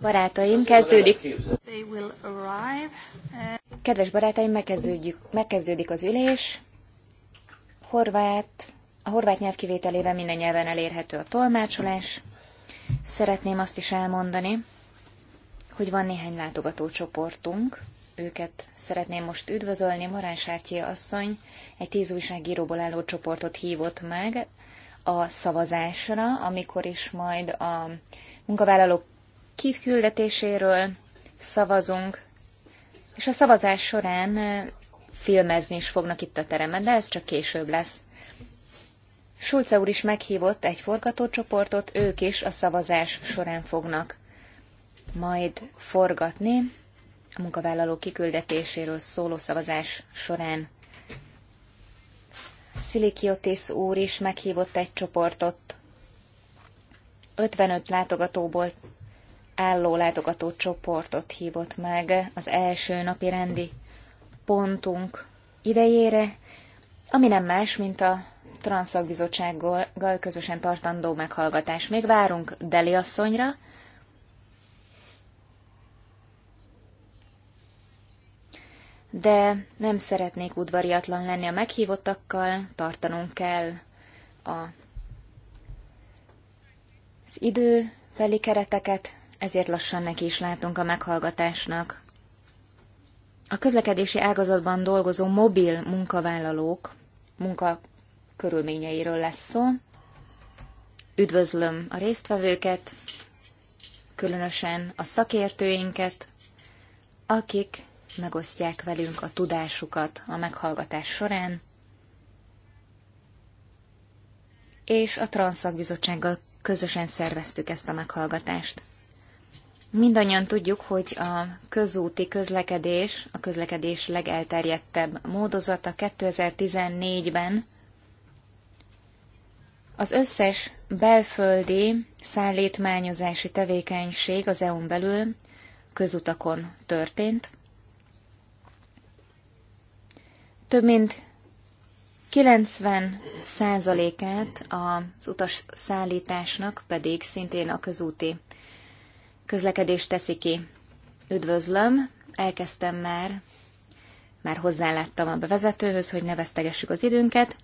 Barátaim, kezdődik. Eh, Kedves barátaim, megkezdődjük, megkezdődik az ülés. Horvát, a horvát nyelv kivételével minden nyelven elérhető a tolmácsolás. Szeretném azt is elmondani, hogy van néhány látogatócsoportunk. Őket szeretném most üdvözölni. Marán Sártyi asszony egy tíz újságíróból álló csoportot hívott meg, a szavazásra, amikor is majd a munkavállalók kiküldetéséről szavazunk, és a szavazás során filmezni is fognak itt a teremben, de ez csak később lesz. Schulze úr is meghívott egy forgatócsoportot, ők is a szavazás során fognak majd forgatni a munkavállaló kiküldetéséről szóló szavazás során. Szilikiotis úr is meghívott egy csoportot. 55 látogatóból álló látogató csoportot hívott meg az első napi rendi pontunk idejére, ami nem más, mint a Transzakbizottsággal közösen tartandó meghallgatás. Még várunk Deli asszonyra, de nem szeretnék udvariatlan lenni a meghívottakkal, tartanunk kell a, az időbeli kereteket, ezért lassan neki is látunk a meghallgatásnak. A közlekedési ágazatban dolgozó mobil munkavállalók munkakörülményeiről lesz szó. Üdvözlöm a résztvevőket, különösen a szakértőinket, akik megosztják velünk a tudásukat a meghallgatás során, és a Transzakbizottsággal közösen szerveztük ezt a meghallgatást. Mindannyian tudjuk, hogy a közúti közlekedés, a közlekedés legelterjedtebb módozata 2014-ben az összes belföldi szállítmányozási tevékenység az EU-n belül közutakon történt, Több mint 90 százalékát az utas szállításnak pedig szintén a közúti közlekedés teszi ki. Üdvözlöm, elkezdtem már, már hozzáláttam a bevezetőhöz, hogy ne vesztegessük az időnket.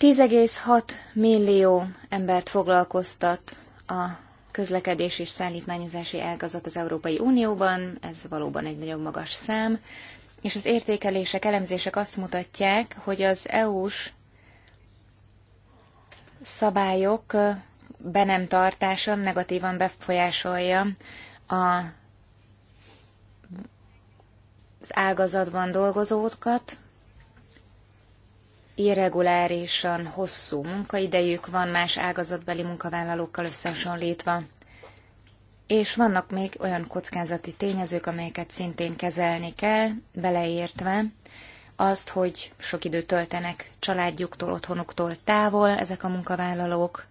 10,6 millió embert foglalkoztat a közlekedés és szállítmányozási ágazat az Európai Unióban, ez valóban egy nagyon magas szám és az értékelések, elemzések azt mutatják, hogy az EU-s szabályok be nem tartása negatívan befolyásolja a, az ágazatban dolgozókat, irregulárisan hosszú munkaidejük van más ágazatbeli munkavállalókkal összehasonlítva és vannak még olyan kockázati tényezők, amelyeket szintén kezelni kell, beleértve azt, hogy sok időt töltenek családjuktól, otthonuktól távol ezek a munkavállalók,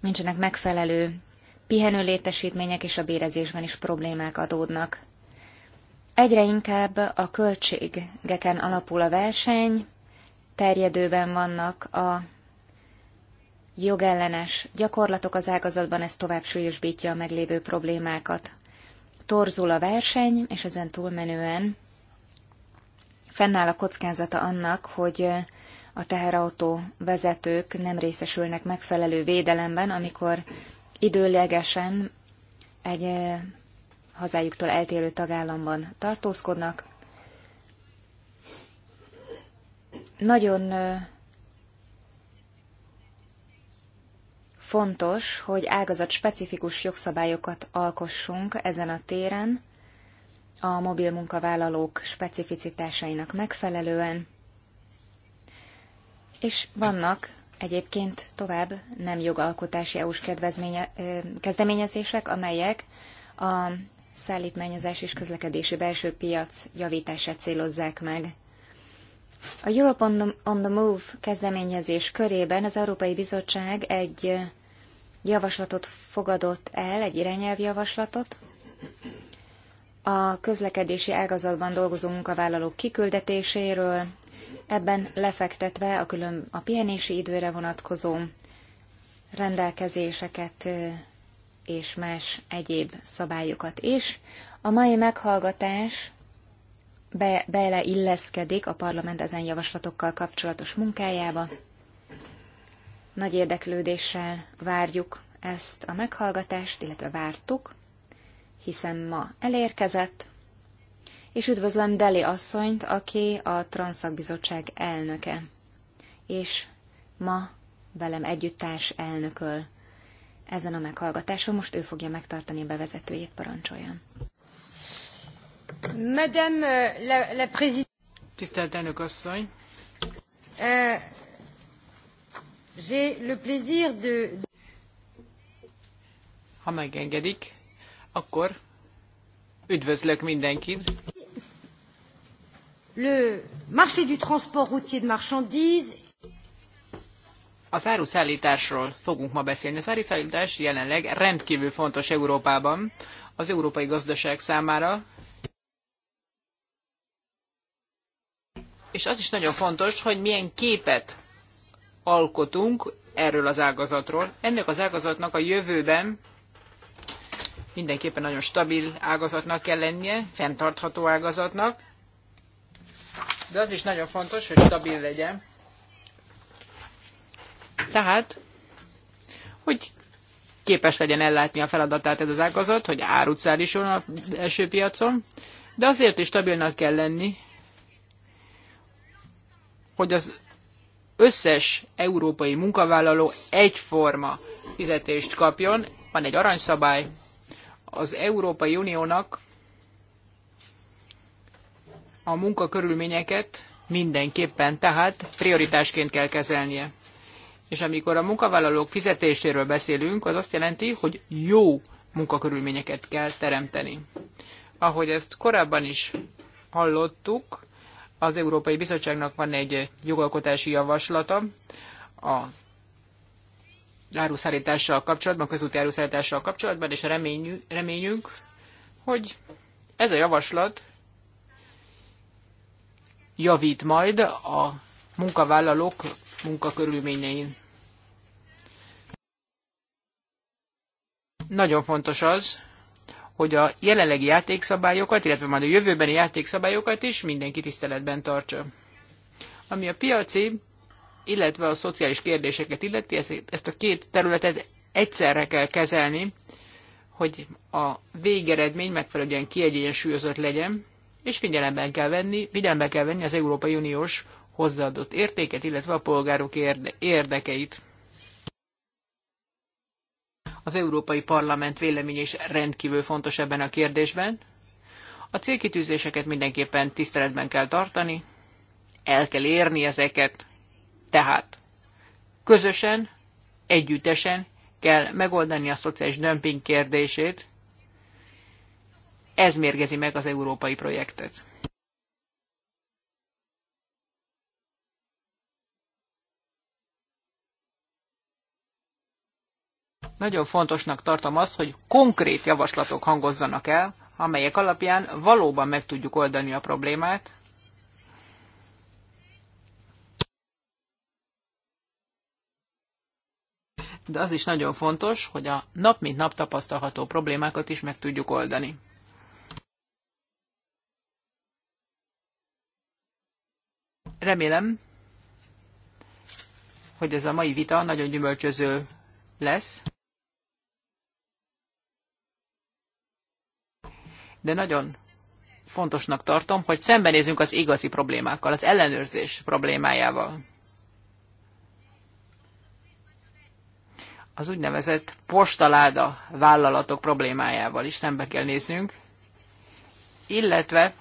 nincsenek megfelelő pihenő létesítmények és a bérezésben is problémák adódnak. Egyre inkább a költségeken alapul a verseny, terjedőben vannak a jogellenes gyakorlatok az ágazatban, ez tovább súlyosbítja a meglévő problémákat. Torzul a verseny, és ezen túlmenően fennáll a kockázata annak, hogy a teherautó vezetők nem részesülnek megfelelő védelemben, amikor időlegesen egy eh, hazájuktól eltérő tagállamban tartózkodnak. Nagyon eh, fontos, hogy ágazat specifikus jogszabályokat alkossunk ezen a téren, a mobil munkavállalók specificitásainak megfelelően, és vannak egyébként tovább nem jogalkotási EU-s kezdeményezések, amelyek a szállítmányozás és közlekedési belső piac javítását célozzák meg. A Europe on the, on the Move kezdeményezés körében az Európai Bizottság egy javaslatot fogadott el, egy irányelvjavaslatot, a közlekedési ágazatban dolgozó munkavállalók kiküldetéséről, ebben lefektetve a külön a pihenési időre vonatkozó rendelkezéseket és más egyéb szabályokat is. A mai meghallgatás be, beleilleszkedik a parlament ezen javaslatokkal kapcsolatos munkájába. Nagy érdeklődéssel várjuk ezt a meghallgatást, illetve vártuk, hiszen ma elérkezett, és üdvözlöm Deli asszonyt, aki a Transzakbizottság elnöke, és ma velem együttárs elnököl. Ezen a meghallgatáson most ő fogja megtartani a bevezetőjét, parancsoljon. Euh, Tisztelt elnök asszony. Euh, ha megengedik, akkor üdvözlök mindenkit. az áruszálltásról fogunk ma beszélni. Az áruszállítás jelenleg rendkívül fontos Európában, az európai gazdaság számára, és az is nagyon fontos, hogy milyen képet alkotunk erről az ágazatról. Ennek az ágazatnak a jövőben mindenképpen nagyon stabil ágazatnak kell lennie, fenntartható ágazatnak, de az is nagyon fontos, hogy stabil legyen. Tehát, hogy képes legyen ellátni a feladatát ez az ágazat, hogy árut szállítson az első piacon, de azért is stabilnak kell lenni, hogy az összes európai munkavállaló egyforma fizetést kapjon. Van egy aranyszabály. Az Európai Uniónak a munkakörülményeket mindenképpen, tehát prioritásként kell kezelnie. És amikor a munkavállalók fizetéséről beszélünk, az azt jelenti, hogy jó munkakörülményeket kell teremteni. Ahogy ezt korábban is hallottuk, az Európai Bizottságnak van egy jogalkotási javaslata a áruszállítással kapcsolatban, közúti áruszállítással kapcsolatban, és reményünk, hogy ez a javaslat javít majd a munkavállalók munkakörülményein. Nagyon fontos az, hogy a jelenlegi játékszabályokat, illetve majd a jövőbeni játékszabályokat is mindenki tiszteletben tartsa. Ami a piaci, illetve a szociális kérdéseket illeti, ezt a két területet egyszerre kell kezelni, hogy a végeredmény megfelelően kiegyensúlyozott legyen, és figyelemben kell venni, figyelembe kell venni az Európai Uniós hozzáadott értéket, illetve a polgárok érde- érdekeit. Az Európai Parlament véleménye is rendkívül fontos ebben a kérdésben. A célkitűzéseket mindenképpen tiszteletben kell tartani, el kell érni ezeket, tehát közösen, együttesen kell megoldani a szociális dömping kérdését, ez mérgezi meg az európai projektet. Nagyon fontosnak tartom azt, hogy konkrét javaslatok hangozzanak el, amelyek alapján valóban meg tudjuk oldani a problémát, de az is nagyon fontos, hogy a nap mint nap tapasztalható problémákat is meg tudjuk oldani. Remélem, hogy ez a mai vita nagyon gyümölcsöző lesz. de nagyon fontosnak tartom, hogy szembenézünk az igazi problémákkal, az ellenőrzés problémájával. Az úgynevezett postaláda vállalatok problémájával is szembe kell néznünk, illetve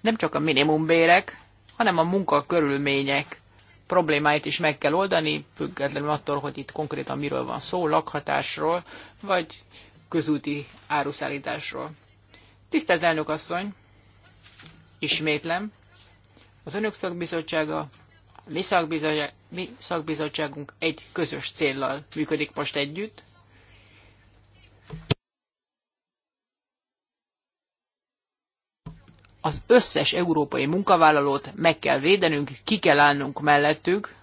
nem csak a minimumbérek, hanem a munkakörülmények problémáit is meg kell oldani, függetlenül attól, hogy itt konkrétan miről van szó, lakhatásról, vagy közúti áruszállításról. Tisztelt elnök asszony, ismétlem, az önök szakbizottsága, mi, szakbizottság, mi szakbizottságunk egy közös céllal működik most együtt, az összes európai munkavállalót meg kell védenünk, ki kell állnunk mellettük,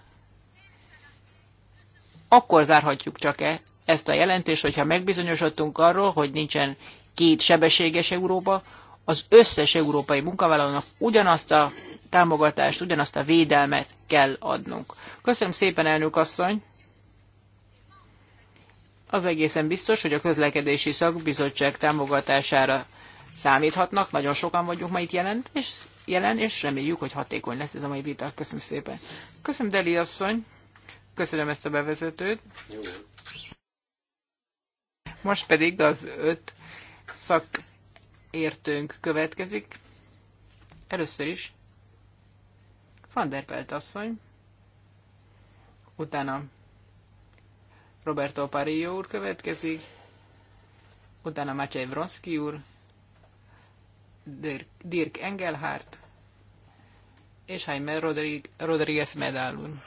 akkor zárhatjuk csak, -e, ezt a jelentést, hogyha megbizonyosodtunk arról, hogy nincsen két sebességes Európa, az összes európai munkavállalónak ugyanazt a támogatást, ugyanazt a védelmet kell adnunk. Köszönöm szépen, elnök asszony! Az egészen biztos, hogy a közlekedési szakbizottság támogatására számíthatnak, nagyon sokan vagyunk ma itt jelent, és jelen, és reméljük, hogy hatékony lesz ez a mai vita. Köszönöm szépen. Köszönöm, Deli asszony. Köszönöm ezt a bevezetőt. Jó. Most pedig az öt szakértőnk következik. Először is Van der Pelt asszony, utána Roberto Parillo úr következik, utána Maciej Vronski úr, Dirk Engelhardt és Jaime Rodriguez Medál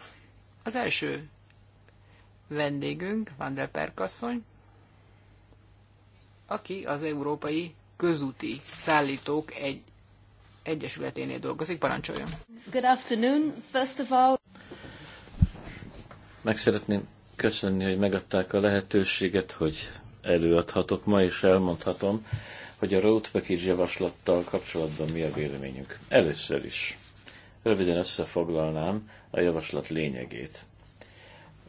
Az első vendégünk, Van der asszony, aki az Európai Közúti Szállítók egy Egyesületénél dolgozik. Parancsoljon! Good afternoon, first of all. Meg szeretném köszönni, hogy megadták a lehetőséget, hogy előadhatok ma, és elmondhatom, hogy a Road Package javaslattal kapcsolatban mi a véleményünk. Először is. Röviden összefoglalnám a javaslat lényegét.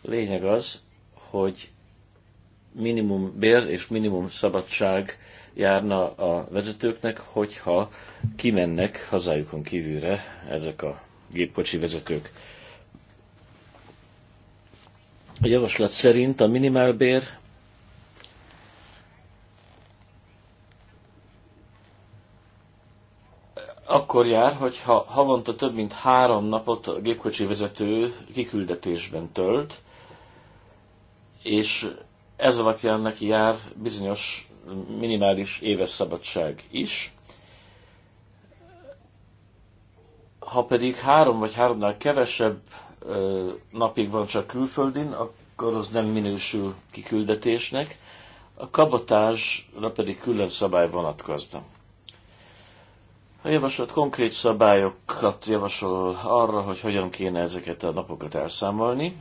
lényeg az, hogy minimum bér és minimum szabadság járna a vezetőknek, hogyha kimennek hazájukon kívülre ezek a gépkocsi vezetők. A javaslat szerint a minimálbér akkor jár, hogyha havonta több mint három napot a gépkocsi vezető kiküldetésben tölt, és ez alapján neki jár bizonyos minimális éves szabadság is. Ha pedig három vagy háromnál kevesebb napig van csak külföldin, akkor az nem minősül kiküldetésnek, a kabotásra pedig külön szabály vonatkozna. A javaslat konkrét szabályokat javasol arra, hogy hogyan kéne ezeket a napokat elszámolni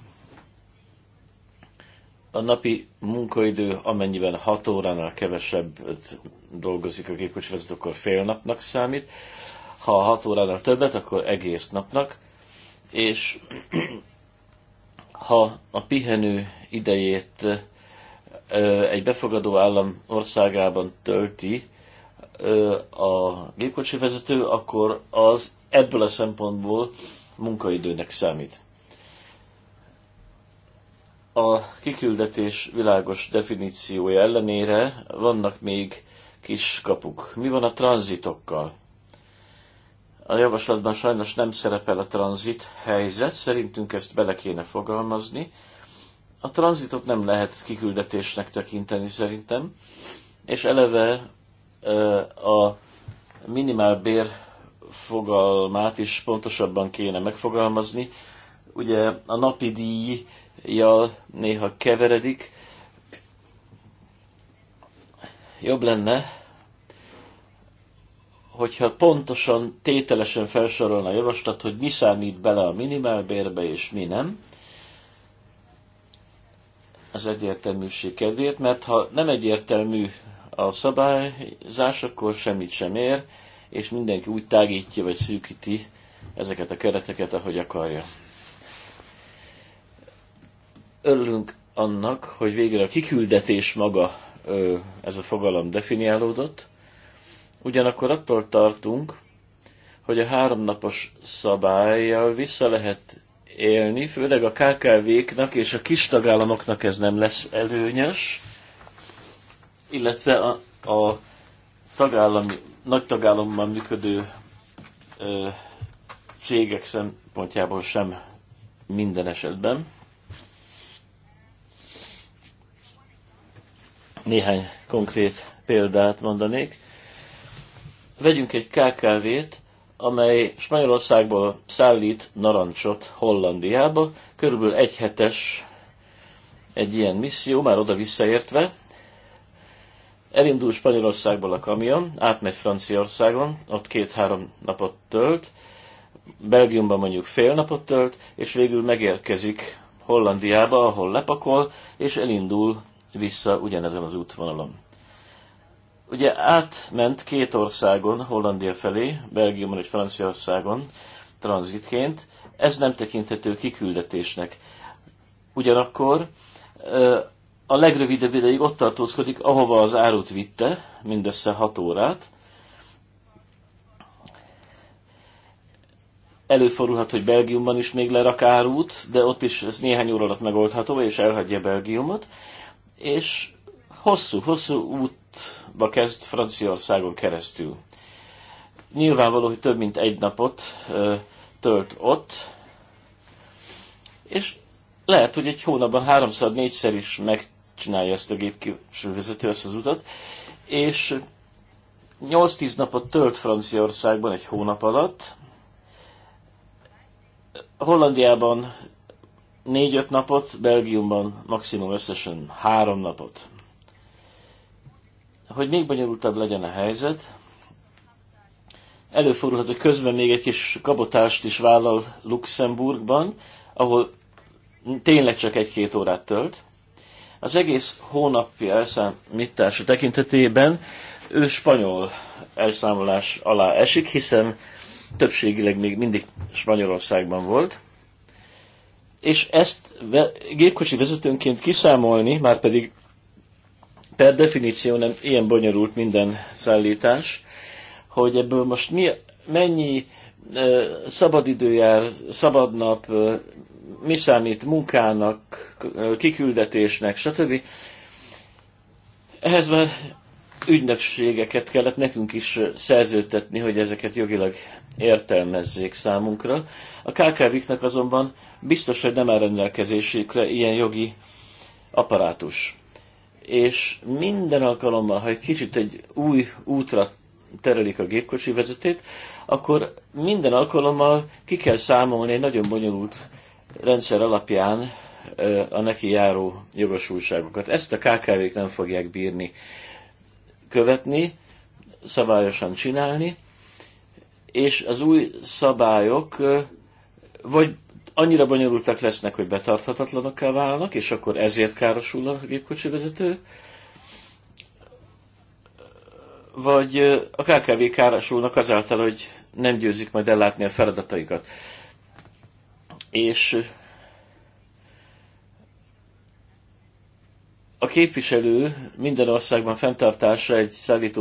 a napi munkaidő amennyiben 6 óránál kevesebb dolgozik a gépkocsivezető, akkor fél napnak számít. Ha 6 óránál többet, akkor egész napnak. És ha a pihenő idejét egy befogadó állam országában tölti a gépkocsivezető, akkor az ebből a szempontból munkaidőnek számít a kiküldetés világos definíciója ellenére vannak még kis kapuk. Mi van a tranzitokkal? A javaslatban sajnos nem szerepel a tranzit helyzet, szerintünk ezt bele kéne fogalmazni. A tranzitot nem lehet kiküldetésnek tekinteni szerintem, és eleve a bér fogalmát is pontosabban kéne megfogalmazni. Ugye a napi díj jal néha keveredik. Jobb lenne, hogyha pontosan, tételesen felsorolna a javaslat, hogy mi számít bele a minimálbérbe és mi nem, az egyértelműség kedvéért, mert ha nem egyértelmű a szabályzás, akkor semmit sem ér, és mindenki úgy tágítja vagy szűkíti ezeket a kereteket, ahogy akarja. Örülünk annak, hogy végre a kiküldetés maga, ez a fogalom definiálódott. Ugyanakkor attól tartunk, hogy a háromnapos szabályjal vissza lehet élni, főleg a KKV-knak és a kis tagállamoknak ez nem lesz előnyös, illetve a, a tagállami, nagy tagállamban működő ö, cégek szempontjából sem minden esetben. Néhány konkrét példát mondanék. Vegyünk egy KKV-t, amely Spanyolországból szállít narancsot Hollandiába, körülbelül egy hetes egy ilyen misszió, már oda visszaértve. Elindul Spanyolországból a kamion, átmegy Franciaországon, ott két-három napot tölt, Belgiumban mondjuk fél napot tölt, és végül megérkezik Hollandiába, ahol lepakol, és elindul vissza ugyanezen az útvonalon. Ugye átment két országon, Hollandia felé, Belgiumon és Franciaországon tranzitként, ez nem tekinthető kiküldetésnek. Ugyanakkor a legrövidebb ideig ott tartózkodik, ahova az árut vitte, mindössze 6 órát. Előfordulhat, hogy Belgiumban is még lerak árut, de ott is ez néhány óra alatt megoldható, és elhagyja Belgiumot és hosszú-hosszú útba kezd Franciaországon keresztül. Nyilvánvaló, hogy több mint egy napot ö, tölt ott, és lehet, hogy egy hónapban háromszor, négyszer is megcsinálja ezt a vezető ezt az utat, és 8-10 napot tölt Franciaországban egy hónap alatt, Hollandiában négy-öt napot, Belgiumban maximum összesen három napot. Hogy még bonyolultabb legyen a helyzet, előfordulhat, hogy közben még egy kis kabotást is vállal Luxemburgban, ahol tényleg csak egy-két órát tölt. Az egész hónapi elszámítása tekintetében ő spanyol elszámolás alá esik, hiszen többségileg még mindig Spanyolországban volt és ezt gépkocsi vezetőnként kiszámolni, már pedig per definíció nem ilyen bonyolult minden szállítás, hogy ebből most mi, mennyi szabadidőjár szabadnap, mi számít munkának, kiküldetésnek, stb. Ehhez már ügynökségeket kellett nekünk is szerződtetni, hogy ezeket jogilag értelmezzék számunkra. A KKV-knak azonban biztos, hogy nem áll rendelkezésükre ilyen jogi apparátus. És minden alkalommal, ha egy kicsit egy új útra terelik a gépkocsi vezetét, akkor minden alkalommal ki kell számolni egy nagyon bonyolult rendszer alapján a neki járó jogosultságokat. Ezt a KKV-k nem fogják bírni követni, szabályosan csinálni, és az új szabályok vagy annyira bonyolultak lesznek, hogy betarthatatlanokká válnak, és akkor ezért károsul a gépkocsi vezető, vagy a KKV károsulnak azáltal, hogy nem győzik majd ellátni a feladataikat. És a képviselő minden országban fenntartása egy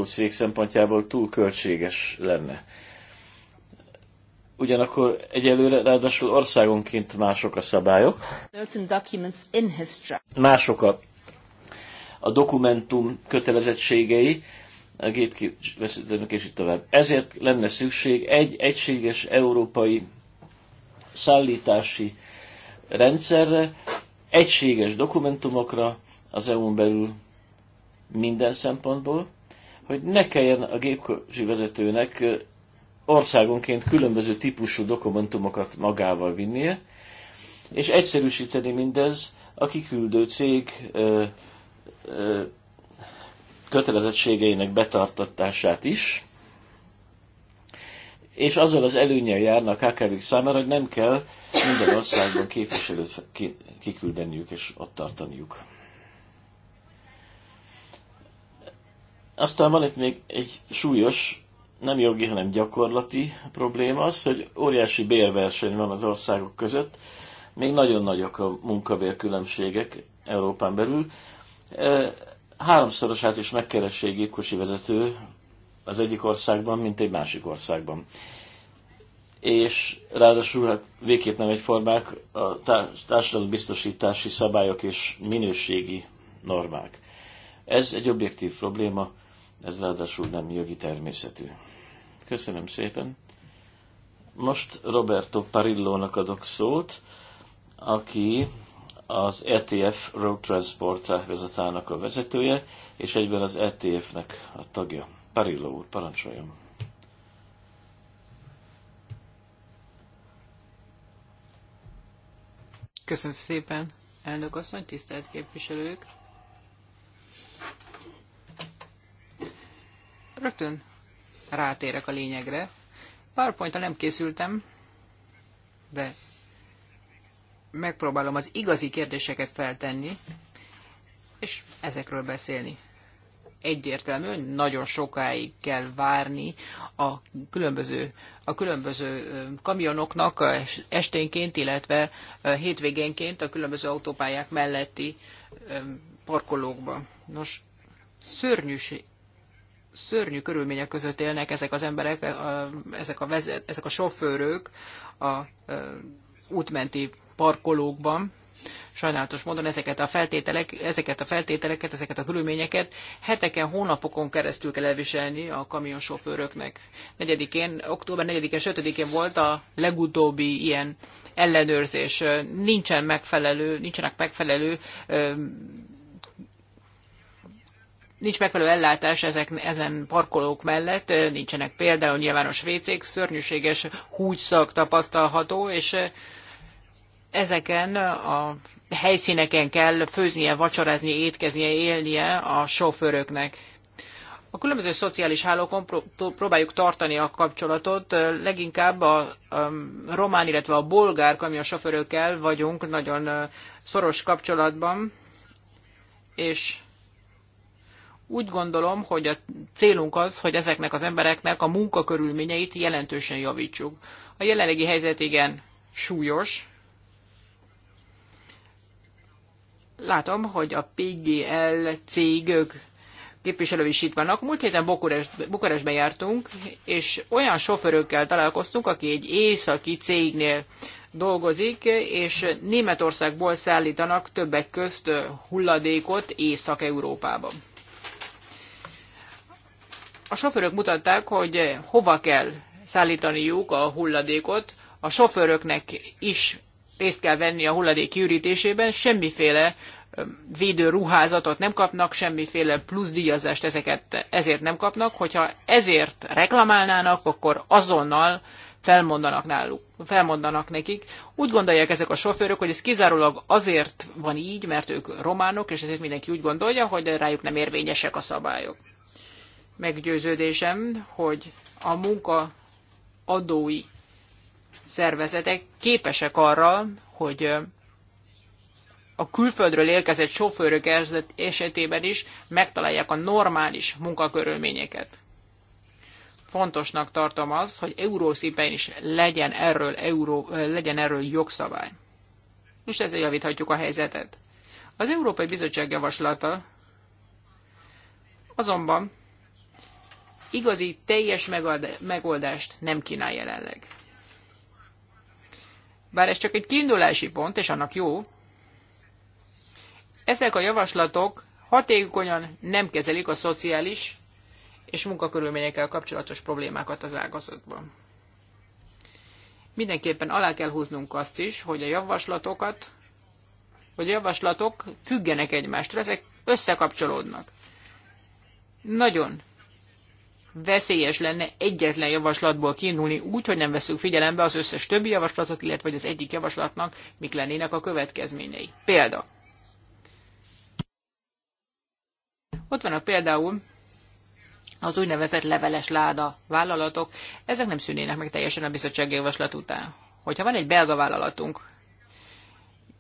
cég szempontjából túl költséges lenne ugyanakkor egyelőre ráadásul országonként mások a szabályok. Mások a, a dokumentum kötelezettségei, a gépkiveszítőnök és így tovább. Ezért lenne szükség egy egységes európai szállítási rendszerre, egységes dokumentumokra az EU-n belül minden szempontból, hogy ne kelljen a gépkocsi vezetőnek országonként különböző típusú dokumentumokat magával vinnie, és egyszerűsíteni mindez a kiküldő cég ö, ö, kötelezettségeinek betartatását is, és azzal az előnyel járna a kkv számára, hogy nem kell minden országban képviselőt kiküldeniük és ott tartaniuk. Aztán van itt még egy súlyos nem jogi, hanem gyakorlati probléma az, hogy óriási bérverseny van az országok között, még nagyon nagyok a munkabérkülönbségek Európán belül. Háromszorosát is megkeresi egy gépkocsi vezető az egyik országban, mint egy másik országban. És ráadásul hát végképp nem egyformák a társadalombiztosítási szabályok és minőségi normák. Ez egy objektív probléma, ez ráadásul nem jogi természetű. Köszönöm szépen. Most Roberto Parillónak adok szót, aki az ETF Road Transport ágazatának a vezetője, és egyben az ETF-nek a tagja. Parilló úr, parancsoljon! Köszönöm szépen, elnök asszony, tisztelt képviselők! Rögtön rátérek a lényegre. powerpoint nem készültem, de megpróbálom az igazi kérdéseket feltenni, és ezekről beszélni. Egyértelműen nagyon sokáig kell várni a különböző, a különböző kamionoknak esténként, illetve hétvégénként a különböző autópályák melletti parkolókba. Nos, szörnyűség, szörnyű körülmények között élnek ezek az emberek, ezek, a vezet, ezek a sofőrök a, a útmenti parkolókban. Sajnálatos módon ezeket a, feltételek, ezeket a feltételeket, ezeket a körülményeket heteken, hónapokon keresztül kell elviselni a kamionsofőröknek. 4-én, október 4-én, 5-én volt a legutóbbi ilyen ellenőrzés. Nincsen megfelelő, nincsenek megfelelő nincs megfelelő ellátás ezek, ezen parkolók mellett, nincsenek például nyilvános vécék, szörnyűséges húgyszak tapasztalható, és ezeken a helyszíneken kell főznie, vacsoráznie, étkeznie, élnie a sofőröknek. A különböző szociális hálókon próbáljuk tartani a kapcsolatot, leginkább a, a román, illetve a bolgár kamionsofőrökkel vagyunk nagyon szoros kapcsolatban, és úgy gondolom, hogy a célunk az, hogy ezeknek az embereknek a munkakörülményeit jelentősen javítsuk. A jelenlegi helyzet igen súlyos. Látom, hogy a PGL cégök képviselői is itt vannak. Múlt héten Bukarestben jártunk, és olyan sofőrökkel találkoztunk, aki egy északi cégnél dolgozik, és Németországból szállítanak többek közt hulladékot Észak-Európában. A sofőrök mutatták, hogy hova kell szállítaniuk a hulladékot. A sofőröknek is részt kell venni a hulladék kiürítésében, semmiféle védő ruházatot nem kapnak, semmiféle plusz díjazást ezeket ezért nem kapnak. Hogyha ezért reklamálnának, akkor azonnal felmondanak náluk, felmondanak nekik. Úgy gondolják ezek a sofőrök, hogy ez kizárólag azért van így, mert ők románok, és ezért mindenki úgy gondolja, hogy rájuk nem érvényesek a szabályok meggyőződésem, hogy a munka adói szervezetek képesek arra, hogy a külföldről érkezett sofőrök esetében is megtalálják a normális munkakörülményeket. Fontosnak tartom az, hogy eurószinten is legyen erről, euró, legyen erről jogszabály. És ezzel javíthatjuk a helyzetet. Az Európai Bizottság javaslata azonban Igazi, teljes megoldást nem kínál jelenleg. Bár ez csak egy kiindulási pont, és annak jó, ezek a javaslatok hatékonyan nem kezelik a szociális és munkakörülményekkel kapcsolatos problémákat az ágazatban. Mindenképpen alá kell húznunk azt is, hogy a javaslatokat, hogy a javaslatok függenek egymástól, ezek összekapcsolódnak. Nagyon veszélyes lenne egyetlen javaslatból kiindulni úgy, hogy nem veszünk figyelembe az összes többi javaslatot, illetve hogy az egyik javaslatnak mik lennének a következményei. Példa. Ott vannak például az úgynevezett leveles láda vállalatok, ezek nem szűnének meg teljesen a bizottsági javaslat után. Hogyha van egy belga vállalatunk,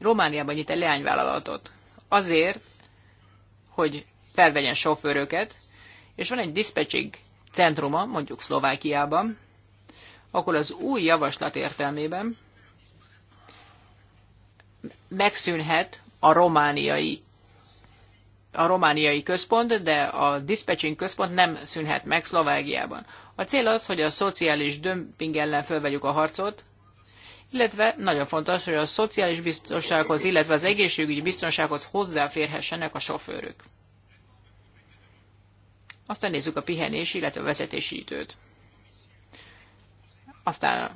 Romániában nyit egy leányvállalatot, azért, hogy felvegyen sofőröket, és van egy dispatching centruma, mondjuk Szlovákiában, akkor az új javaslat értelmében megszűnhet a romániai a romániai központ, de a dispatching központ nem szűnhet meg Szlovákiában. A cél az, hogy a szociális dömping ellen fölvegyük a harcot, illetve nagyon fontos, hogy a szociális biztonsághoz, illetve az egészségügyi biztonsághoz hozzáférhessenek a sofőrök. Aztán nézzük a pihenés, illetve a vezetési időt. Aztán a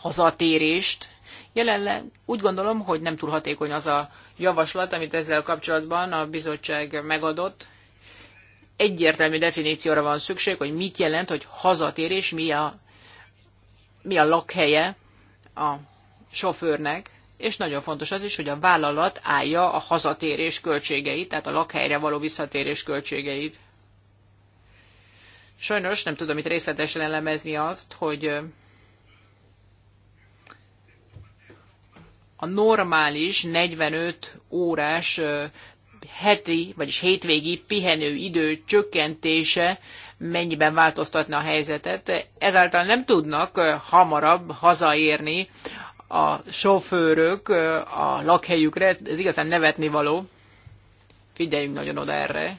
hazatérést. Jelenleg úgy gondolom, hogy nem túl hatékony az a javaslat, amit ezzel kapcsolatban a bizottság megadott. Egyértelmű definícióra van szükség, hogy mit jelent, hogy hazatérés, mi a, mi a lakhelye a sofőrnek, és nagyon fontos az is, hogy a vállalat állja a hazatérés költségeit, tehát a lakhelyre való visszatérés költségeit. Sajnos nem tudom itt részletesen elemezni azt, hogy a normális 45 órás heti, vagyis hétvégi pihenő idő csökkentése mennyiben változtatna a helyzetet. Ezáltal nem tudnak hamarabb hazaérni a sofőrök a lakhelyükre, ez igazán nevetni való. Figyeljünk nagyon oda erre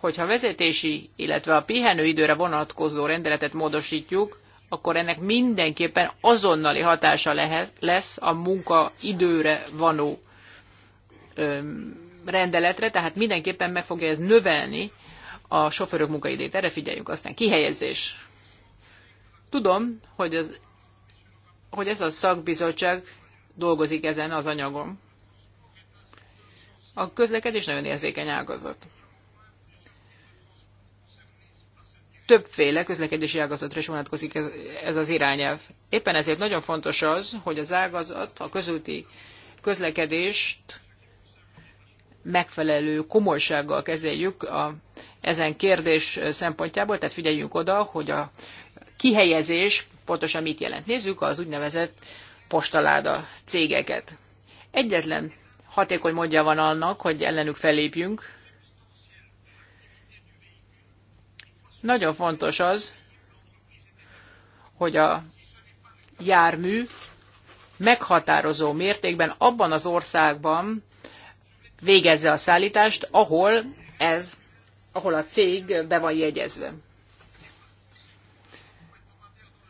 hogyha vezetési, illetve a pihenőidőre vonatkozó rendeletet módosítjuk, akkor ennek mindenképpen azonnali hatása lehet, lesz a munkaidőre vanó öm, rendeletre, tehát mindenképpen meg fogja ez növelni a sofőrök munkaidét. Erre figyeljünk aztán. Kihelyezés. Tudom, hogy, az, hogy ez a szakbizottság dolgozik ezen az anyagon. A közlekedés nagyon érzékeny ágazat. többféle közlekedési ágazatra is vonatkozik ez az irányelv. Éppen ezért nagyon fontos az, hogy az ágazat, a közúti közlekedést megfelelő komolysággal kezeljük a, ezen kérdés szempontjából, tehát figyeljünk oda, hogy a kihelyezés pontosan mit jelent. Nézzük az úgynevezett postaláda cégeket. Egyetlen hatékony módja van annak, hogy ellenük fellépjünk, Nagyon fontos az, hogy a jármű meghatározó mértékben abban az országban végezze a szállítást, ahol ez, ahol a cég be van jegyezve.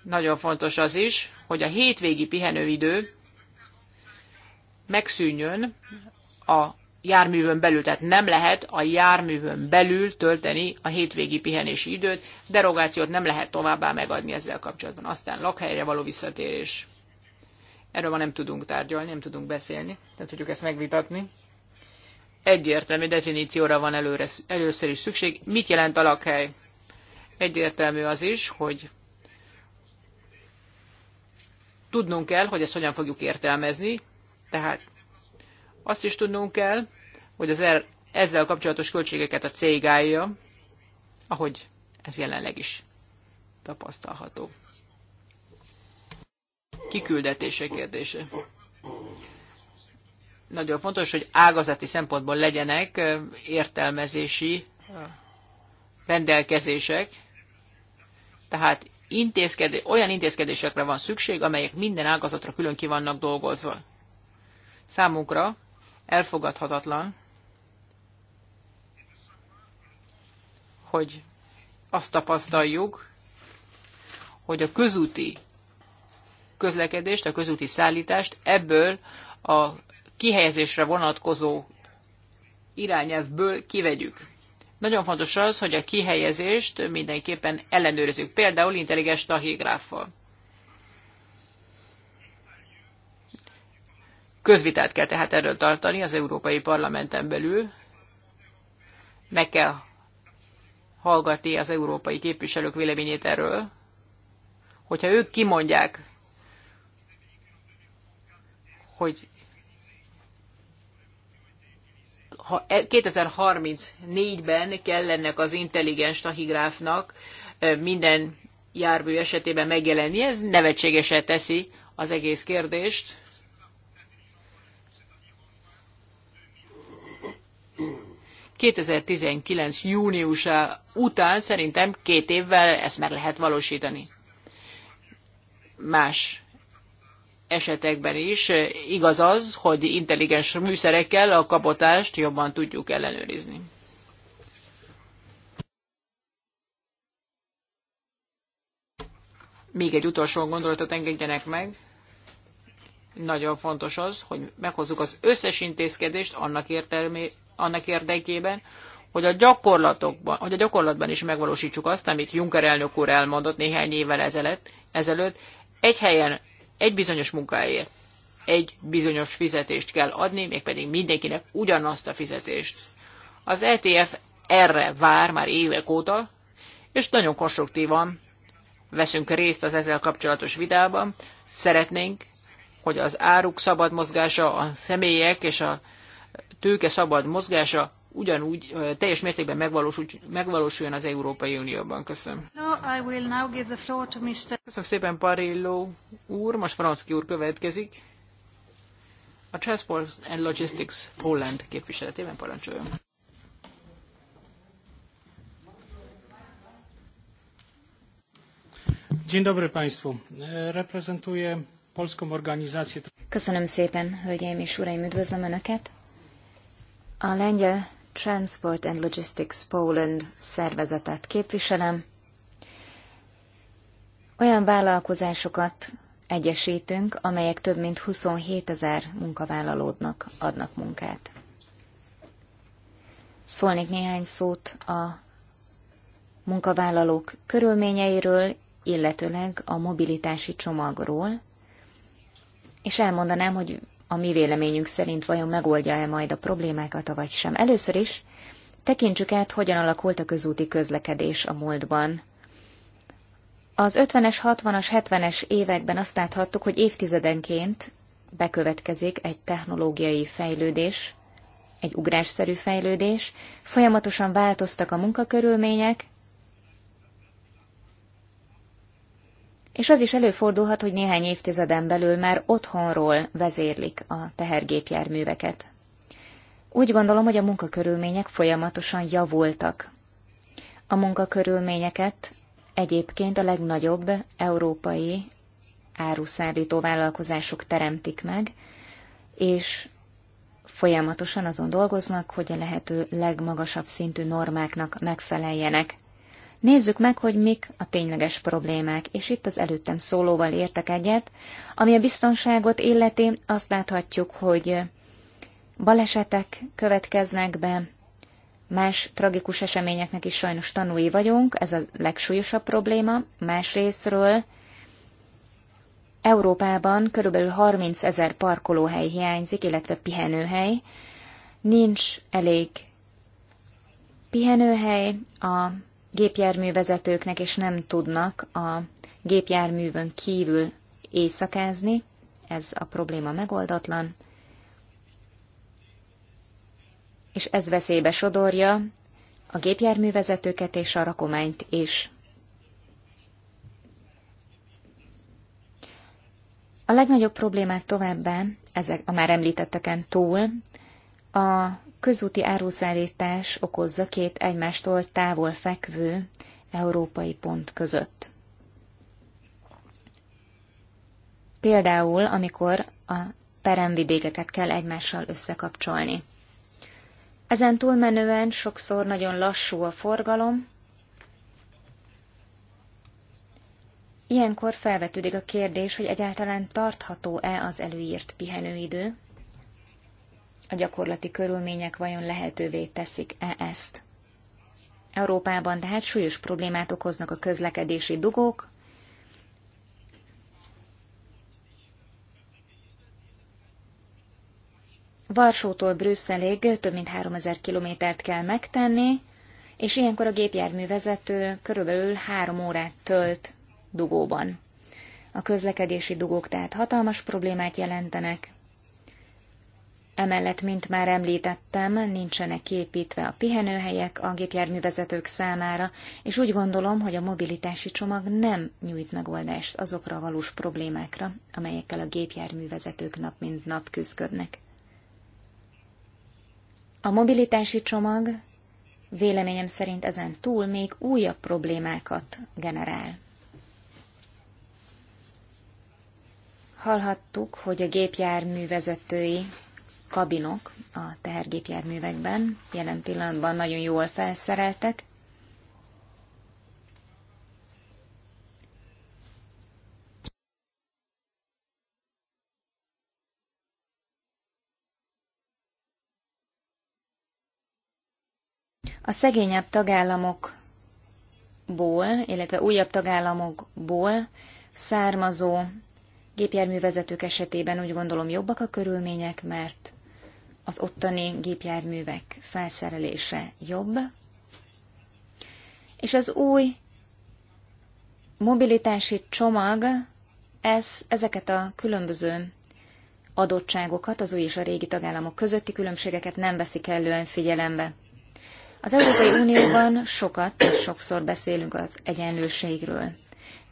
Nagyon fontos az is, hogy a hétvégi pihenőidő megszűnjön a járművön belül, tehát nem lehet a járművön belül tölteni a hétvégi pihenési időt, derogációt nem lehet továbbá megadni ezzel kapcsolatban. Aztán lakhelyre való visszatérés. Erről ma nem tudunk tárgyalni, nem tudunk beszélni, nem tudjuk ezt megvitatni. Egyértelmű definícióra van előre, először is szükség. Mit jelent a lakhely? Egyértelmű az is, hogy tudnunk kell, hogy ezt hogyan fogjuk értelmezni, tehát azt is tudnunk kell, hogy az er, ezzel kapcsolatos költségeket a cég állja, ahogy ez jelenleg is tapasztalható. Kiküldetése kérdése. Nagyon fontos, hogy ágazati szempontból legyenek értelmezési rendelkezések, tehát intézkedé, olyan intézkedésekre van szükség, amelyek minden ágazatra külön ki vannak dolgozva. Számunkra elfogadhatatlan, hogy azt tapasztaljuk, hogy a közúti közlekedést, a közúti szállítást ebből a kihelyezésre vonatkozó irányelvből kivegyük. Nagyon fontos az, hogy a kihelyezést mindenképpen ellenőrizzük, például intelligens tahigráffal. Közvitát kell tehát erről tartani az Európai Parlamenten belül. Meg kell hallgatni az európai képviselők véleményét erről. Hogyha ők kimondják, hogy ha 2034-ben kell ennek az intelligens tahigráfnak minden jármű esetében megjelenni, ez nevetségesen teszi az egész kérdést. 2019. júniusa után szerintem két évvel ezt meg lehet valósítani. Más esetekben is eh, igaz az, hogy intelligens műszerekkel a kabotást jobban tudjuk ellenőrizni. Még egy utolsó gondolatot engedjenek meg. Nagyon fontos az, hogy meghozzuk az összes intézkedést annak, értelmé, annak érdekében, hogy a, gyakorlatokban, hogy a gyakorlatban is megvalósítsuk azt, amit Juncker elnök úr elmondott néhány évvel ezelőtt, ezelőtt egy helyen, egy bizonyos munkáért egy bizonyos fizetést kell adni, mégpedig mindenkinek ugyanazt a fizetést. Az ETF erre vár már évek óta, és nagyon konstruktívan veszünk részt az ezzel kapcsolatos vitában. Szeretnénk, hogy az áruk szabad mozgása, a személyek és a tőke szabad mozgása ugyanúgy teljes mértékben megvalósuljon az Európai Unióban. Köszönöm. No, I will now give the floor to Mr. Köszönöm szépen, Parillo úr. Most Franszki úr következik. A Transport and Logistics Poland képviseletében parancsoljon. Dzień dobry Państwu. E, reprezentuję Polską Organizację... Köszönöm szépen, hölgyeim és uraim, üdvözlöm Önöket. A lengyel Transport and Logistics Poland szervezetet képviselem. Olyan vállalkozásokat egyesítünk, amelyek több mint 27 ezer munkavállalódnak adnak munkát. Szólnék néhány szót a munkavállalók körülményeiről, illetőleg a mobilitási csomagról, és elmondanám, hogy a mi véleményünk szerint vajon megoldja-e majd a problémákat, vagy sem. Először is tekintsük át, hogyan alakult a közúti közlekedés a múltban. Az 50-es, 60-as, 70-es években azt láthattuk, hogy évtizedenként bekövetkezik egy technológiai fejlődés, egy ugrásszerű fejlődés, folyamatosan változtak a munkakörülmények, és az is előfordulhat, hogy néhány évtizeden belül már otthonról vezérlik a tehergépjárműveket. Úgy gondolom, hogy a munkakörülmények folyamatosan javultak. A munkakörülményeket egyébként a legnagyobb európai áruszállító vállalkozások teremtik meg, és folyamatosan azon dolgoznak, hogy a lehető legmagasabb szintű normáknak megfeleljenek. Nézzük meg, hogy mik a tényleges problémák, és itt az előttem szólóval értek egyet. Ami a biztonságot illeti, azt láthatjuk, hogy balesetek következnek be, más tragikus eseményeknek is sajnos tanúi vagyunk, ez a legsúlyosabb probléma. Más részről Európában körülbelül 30 ezer parkolóhely hiányzik, illetve pihenőhely. Nincs elég pihenőhely, a gépjárművezetőknek, és nem tudnak a gépjárművön kívül éjszakázni. Ez a probléma megoldatlan. És ez veszélybe sodorja a gépjárművezetőket és a rakományt is. A legnagyobb problémát továbbá, ezek a már említetteken túl, a közúti áruszállítás okozza két egymástól távol fekvő európai pont között. Például, amikor a peremvidékeket kell egymással összekapcsolni. Ezen túlmenően sokszor nagyon lassú a forgalom, Ilyenkor felvetődik a kérdés, hogy egyáltalán tartható-e az előírt pihenőidő, a gyakorlati körülmények vajon lehetővé teszik-e ezt. Európában tehát súlyos problémát okoznak a közlekedési dugók, Varsótól Brüsszelig több mint 3000 kilométert kell megtenni, és ilyenkor a gépjárművezető körülbelül három órát tölt dugóban. A közlekedési dugók tehát hatalmas problémát jelentenek, Emellett, mint már említettem, nincsenek képítve a pihenőhelyek a gépjárművezetők számára, és úgy gondolom, hogy a mobilitási csomag nem nyújt megoldást azokra a valós problémákra, amelyekkel a gépjárművezetők nap mint nap küzdködnek. A mobilitási csomag véleményem szerint ezen túl még újabb problémákat generál. Hallhattuk, hogy a gépjárművezetői kabinok a tehergépjárművekben jelen pillanatban nagyon jól felszereltek. A szegényebb tagállamokból, illetve újabb tagállamokból származó gépjárművezetők esetében úgy gondolom jobbak a körülmények, mert az ottani gépjárművek felszerelése jobb, és az új mobilitási csomag ez, ezeket a különböző adottságokat, az új és a régi tagállamok közötti különbségeket nem veszik kellően figyelembe. Az Európai Unióban sokat és sokszor beszélünk az egyenlőségről.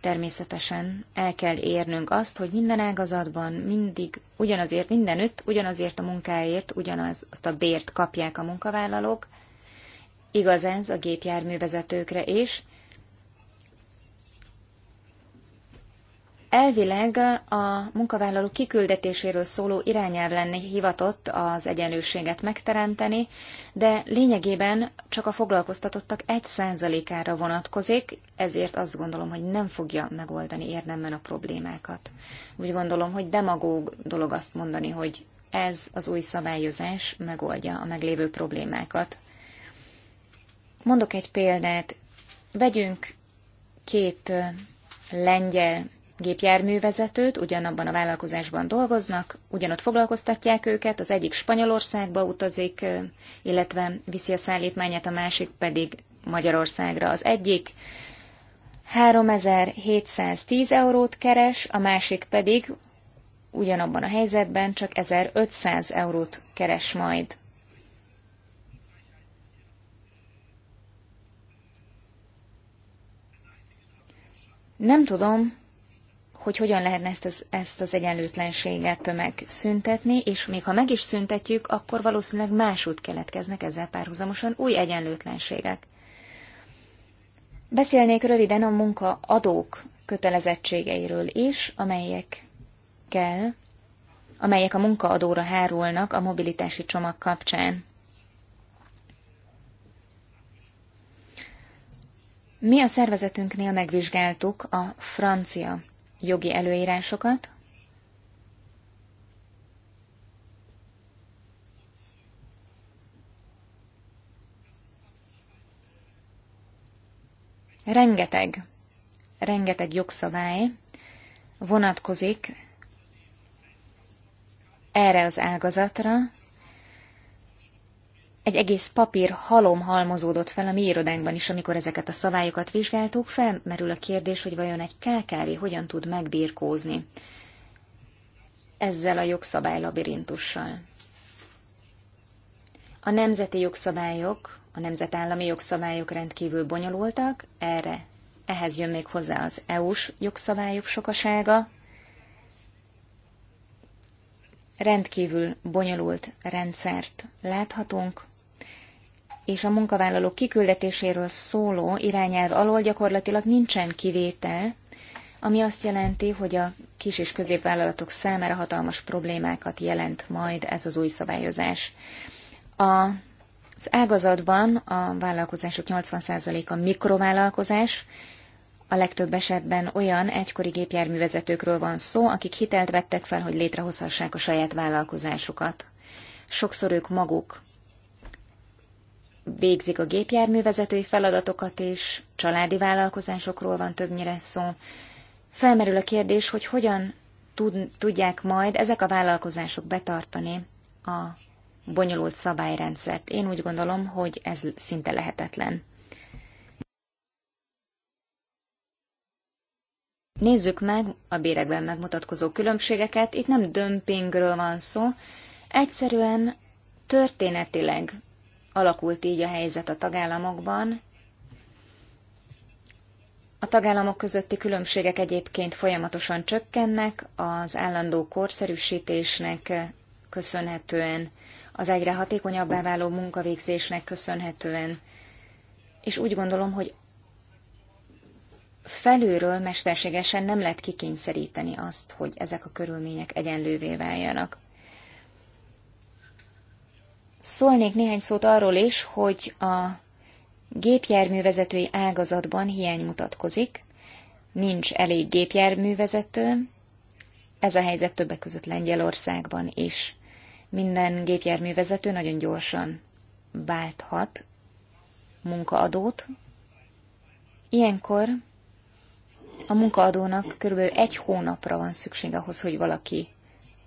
Természetesen el kell érnünk azt, hogy minden ágazatban mindig ugyanazért mindenütt, ugyanazért a munkáért, ugyanaz azt a bért kapják a munkavállalók. Igaz ez a gépjárművezetőkre is, Elvileg a munkavállaló kiküldetéséről szóló irányelv lenne hivatott az egyenlőséget megteremteni, de lényegében csak a foglalkoztatottak egy ára vonatkozik, ezért azt gondolom, hogy nem fogja megoldani érdemben a problémákat. Úgy gondolom, hogy demagóg dolog azt mondani, hogy ez az új szabályozás megoldja a meglévő problémákat. Mondok egy példát. Vegyünk két lengyel gépjárművezetőt, ugyanabban a vállalkozásban dolgoznak, ugyanott foglalkoztatják őket, az egyik Spanyolországba utazik, illetve viszi a szállítmányát, a másik pedig Magyarországra. Az egyik 3710 eurót keres, a másik pedig ugyanabban a helyzetben csak 1500 eurót keres majd. Nem tudom, hogy hogyan lehetne ezt az, ezt az egyenlőtlenséget megszüntetni, és még ha meg is szüntetjük, akkor valószínűleg másút keletkeznek ezzel párhuzamosan új egyenlőtlenségek. Beszélnék röviden a munkaadók kötelezettségeiről is, amelyek kell, amelyek a munkaadóra hárulnak a mobilitási csomag kapcsán. Mi a szervezetünknél megvizsgáltuk a francia jogi előírásokat, rengeteg, rengeteg jogszabály vonatkozik erre az ágazatra, egy egész papír halom halmozódott fel a mi irodánkban is, amikor ezeket a szabályokat vizsgáltuk, felmerül a kérdés, hogy vajon egy KKV hogyan tud megbírkózni ezzel a jogszabálylabirintussal. A nemzeti jogszabályok, a nemzetállami jogszabályok rendkívül bonyolultak, erre ehhez jön még hozzá az EU-s jogszabályok sokasága, rendkívül bonyolult rendszert láthatunk, és a munkavállalók kiküldetéséről szóló irányelv alól gyakorlatilag nincsen kivétel, ami azt jelenti, hogy a kis és középvállalatok számára hatalmas problémákat jelent majd ez az új szabályozás. A, az ágazatban a vállalkozások 80%-a mikrovállalkozás, a legtöbb esetben olyan egykori gépjárművezetőkről van szó, akik hitelt vettek fel, hogy létrehozhassák a saját vállalkozásukat. Sokszor ők maguk végzik a gépjárművezetői feladatokat, és családi vállalkozásokról van többnyire szó. Felmerül a kérdés, hogy hogyan tud, tudják majd ezek a vállalkozások betartani a bonyolult szabályrendszert. Én úgy gondolom, hogy ez szinte lehetetlen. Nézzük meg a bérekben megmutatkozó különbségeket. Itt nem dömpingről van szó, egyszerűen történetileg alakult így a helyzet a tagállamokban. A tagállamok közötti különbségek egyébként folyamatosan csökkennek, az állandó korszerűsítésnek köszönhetően, az egyre hatékonyabbá váló munkavégzésnek köszönhetően, és úgy gondolom, hogy felülről mesterségesen nem lehet kikényszeríteni azt, hogy ezek a körülmények egyenlővé váljanak. Szólnék néhány szót arról is, hogy a gépjárművezetői ágazatban hiány mutatkozik, nincs elég gépjárművezető, ez a helyzet többek között Lengyelországban is. Minden gépjárművezető nagyon gyorsan válthat munkaadót. Ilyenkor a munkaadónak kb. egy hónapra van szükség ahhoz, hogy valaki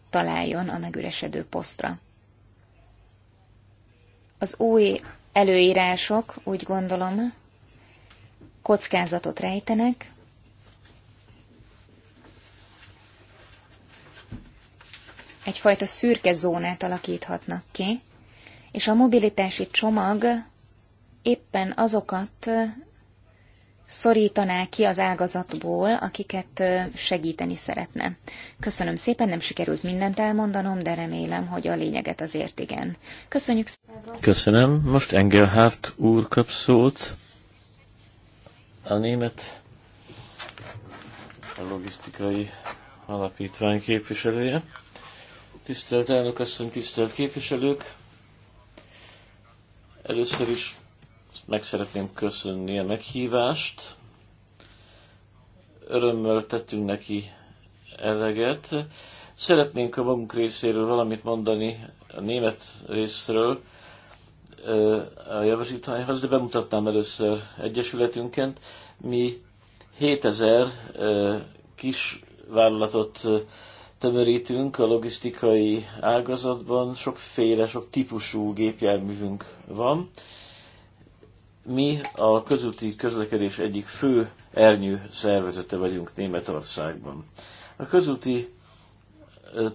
találjon a megüresedő posztra. Az új előírások, úgy gondolom, kockázatot rejtenek, egyfajta szürke zónát alakíthatnak ki, és a mobilitási csomag éppen azokat szorítaná ki az ágazatból, akiket segíteni szeretne. Köszönöm szépen, nem sikerült mindent elmondanom, de remélem, hogy a lényeget azért igen. Köszönjük szépen. Köszönöm. Most Engelhardt úr kap szót. A német a logisztikai alapítvány képviselője. Tisztelt elnök asszony, tisztelt képviselők! Először is meg szeretném köszönni a meghívást. Örömmel tettünk neki eleget. Szeretnénk a magunk részéről valamit mondani a német részről a javasítványhoz, de bemutatnám először egyesületünket. Mi 7000 kis vállalatot tömörítünk a logisztikai ágazatban, sokféle, sok típusú gépjárművünk van, mi a közúti közlekedés egyik fő ernyő szervezete vagyunk Németországban. A közúti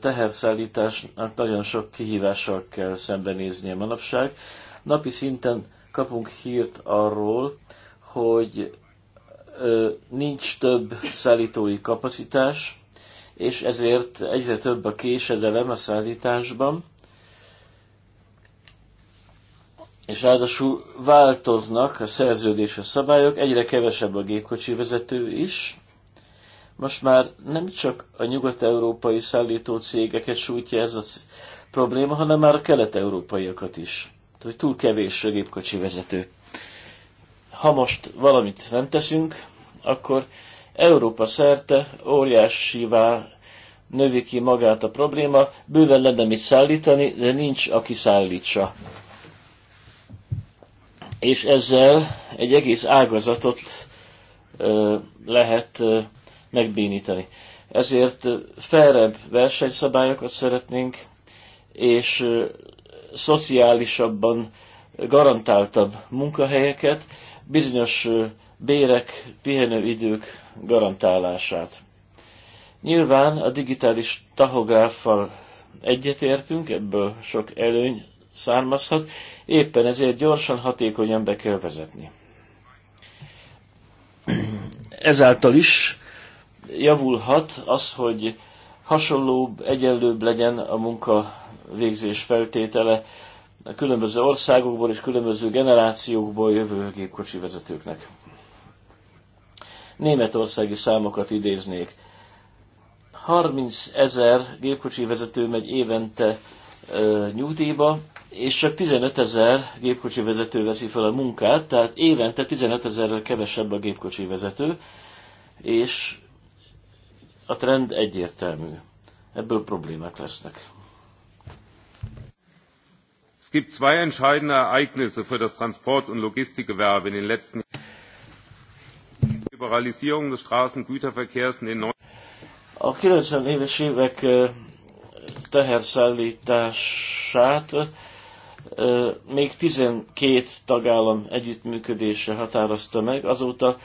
teherszállításnak nagyon sok kihívással kell szembenéznie manapság. Napi szinten kapunk hírt arról, hogy nincs több szállítói kapacitás, és ezért egyre több a késedelem a szállításban, és ráadásul változnak a a szabályok, egyre kevesebb a gépkocsi vezető is. Most már nem csak a nyugat-európai szállító cégeket sújtja ez a probléma, hanem már a kelet-európaiakat is. Hogy túl kevés a gépkocsi vezető. Ha most valamit nem teszünk, akkor Európa szerte óriásivá növi ki magát a probléma, bőven lenne mit szállítani, de nincs, aki szállítsa és ezzel egy egész ágazatot ö, lehet ö, megbénítani. Ezért felrebb versenyszabályokat szeretnénk, és ö, szociálisabban garantáltabb munkahelyeket, bizonyos ö, bérek, pihenőidők garantálását. Nyilván a digitális tahográffal egyetértünk, ebből sok előny származhat, éppen ezért gyorsan, hatékonyan be kell vezetni. Ezáltal is javulhat az, hogy hasonlóbb, egyenlőbb legyen a munka végzés feltétele a különböző országokból és különböző generációkból jövő gépkocsi vezetőknek. Németországi számokat idéznék. 30 ezer gépkocsi vezető megy évente nyugdíjba, és csak 15 ezer gépkocsi vezető veszi fel a munkát, tehát évente 15 ezerrel kevesebb a gépkocsi vezető, és a trend egyértelmű. Ebből problémák lesznek. Es gibt zwei entscheidende Ereignisse für das Transport- und Logistikgewerbe in den letzten Jahren. Die Liberalisierung des Straßengüterverkehrs in den 90 A 90 éves évek eh, teherszállítását még 12 tagállam együttműködése határozta meg. Azóta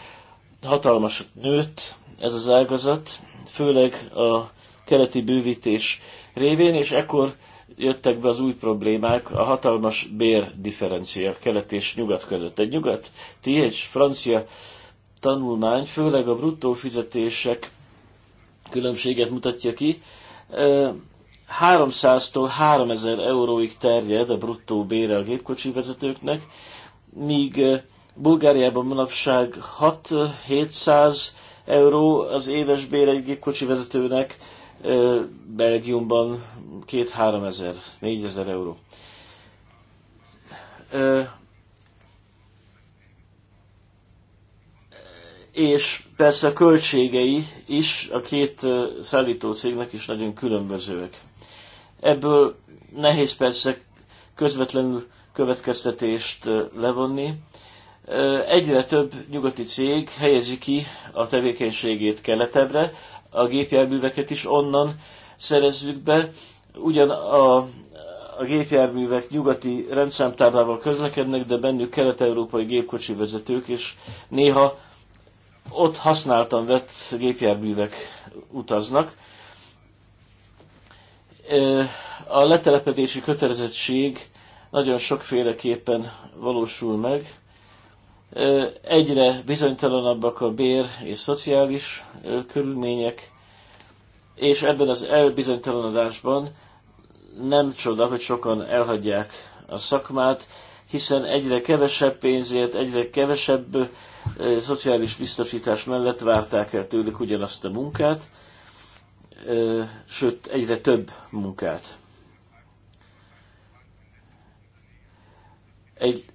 hatalmas nőtt ez az ágazat, főleg a keleti bővítés révén, és ekkor jöttek be az új problémák, a hatalmas bérdifferencia kelet és nyugat között. Egy nyugat, egy francia tanulmány, főleg a bruttó fizetések különbséget mutatja ki, 300-tól 3000 euróig terjed a bruttó bére a gépkocsi vezetőknek, míg eh, Bulgáriában manapság 6-700 euró az éves bér egy gépkocsi vezetőnek, eh, Belgiumban 2-3 ezer, 4 ezer euró. Eh, és persze a költségei is a két szállító cégnek is nagyon különbözőek. Ebből nehéz persze közvetlenül következtetést levonni. Egyre több nyugati cég helyezi ki a tevékenységét keletebbre, a gépjárműveket is onnan szerezzük be. Ugyan a, a gépjárművek nyugati rendszámtáblával közlekednek, de bennük kelet-európai gépkocsi vezetők, és néha ott használtan vett gépjárművek utaznak. A letelepedési kötelezettség nagyon sokféleképpen valósul meg. Egyre bizonytalanabbak a bér és szociális körülmények, és ebben az elbizonytalanodásban nem csoda, hogy sokan elhagyják a szakmát, hiszen egyre kevesebb pénzért, egyre kevesebb szociális biztosítás mellett várták el tőlük ugyanazt a munkát, sőt egyre több munkát. Egy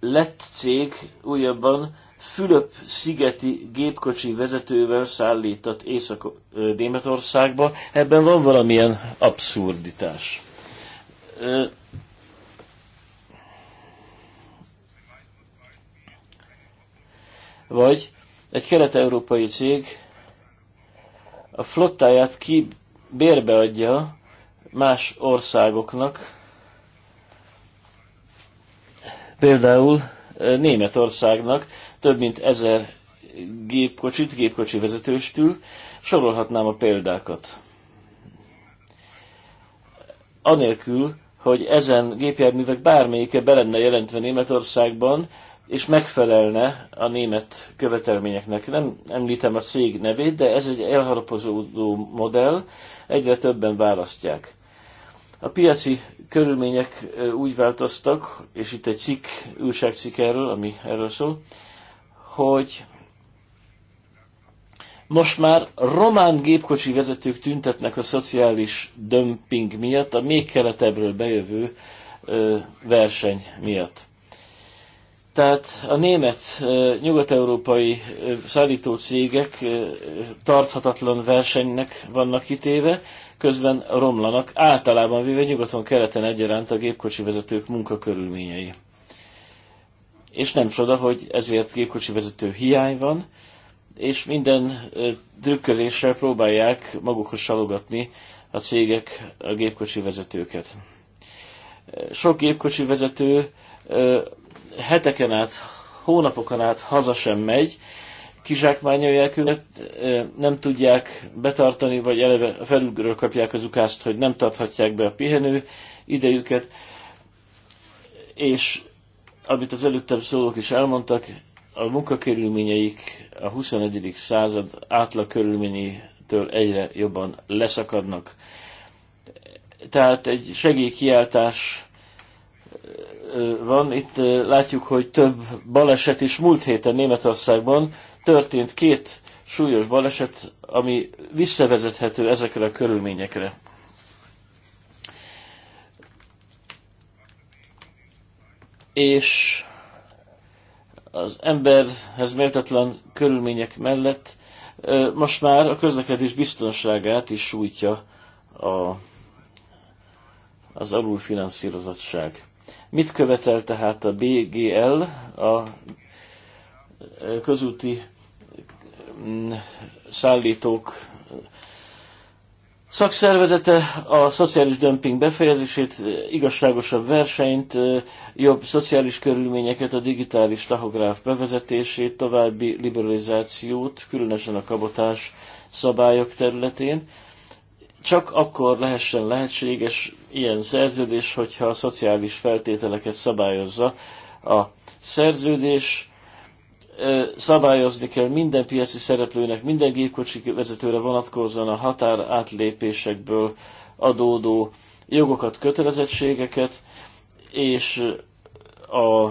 lett cég újabban Fülöp-szigeti gépkocsi vezetővel szállított Észak-Németországba. Ebben van valamilyen abszurditás. Vagy egy kelet-európai cég a flottáját ki bérbeadja adja más országoknak, például Németországnak több mint ezer gépkocsit, gépkocsi vezetőstül, sorolhatnám a példákat. Anélkül, hogy ezen gépjárművek bármelyike be lenne jelentve Németországban, és megfelelne a német követelményeknek. Nem említem a cég nevét, de ez egy elharapozódó modell, egyre többen választják. A piaci körülmények úgy változtak, és itt egy cikk, újságcikk erről, ami erről szól, hogy most már román gépkocsi vezetők tüntetnek a szociális dömping miatt, a még keletebbről bejövő verseny miatt tehát a német nyugat-európai szállító cégek tarthatatlan versenynek vannak kitéve, közben romlanak általában véve nyugaton keleten egyaránt a gépkocsi vezetők munkakörülményei. És nem csoda, hogy ezért gépkocsi vezető hiány van, és minden drükközéssel próbálják magukhoz salogatni a cégek a gépkocsi vezetőket. Sok gépkocsi vezető heteken át, hónapokon át haza sem megy, kizsákmányolják őket, nem tudják betartani, vagy eleve felülről kapják az ukázt, hogy nem tarthatják be a pihenő idejüket, és amit az előttem szólók is elmondtak, a munkakörülményeik a 21. század átlag körülményétől egyre jobban leszakadnak. Tehát egy segélykiáltás van, itt látjuk, hogy több baleset is múlt héten Németországban történt két súlyos baleset, ami visszavezethető ezekre a körülményekre. És az emberhez méltatlan körülmények mellett most már a közlekedés biztonságát is sújtja a, az alulfinanszírozottság. Mit követel tehát a BGL, a közúti szállítók szakszervezete a szociális dömping befejezését, igazságosabb versenyt, jobb szociális körülményeket, a digitális tahográf bevezetését, további liberalizációt, különösen a kabotás szabályok területén. Csak akkor lehessen lehetséges ilyen szerződés, hogyha a szociális feltételeket szabályozza. A szerződés szabályozni kell minden piaci szereplőnek, minden gépkocsi vezetőre vonatkozóan a határ átlépésekből adódó jogokat, kötelezettségeket, és a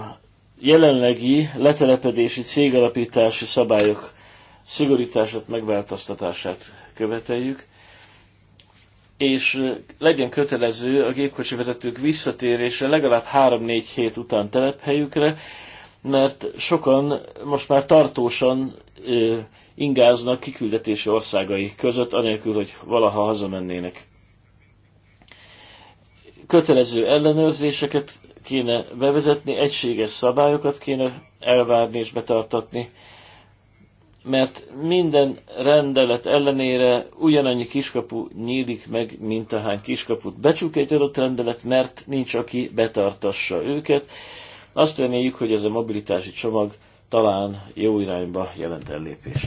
jelenlegi letelepedési cégalapítási szabályok szigorítását, megváltoztatását követeljük és legyen kötelező a gépkocsi vezetők visszatérése legalább 3-4 hét után telephelyükre, mert sokan most már tartósan ö, ingáznak kiküldetési országai között, anélkül, hogy valaha hazamennének. Kötelező ellenőrzéseket kéne bevezetni, egységes szabályokat kéne elvárni és betartatni, mert minden rendelet ellenére ugyanannyi kiskapu nyílik meg, mint ahány kiskaput becsuk egy adott rendelet, mert nincs, aki betartassa őket. Azt reméljük, hogy ez a mobilitási csomag talán jó irányba jelent ellépés.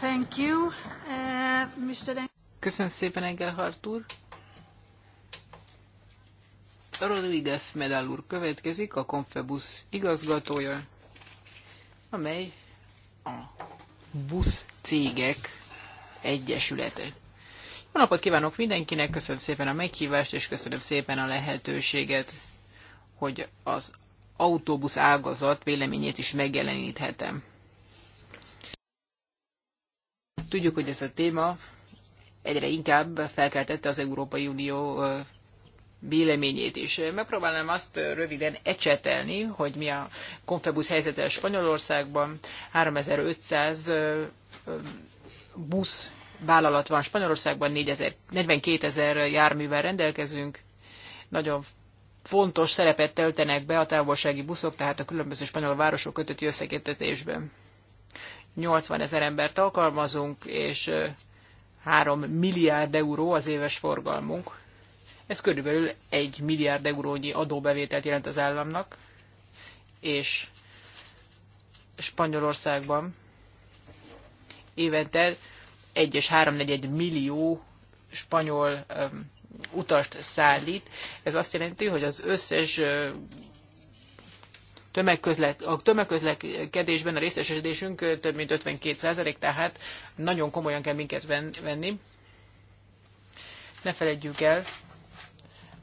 Thank you, uh, Mr. Köszönöm szépen, Engelhardt úr. Rodríguez Medal úr következik, a Confebus igazgatója, amely a busz cégek egyesülete. Jó napot kívánok mindenkinek, köszönöm szépen a meghívást, és köszönöm szépen a lehetőséget, hogy az autóbusz ágazat véleményét is megjeleníthetem. Tudjuk, hogy ez a téma egyre inkább felkeltette az Európai Unió véleményét is. Megpróbálnám azt röviden ecsetelni, hogy mi a konfebusz helyzete a Spanyolországban. 3500 busz vállalat van Spanyolországban, 4000, 42 ezer járművel rendelkezünk. Nagyon fontos szerepet töltenek be a távolsági buszok, tehát a különböző spanyol városok kötötti összekötetésben. 80 ezer embert alkalmazunk, és 3 milliárd euró az éves forgalmunk. Ez körülbelül egy milliárd eurónyi adóbevételt jelent az államnak, és Spanyolországban évente 1 és 3,4 millió spanyol um, utast szállít. Ez azt jelenti, hogy az összes uh, tömegközlek, a tömegközlekedésben a részesedésünk uh, több mint 52%, tehát nagyon komolyan kell minket venni. Ne felejtjük el,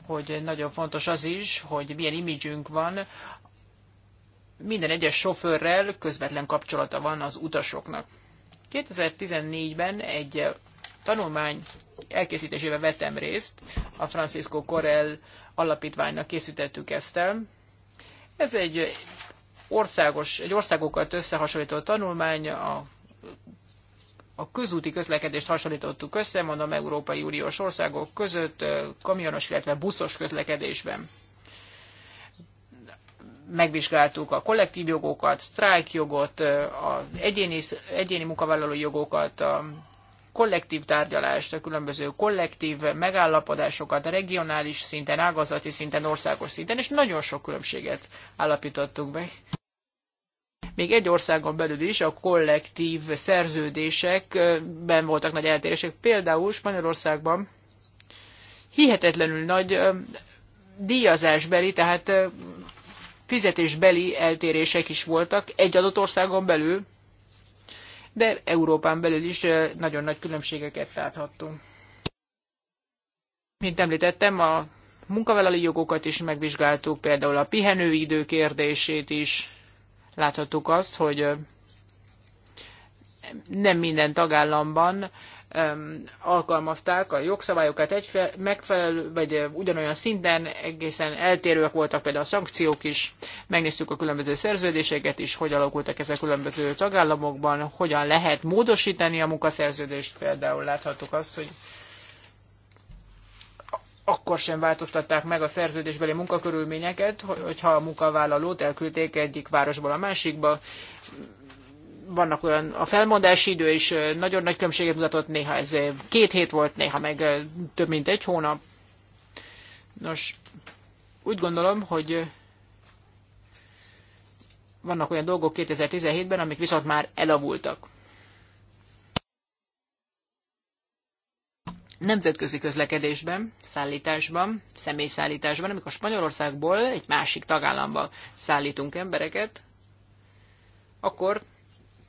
hogy nagyon fontos az is, hogy milyen imidzsünk van, minden egyes sofőrrel közvetlen kapcsolata van az utasoknak. 2014-ben egy tanulmány elkészítésében vettem részt, a Francisco Corel alapítványnak készítettük ezt el. Ez egy országos, egy országokat összehasonlító tanulmány a a közúti közlekedést hasonlítottuk össze, mondom, Európai Uniós országok között kamionos, illetve buszos közlekedésben. Megvizsgáltuk a kollektív jogokat, sztrájkjogot, az egyéni, egyéni munkavállalói jogokat, a kollektív tárgyalást, a különböző kollektív megállapodásokat regionális szinten, ágazati szinten, országos szinten, és nagyon sok különbséget állapítottuk meg még egy országon belül is a kollektív szerződésekben voltak nagy eltérések. Például Spanyolországban hihetetlenül nagy díjazásbeli, tehát fizetésbeli eltérések is voltak egy adott országon belül, de Európán belül is nagyon nagy különbségeket láthattunk. Mint említettem, a munkavállalói jogokat is megvizsgáltuk, például a pihenőidő kérdését is, Láthattuk azt, hogy nem minden tagállamban alkalmazták a jogszabályokat egyfel, megfelelő, vagy ugyanolyan szinten egészen eltérőek voltak például a szankciók is. Megnéztük a különböző szerződéseket is, hogy alakultak ezek a különböző tagállamokban, hogyan lehet módosítani a munkaszerződést. Például láthattuk azt, hogy akkor sem változtatták meg a szerződésbeli munkakörülményeket, hogyha a munkavállalót elküldték egyik városból a másikba. Vannak olyan, a felmondási idő is nagyon nagy különbséget mutatott, néha ez két hét volt, néha meg több mint egy hónap. Nos, úgy gondolom, hogy vannak olyan dolgok 2017-ben, amik viszont már elavultak. nemzetközi közlekedésben, szállításban, személyszállításban, amikor Spanyolországból egy másik tagállamba szállítunk embereket, akkor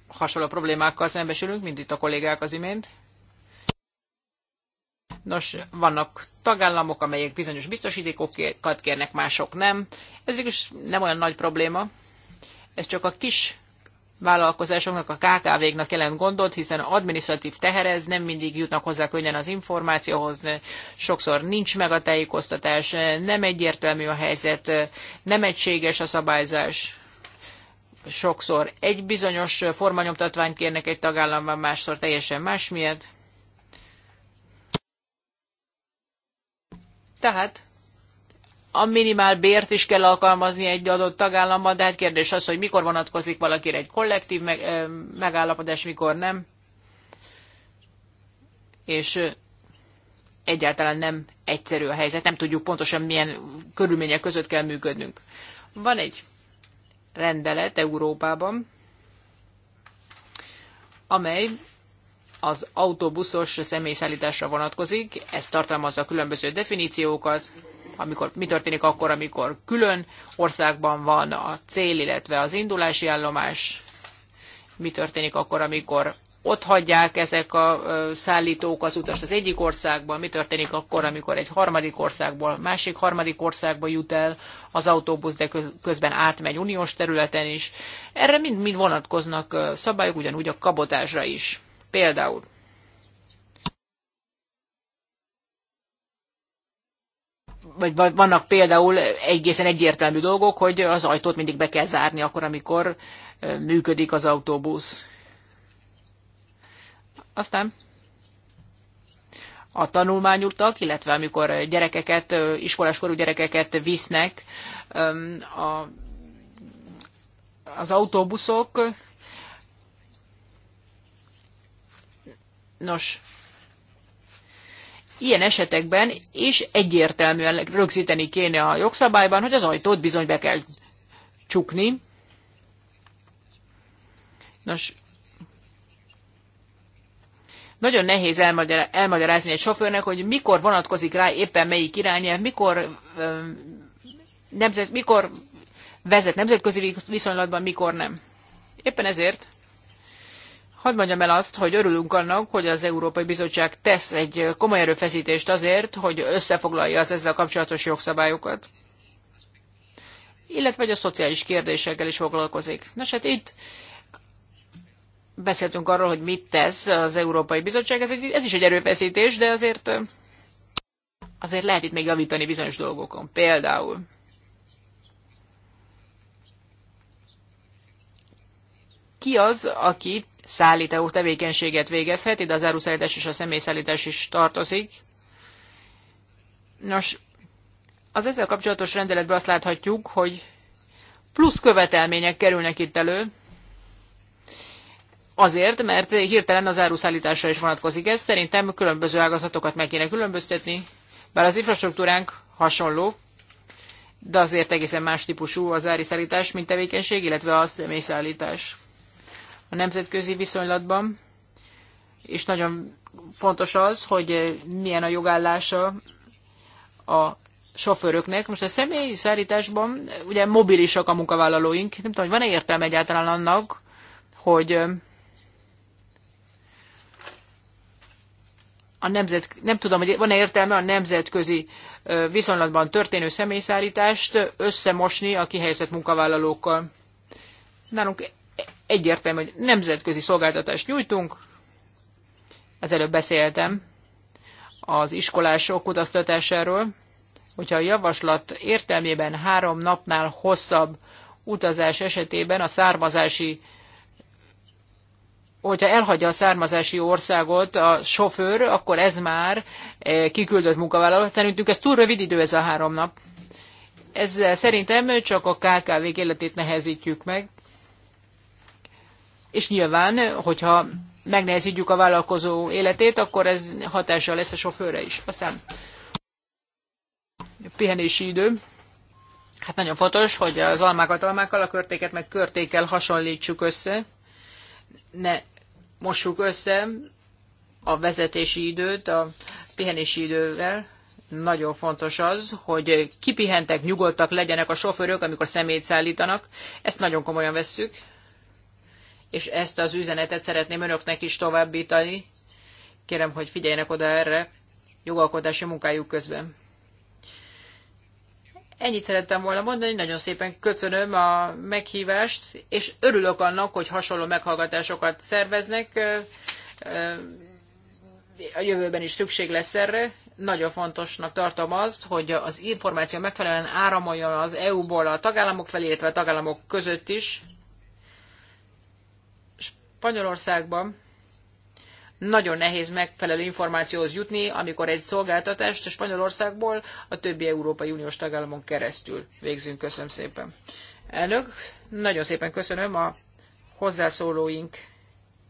hasonló problémákkal szembesülünk, mint itt a kollégák az imént. Nos, vannak tagállamok, amelyek bizonyos biztosítékokat kérnek, mások nem. Ez végülis nem olyan nagy probléma. Ez csak a kis vállalkozásoknak, a KKV-knak jelent gondot, hiszen adminisztratív teherez, nem mindig jutnak hozzá könnyen az információhoz, sokszor nincs meg a tájékoztatás, nem egyértelmű a helyzet, nem egységes a szabályzás. Sokszor egy bizonyos formanyomtatványt kérnek egy tagállamban, másszor teljesen másmiért. Tehát a minimál bért is kell alkalmazni egy adott tagállamban, de hát kérdés az, hogy mikor vonatkozik valakire egy kollektív meg, megállapodás, mikor nem. És egyáltalán nem egyszerű a helyzet, nem tudjuk pontosan milyen körülmények között kell működnünk. Van egy rendelet Európában, amely az autóbuszos személyszállításra vonatkozik, ez tartalmazza a különböző definíciókat, amikor, mi történik akkor, amikor külön országban van a cél, illetve az indulási állomás, mi történik akkor, amikor ott hagyják ezek a szállítók az utast az egyik országban, mi történik akkor, amikor egy harmadik országból, másik harmadik országba jut el az autóbusz, de közben átmegy uniós területen is. Erre mind, mind vonatkoznak szabályok, ugyanúgy a kabotásra is. Például vagy vannak például egészen egyértelmű dolgok, hogy az ajtót mindig be kell zárni akkor, amikor működik az autóbusz. Aztán a tanulmányutak, illetve amikor gyerekeket, iskoláskorú gyerekeket visznek a, az autóbuszok. Nos, ilyen esetekben is egyértelműen rögzíteni kéne a jogszabályban, hogy az ajtót bizony be kell csukni. Nos, nagyon nehéz elmagyarázni egy sofőrnek, hogy mikor vonatkozik rá éppen melyik irányelv, mikor, nemzet, mikor vezet nemzetközi viszonylatban, mikor nem. Éppen ezért Hadd mondjam el azt, hogy örülünk annak, hogy az Európai Bizottság tesz egy komoly erőfeszítést azért, hogy összefoglalja az ezzel kapcsolatos jogszabályokat, illetve hogy a szociális kérdésekkel is foglalkozik. Nos, hát itt beszéltünk arról, hogy mit tesz az Európai Bizottság, ez, egy, ez is egy erőfeszítés, de azért azért lehet itt még javítani bizonyos dolgokon. Például ki az, aki szállító tevékenységet végezhet, ide az áruszállítás és a személyszállítás is tartozik. Nos, az ezzel kapcsolatos rendeletben azt láthatjuk, hogy plusz követelmények kerülnek itt elő, Azért, mert hirtelen az áruszállításra is vonatkozik ez. Szerintem különböző ágazatokat meg kéne különböztetni, bár az infrastruktúránk hasonló, de azért egészen más típusú az áriszállítás, mint tevékenység, illetve a személyszállítás a nemzetközi viszonylatban, és nagyon fontos az, hogy milyen a jogállása a sofőröknek. Most a személyi szállításban ugye mobilisak a munkavállalóink. Nem tudom, hogy van-e értelme egyáltalán annak, hogy a nemzet, nem tudom, hogy van-e értelme a nemzetközi viszonylatban történő személyszállítást összemosni a kihelyezett munkavállalókkal. Nálunk egyértelmű, hogy nemzetközi szolgáltatást nyújtunk. Az előbb beszéltem az iskolások utaztatásáról, hogyha a javaslat értelmében három napnál hosszabb utazás esetében a származási hogyha elhagyja a származási országot a sofőr, akkor ez már eh, kiküldött munkavállaló. Szerintünk ez túl rövid idő ez a három nap. Ezzel szerintem csak a KKV-k életét nehezítjük meg és nyilván, hogyha megnehezítjük a vállalkozó életét, akkor ez hatással lesz a sofőre is. Aztán pihenési idő. Hát nagyon fontos, hogy az almákat almákkal, a körtéket meg körtékkel hasonlítsuk össze. Ne mossuk össze a vezetési időt a pihenési idővel. Nagyon fontos az, hogy kipihentek, nyugodtak legyenek a sofőrök, amikor szemét szállítanak. Ezt nagyon komolyan vesszük és ezt az üzenetet szeretném önöknek is továbbítani. Kérem, hogy figyeljenek oda erre jogalkotási munkájuk közben. Ennyit szerettem volna mondani, nagyon szépen köszönöm a meghívást, és örülök annak, hogy hasonló meghallgatásokat szerveznek. A jövőben is szükség lesz erre. Nagyon fontosnak tartom azt, hogy az információ megfelelően áramoljon az EU-ból a tagállamok felé, illetve a tagállamok között is. Spanyolországban nagyon nehéz megfelelő információhoz jutni, amikor egy szolgáltatást Spanyolországból a többi Európai Uniós tagállamon keresztül végzünk. Köszönöm szépen. Elnök, nagyon szépen köszönöm a hozzászólóink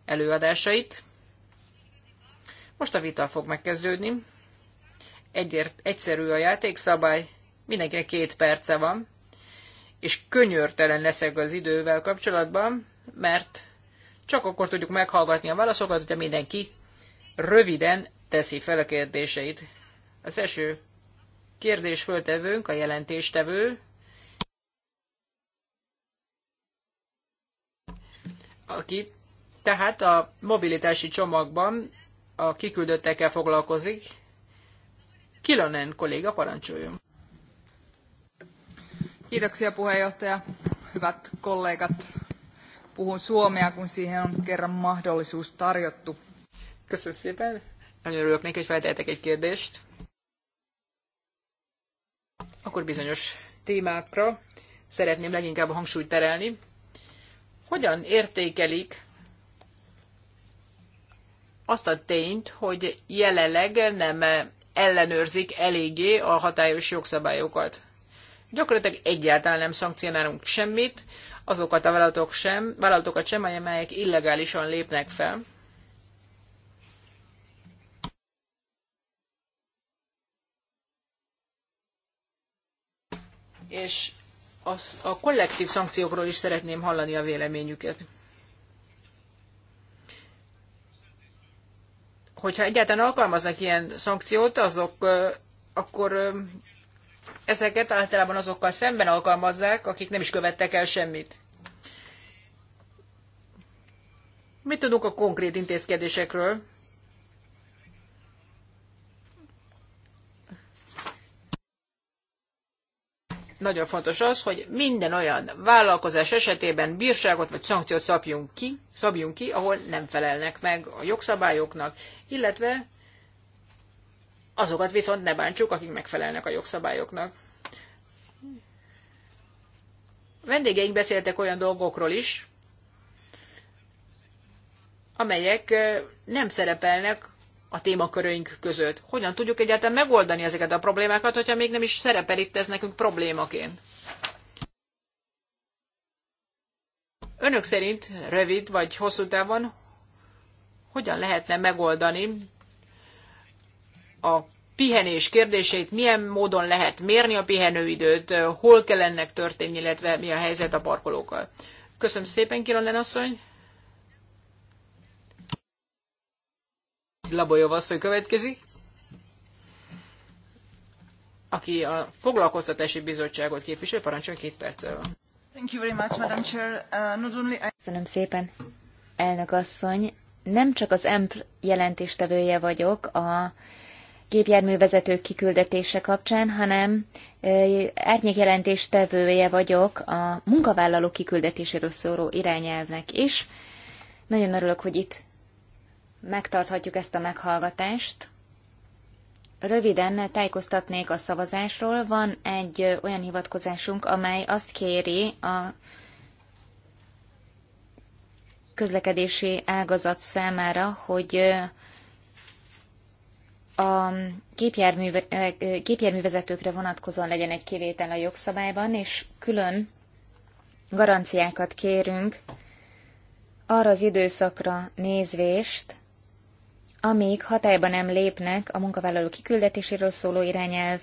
előadásait. Most a vita fog megkezdődni. Egyért, egyszerű a játékszabály, mindenkinek két perce van, és könyörtelen leszek az idővel kapcsolatban, mert csak akkor tudjuk meghallgatni a válaszokat, hogyha mindenki röviden teszi fel a kérdéseit. Az első kérdés föltevőnk, a jelentéstevő, aki tehát a mobilitási csomagban a kiküldöttekkel foglalkozik. Kilonen kolléga, parancsoljon. Kiitoksia puheenjohtaja, hyvät kollégat. Puhun suomea, kun siihen on kerran mahdollisuus tarjottu. Köszönöm szépen. Nagyon örülök neki, hogy feltehetek egy kérdést. Akkor bizonyos témákra szeretném leginkább a hangsúlyt terelni. Hogyan értékelik azt a tényt, hogy jelenleg nem ellenőrzik eléggé a hatályos jogszabályokat. Gyakorlatilag egyáltalán nem szankcionálunk semmit, azokat a vállalatok sem, vállalatokat sem, amelyek illegálisan lépnek fel. És az, a kollektív szankciókról is szeretném hallani a véleményüket. Hogyha egyáltalán alkalmaznak ilyen szankciót, azok akkor ezeket általában azokkal szemben alkalmazzák, akik nem is követtek el semmit. Mit tudunk a konkrét intézkedésekről? Nagyon fontos az, hogy minden olyan vállalkozás esetében bírságot vagy szankciót szabjunk ki, szabjunk ki, ahol nem felelnek meg a jogszabályoknak, illetve azokat viszont ne bántsuk, akik megfelelnek a jogszabályoknak. A vendégeink beszéltek olyan dolgokról is, amelyek nem szerepelnek a témaköröink között. Hogyan tudjuk egyáltalán megoldani ezeket a problémákat, hogyha még nem is szerepel itt ez nekünk problémaként? Önök szerint rövid vagy hosszú távon hogyan lehetne megoldani a pihenés kérdését, milyen módon lehet mérni a pihenőidőt, hol kell ennek történni, illetve mi a helyzet a parkolókkal. Köszönöm szépen, Kironen asszony! Labolyov asszony következik, aki a Foglalkoztatási Bizottságot képviselő, parancsoljon két perccel van. Thank you very much, Madam Chair. Uh, not only Köszönöm szépen, elnök asszony. Nem csak az EMP jelentéstevője vagyok a gépjárművezetők kiküldetése kapcsán, hanem árnyékjelentéstevője vagyok a munkavállalók kiküldetéséről szóró irányelvnek is. Nagyon örülök, hogy itt megtarthatjuk ezt a meghallgatást. Röviden tájékoztatnék a szavazásról. Van egy olyan hivatkozásunk, amely azt kéri a közlekedési ágazat számára, hogy a gépjárműve, gépjárművezetőkre vonatkozóan legyen egy kivétel a jogszabályban, és külön garanciákat kérünk arra az időszakra nézvést, amíg hatályba nem lépnek a munkavállaló kiküldetéséről szóló irányelv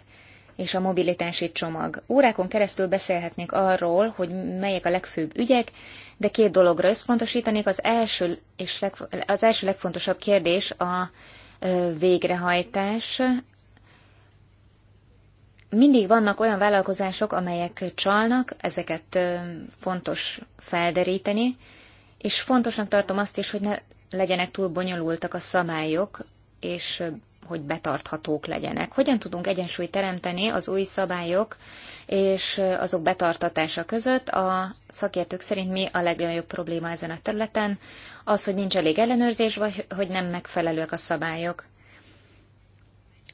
és a mobilitási csomag. Órákon keresztül beszélhetnék arról, hogy melyek a legfőbb ügyek, de két dologra összpontosítanék. Az első, és az első legfontosabb kérdés a végrehajtás. Mindig vannak olyan vállalkozások, amelyek csalnak, ezeket fontos felderíteni, és fontosnak tartom azt is, hogy ne legyenek túl bonyolultak a szabályok, és hogy betarthatók legyenek. Hogyan tudunk egyensúlyt teremteni az új szabályok és azok betartatása között? A szakértők szerint mi a legnagyobb probléma ezen a területen? az, hogy nincs elég ellenőrzés, vagy hogy nem megfelelőek a szabályok.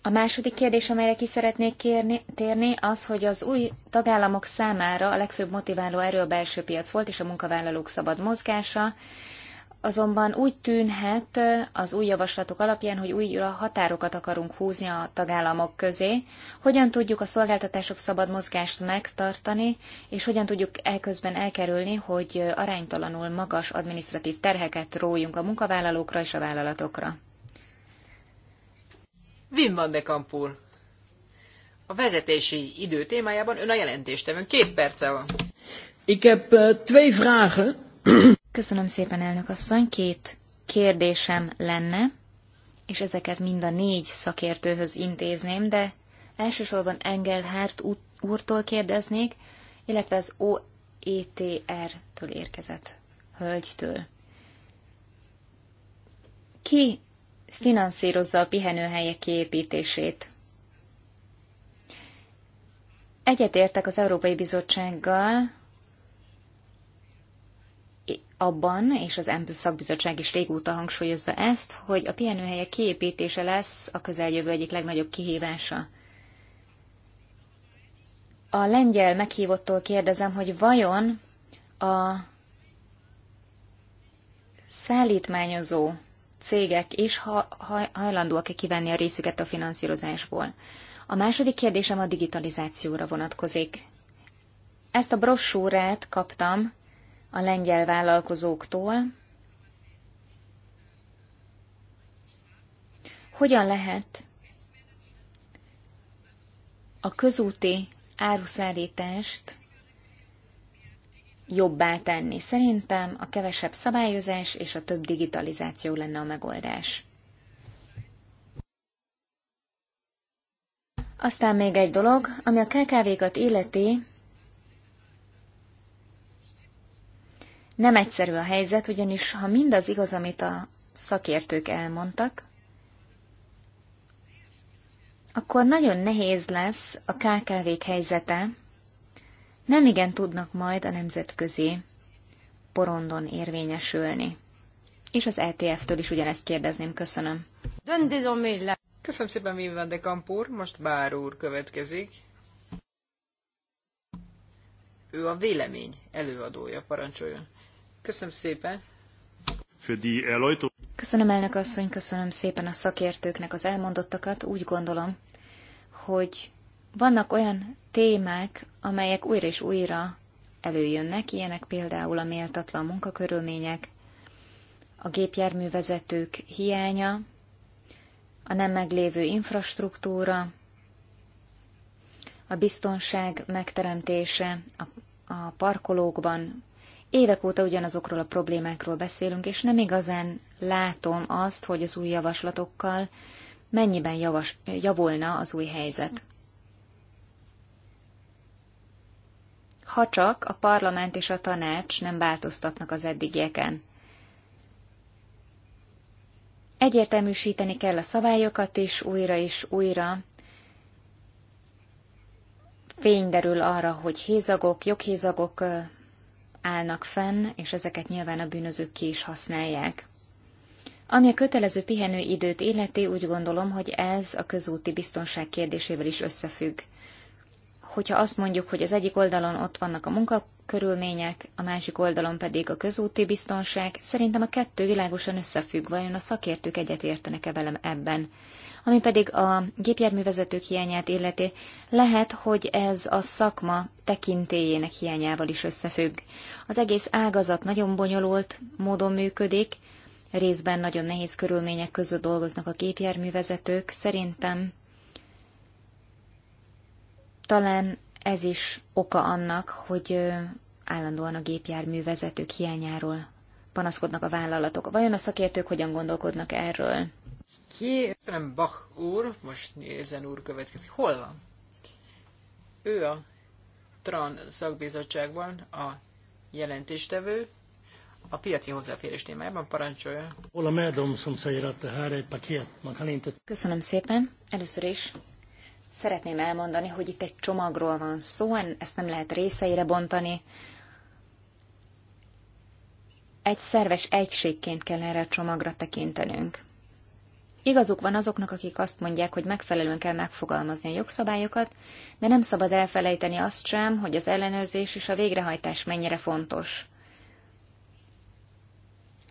A második kérdés, amelyre ki szeretnék kérni, térni, az, hogy az új tagállamok számára a legfőbb motiváló erő a belső piac volt és a munkavállalók szabad mozgása, azonban úgy tűnhet az új javaslatok alapján, hogy újra határokat akarunk húzni a tagállamok közé. Hogyan tudjuk a szolgáltatások szabad mozgást megtartani, és hogyan tudjuk elközben elkerülni, hogy aránytalanul magas administratív terheket rójunk a munkavállalókra és a vállalatokra? Wim van de Kampur. A vezetési idő témájában ön a jelentéstevőn. Két perce van. Ik heb eh, twee vragen. Köszönöm szépen, elnök asszony. Két kérdésem lenne, és ezeket mind a négy szakértőhöz intézném, de elsősorban Engelhárt úrtól kérdeznék, illetve az OETR-től érkezett hölgytől. Ki finanszírozza a pihenőhelyek kiépítését? Egyetértek az Európai Bizottsággal, abban, és az EMP szakbizottság is régóta hangsúlyozza ezt, hogy a pihenőhelyek kiépítése lesz a közeljövő egyik legnagyobb kihívása. A lengyel meghívottól kérdezem, hogy vajon a szállítmányozó cégek is ha, ha, hajlandóak-e kivenni a részüket a finanszírozásból. A második kérdésem a digitalizációra vonatkozik. Ezt a brossúrát kaptam a lengyel vállalkozóktól, hogyan lehet a közúti áruszállítást jobbá tenni. Szerintem a kevesebb szabályozás és a több digitalizáció lenne a megoldás. Aztán még egy dolog, ami a KKV-kat illeti, Nem egyszerű a helyzet, ugyanis ha mindaz igaz, amit a szakértők elmondtak, akkor nagyon nehéz lesz a KKV-k helyzete, nem igen tudnak majd a nemzetközi porondon érvényesülni. És az LTF-től e is ugyanezt kérdezném, köszönöm. Köszönöm szépen, Wim van de Kampur, most Bár úr következik. Ő a vélemény előadója, parancsoljon. Köszönöm szépen. Köszönöm elnök asszony, köszönöm szépen a szakértőknek az elmondottakat. Úgy gondolom, hogy vannak olyan témák, amelyek újra és újra előjönnek, ilyenek például a méltatlan munkakörülmények, a gépjárművezetők hiánya, a nem meglévő infrastruktúra, a biztonság megteremtése a, a parkolókban, Évek óta ugyanazokról a problémákról beszélünk, és nem igazán látom azt, hogy az új javaslatokkal mennyiben javas, javulna az új helyzet. Ha csak a parlament és a tanács nem változtatnak az eddigieken. Egyértelműsíteni kell a szabályokat is újra és újra. Fény derül arra, hogy hézagok, joghézagok állnak fenn, és ezeket nyilván a bűnözők ki is használják. Ami a kötelező pihenőidőt illeti, úgy gondolom, hogy ez a közúti biztonság kérdésével is összefügg. Hogyha azt mondjuk, hogy az egyik oldalon ott vannak a munkakörülmények, a másik oldalon pedig a közúti biztonság, szerintem a kettő világosan összefügg, vajon a szakértők egyetértenek-e velem ebben ami pedig a gépjárművezetők hiányát illeti. Lehet, hogy ez a szakma tekintélyének hiányával is összefügg. Az egész ágazat nagyon bonyolult módon működik, részben nagyon nehéz körülmények között dolgoznak a gépjárművezetők. Szerintem talán ez is oka annak, hogy állandóan a gépjárművezetők hiányáról panaszkodnak a vállalatok. Vajon a szakértők hogyan gondolkodnak erről? Ki? Szerintem Bach úr, most nézen úr következik. Hol van? Ő a TRAN szakbizottságban a jelentéstevő, a piaci hozzáférés témájában parancsolja. Hola, madam, som säger a det här Köszönöm szépen. Először is szeretném elmondani, hogy itt egy csomagról van szó, ezt nem lehet részeire bontani. Egy szerves egységként kell erre a csomagra tekintenünk. Igazuk van azoknak, akik azt mondják, hogy megfelelően kell megfogalmazni a jogszabályokat, de nem szabad elfelejteni azt sem, hogy az ellenőrzés és a végrehajtás mennyire fontos.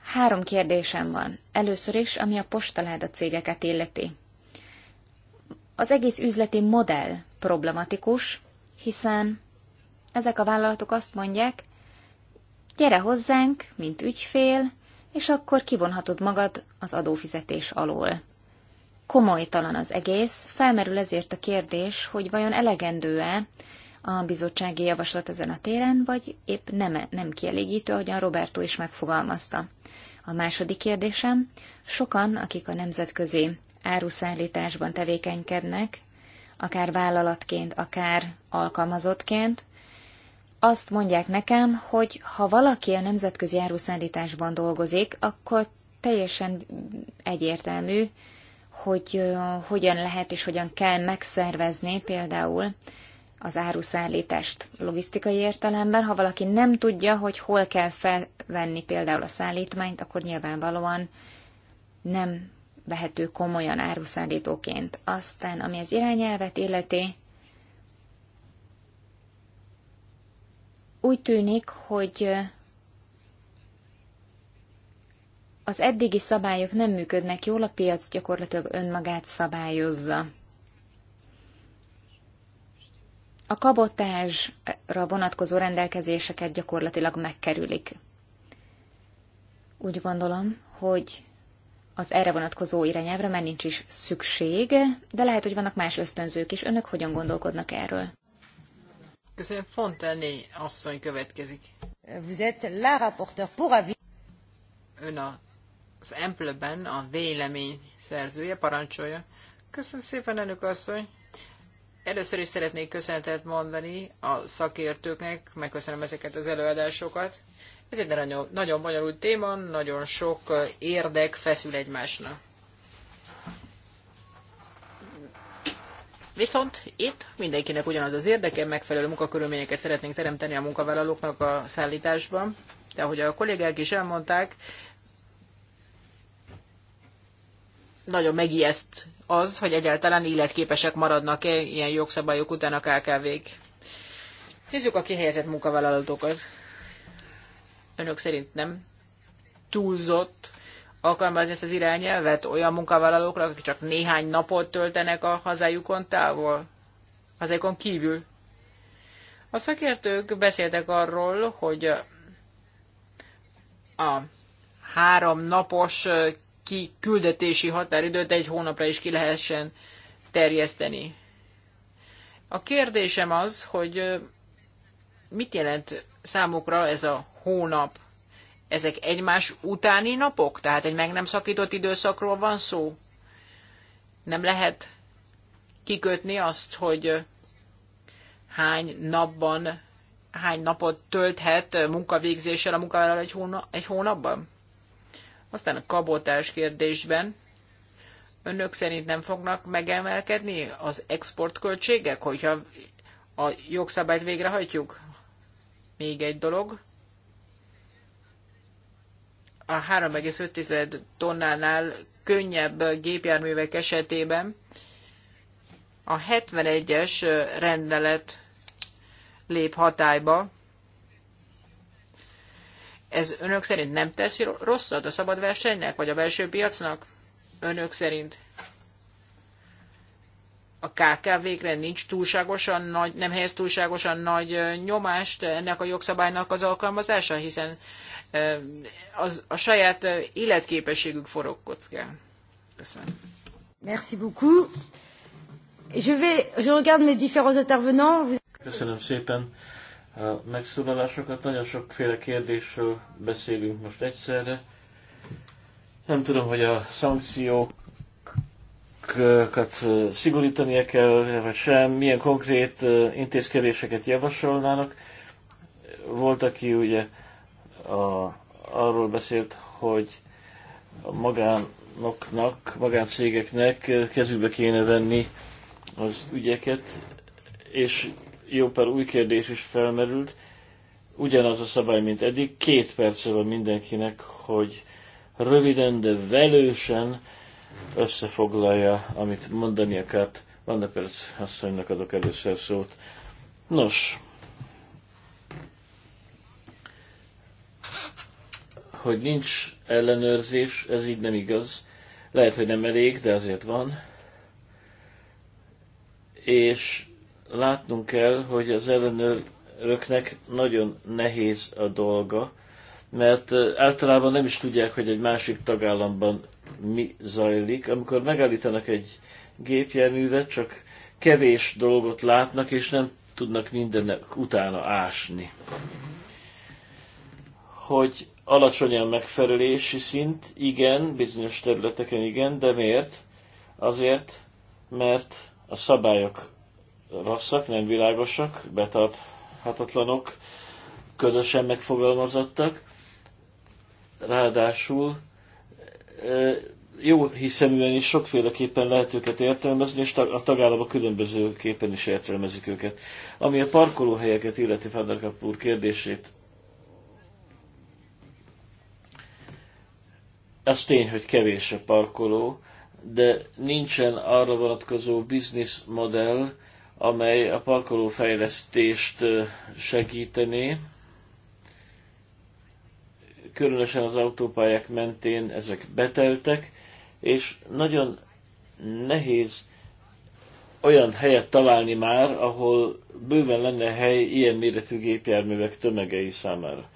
Három kérdésem van. Először is, ami a postaláda cégeket illeti. Az egész üzleti modell problematikus, hiszen ezek a vállalatok azt mondják, gyere hozzánk, mint ügyfél, és akkor kivonhatod magad az adófizetés alól. Komolytalan az egész, felmerül ezért a kérdés, hogy vajon elegendő-e a bizottsági javaslat ezen a téren, vagy épp nem, nem kielégítő, ahogyan Roberto is megfogalmazta. A második kérdésem, sokan, akik a nemzetközi áruszállításban tevékenykednek, akár vállalatként, akár alkalmazottként, azt mondják nekem, hogy ha valaki a nemzetközi áruszállításban dolgozik, akkor teljesen egyértelmű, hogy hogyan lehet és hogyan kell megszervezni például az áruszállítást logisztikai értelemben. Ha valaki nem tudja, hogy hol kell felvenni például a szállítmányt, akkor nyilvánvalóan nem vehető komolyan áruszállítóként. Aztán, ami az irányelvet illeti, Úgy tűnik, hogy az eddigi szabályok nem működnek jól, a piac gyakorlatilag önmagát szabályozza. A kabotázsra vonatkozó rendelkezéseket gyakorlatilag megkerülik. Úgy gondolom, hogy az erre vonatkozó irányelvre már nincs is szükség, de lehet, hogy vannak más ösztönzők is. Önök hogyan gondolkodnak erről? Köszönöm, Fontané asszony következik. Vous êtes la rapporteur pour avis. Ön a, az Empleben a vélemény szerzője, parancsolja. Köszönöm szépen, elnök asszony. Először is szeretnék köszönetet mondani a szakértőknek, megköszönöm ezeket az előadásokat. Ez egy nagyon, nagyon bonyolult téma, nagyon sok érdek feszül egymásnak. Viszont itt mindenkinek ugyanaz az érdeke, megfelelő munkakörülményeket szeretnénk teremteni a munkavállalóknak a szállításban, de ahogy a kollégák is elmondták, nagyon megijeszt az, hogy egyáltalán életképesek maradnak-e ilyen jogszabályok után a KKV-k. Nézzük a kihelyezett munkavállalatokat. Önök szerint nem túlzott alkalmazni ezt az irányelvet olyan munkavállalókra, akik csak néhány napot töltenek a hazájukon távol, hazájukon kívül. A szakértők beszéltek arról, hogy a három napos kiküldetési határidőt egy hónapra is ki lehessen terjeszteni. A kérdésem az, hogy mit jelent számukra ez a hónap? Ezek egymás utáni napok? Tehát egy meg nem szakított időszakról van szó? Nem lehet kikötni azt, hogy hány napban, hány napot tölthet munkavégzéssel a munkavállaló egy, hóna, egy hónapban? Aztán a kabotás kérdésben önök szerint nem fognak megemelkedni az exportköltségek, hogyha a jogszabályt végrehajtjuk? Még egy dolog, a 3,5 tonnánál könnyebb gépjárművek esetében a 71-es rendelet lép hatályba. Ez önök szerint nem teszi rosszat a szabad versenynek, vagy a belső piacnak? Önök szerint a KKV-kre nincs túlságosan nagy, nem helyez túlságosan nagy nyomást ennek a jogszabálynak az alkalmazása, hiszen az, a saját életképességük forog kockán. Köszönöm. Merci beaucoup. Je vais, je regarde mes différents intervenants. Vous... Köszönöm szépen a megszólalásokat. Nagyon sokféle kérdésről beszélünk most egyszerre. Nem tudom, hogy a szankciók szabályokat szigorítania kell, vagy sem, milyen konkrét intézkedéseket javasolnának. Volt, aki ugye a, arról beszélt, hogy a magánoknak, magáncégeknek kezükbe kéne venni az ügyeket, és jó pár új kérdés is felmerült. Ugyanaz a szabály, mint eddig, két perce van mindenkinek, hogy röviden, de velősen összefoglalja, amit mondani akart. Vanda Perc asszonynak adok először szót. Nos, hogy nincs ellenőrzés, ez így nem igaz. Lehet, hogy nem elég, de azért van. És látnunk kell, hogy az ellenőröknek nagyon nehéz a dolga, mert általában nem is tudják, hogy egy másik tagállamban mi zajlik, amikor megállítanak egy gépjárművet, csak kevés dolgot látnak, és nem tudnak mindennek utána ásni. Hogy alacsony a megfelelési szint, igen, bizonyos területeken igen, de miért? Azért, mert a szabályok rosszak, nem világosak, betarthatatlanok, ködösen megfogalmazottak, ráadásul jó hiszeműen is sokféleképpen lehet őket értelmezni, és a tagállamok különbözőképpen is értelmezik őket. Ami a parkolóhelyeket illeti Fanderkap úr kérdését, az tény, hogy kevés a parkoló, de nincsen arra vonatkozó bizniszmodell, amely a parkolófejlesztést segítené különösen az autópályák mentén ezek beteltek, és nagyon nehéz olyan helyet találni már, ahol bőven lenne hely ilyen méretű gépjárművek tömegei számára.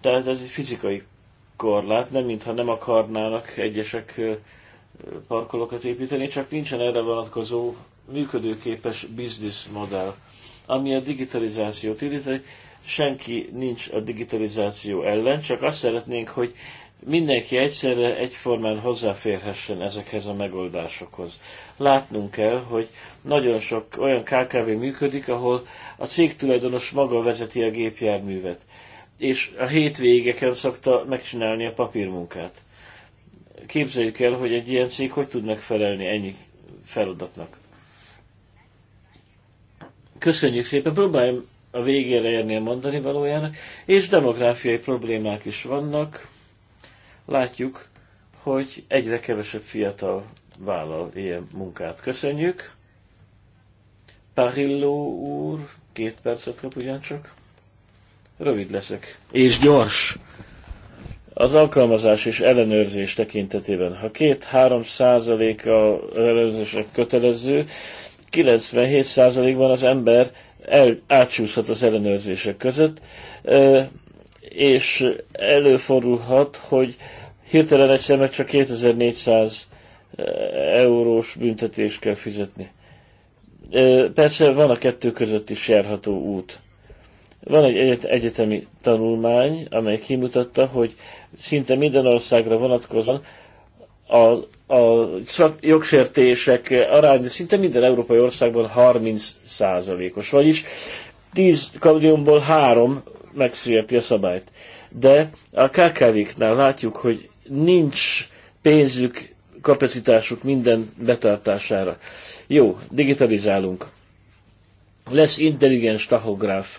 Tehát ez egy fizikai korlát, nem mintha nem akarnának egyesek parkolókat építeni, csak nincsen erre vonatkozó működőképes bizniszmodell, ami a digitalizációt illeti senki nincs a digitalizáció ellen, csak azt szeretnénk, hogy mindenki egyszerre egyformán hozzáférhessen ezekhez a megoldásokhoz. Látnunk kell, hogy nagyon sok olyan KKV működik, ahol a cég tulajdonos maga vezeti a gépjárművet, és a hétvégeken szokta megcsinálni a papírmunkát. Képzeljük el, hogy egy ilyen cég hogy tud megfelelni ennyi feladatnak. Köszönjük szépen, próbáljunk a végére érni a mondani valójának, és demográfiai problémák is vannak. Látjuk, hogy egyre kevesebb fiatal vállal ilyen munkát. Köszönjük! Parilló úr, két percet kap ugyancsak. Rövid leszek. És gyors! Az alkalmazás és ellenőrzés tekintetében, ha két-három százalék a ellenőrzések kötelező, 97 százalékban az ember el, átsúszhat az ellenőrzések között, és előfordulhat, hogy hirtelen meg csak 2400 eurós büntetést kell fizetni. Persze van a kettő között is járható út. Van egy egyetemi tanulmány, amely kimutatta, hogy szinte minden országra vonatkozóan az a jogsértések aránya szinte minden európai országban 30 százalékos, vagyis 10 kamionból 3 megszülheti a szabályt. De a KKV-knál látjuk, hogy nincs pénzük, kapacitásuk minden betartására. Jó, digitalizálunk. Lesz intelligens tahográf.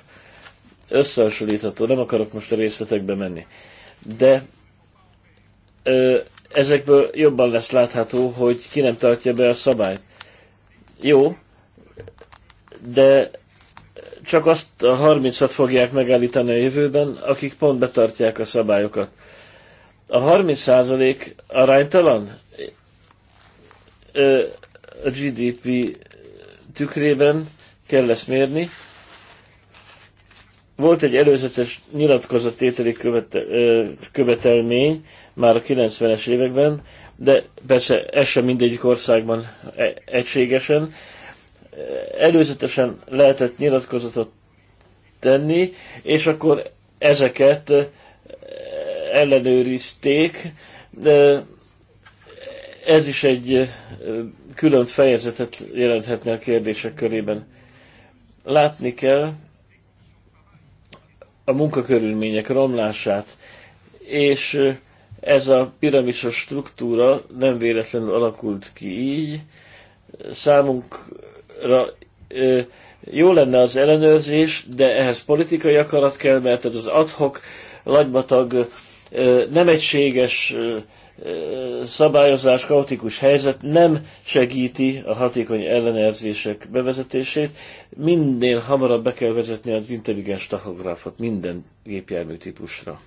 Összehasonlítható, nem akarok most a részletekbe menni. De ö, ezekből jobban lesz látható, hogy ki nem tartja be a szabályt. Jó, de csak azt a 30-at fogják megállítani a jövőben, akik pont betartják a szabályokat. A 30% aránytalan a GDP tükrében kell lesz mérni. Volt egy előzetes nyilatkozattételi követelmény, már a 90-es években, de persze ez sem mindegyik országban e- egységesen. Előzetesen lehetett nyilatkozatot tenni, és akkor ezeket e, ellenőrizték, de ez is egy e, külön fejezetet jelenthetne a kérdések körében. Látni kell a munkakörülmények romlását, és ez a piramisos struktúra nem véletlenül alakult ki így. Számunkra jó lenne az ellenőrzés, de ehhez politikai akarat kell, mert ez az adhok, lagybatag, nem egységes szabályozás, kaotikus helyzet nem segíti a hatékony ellenőrzések bevezetését. Minél hamarabb be kell vezetni az intelligens tachográfot minden gépjármű típusra.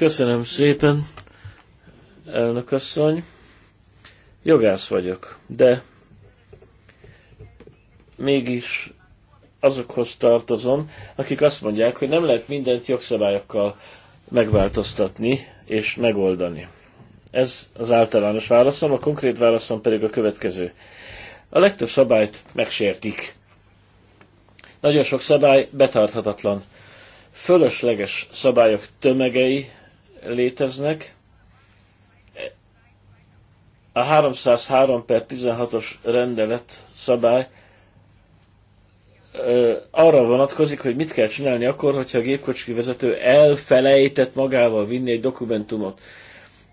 Köszönöm szépen, elnökasszony. Jogász vagyok, de mégis azokhoz tartozom, akik azt mondják, hogy nem lehet mindent jogszabályokkal megváltoztatni és megoldani. Ez az általános válaszom, a konkrét válaszom pedig a következő. A legtöbb szabályt megsértik. Nagyon sok szabály betarthatatlan. Fölösleges szabályok tömegei léteznek. A 303 per 16-os rendelet szabály arra vonatkozik, hogy mit kell csinálni akkor, hogyha a gépkocsi vezető elfelejtett magával vinni egy dokumentumot.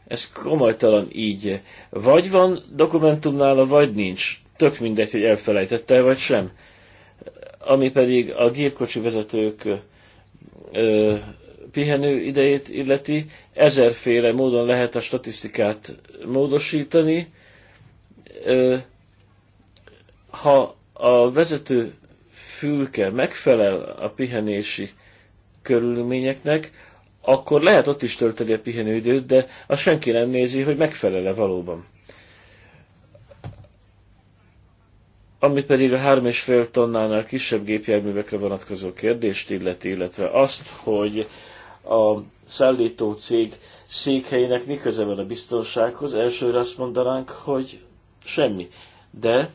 Ez komolytalan így. Vagy van dokumentum nála, vagy nincs. Tök mindegy, hogy elfelejtette, vagy sem. Ami pedig a gépkocsi vezetők ö, pihenő idejét illeti, ezerféle módon lehet a statisztikát módosítani. Ha a vezető fülke megfelel a pihenési körülményeknek, akkor lehet ott is tölteni a pihenőidőt, de azt senki nem nézi, hogy megfelele valóban. Ami pedig a 3,5 tonnánál kisebb gépjárművekre vonatkozó kérdést illeti, illetve azt, hogy a szállító cég székhelyének mi köze van a biztonsághoz? Elsőre azt mondanánk, hogy semmi. De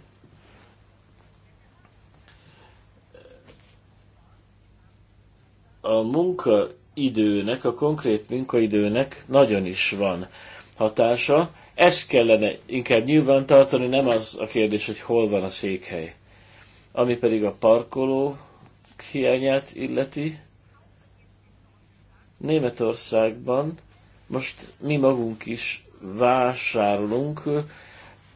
a munkaidőnek, a konkrét munkaidőnek nagyon is van hatása. Ezt kellene inkább nyilván tartani, nem az a kérdés, hogy hol van a székhely. Ami pedig a parkoló hiányát illeti, Németországban most mi magunk is vásárolunk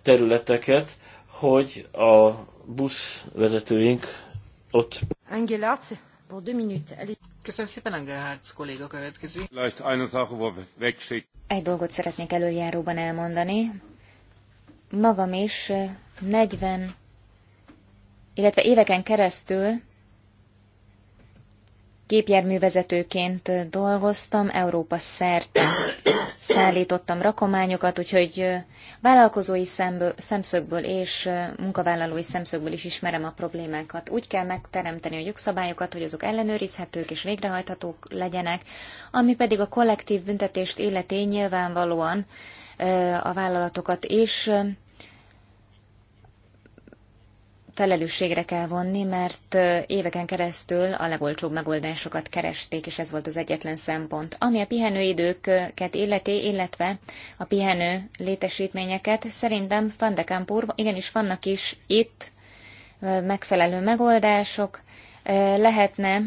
területeket, hogy a buszvezetőink ott. Angela, pour deux minutes. Köszönöm szépen, Engelhardt kolléga következik. Egy dolgot szeretnék előjáróban elmondani. Magam is 40, eh, illetve éveken keresztül gépjárművezetőként dolgoztam, Európa szerte szállítottam rakományokat, úgyhogy vállalkozói szemből, szemszögből és munkavállalói szemszögből is ismerem a problémákat. Úgy kell megteremteni a jogszabályokat, hogy azok ellenőrizhetők és végrehajthatók legyenek, ami pedig a kollektív büntetést illeti nyilvánvalóan a vállalatokat is felelősségre kell vonni, mert éveken keresztül a legolcsóbb megoldásokat keresték, és ez volt az egyetlen szempont. Ami a pihenőidőket illeti, illetve a pihenő létesítményeket, szerintem Van de Kampur, igenis vannak is itt megfelelő megoldások, lehetne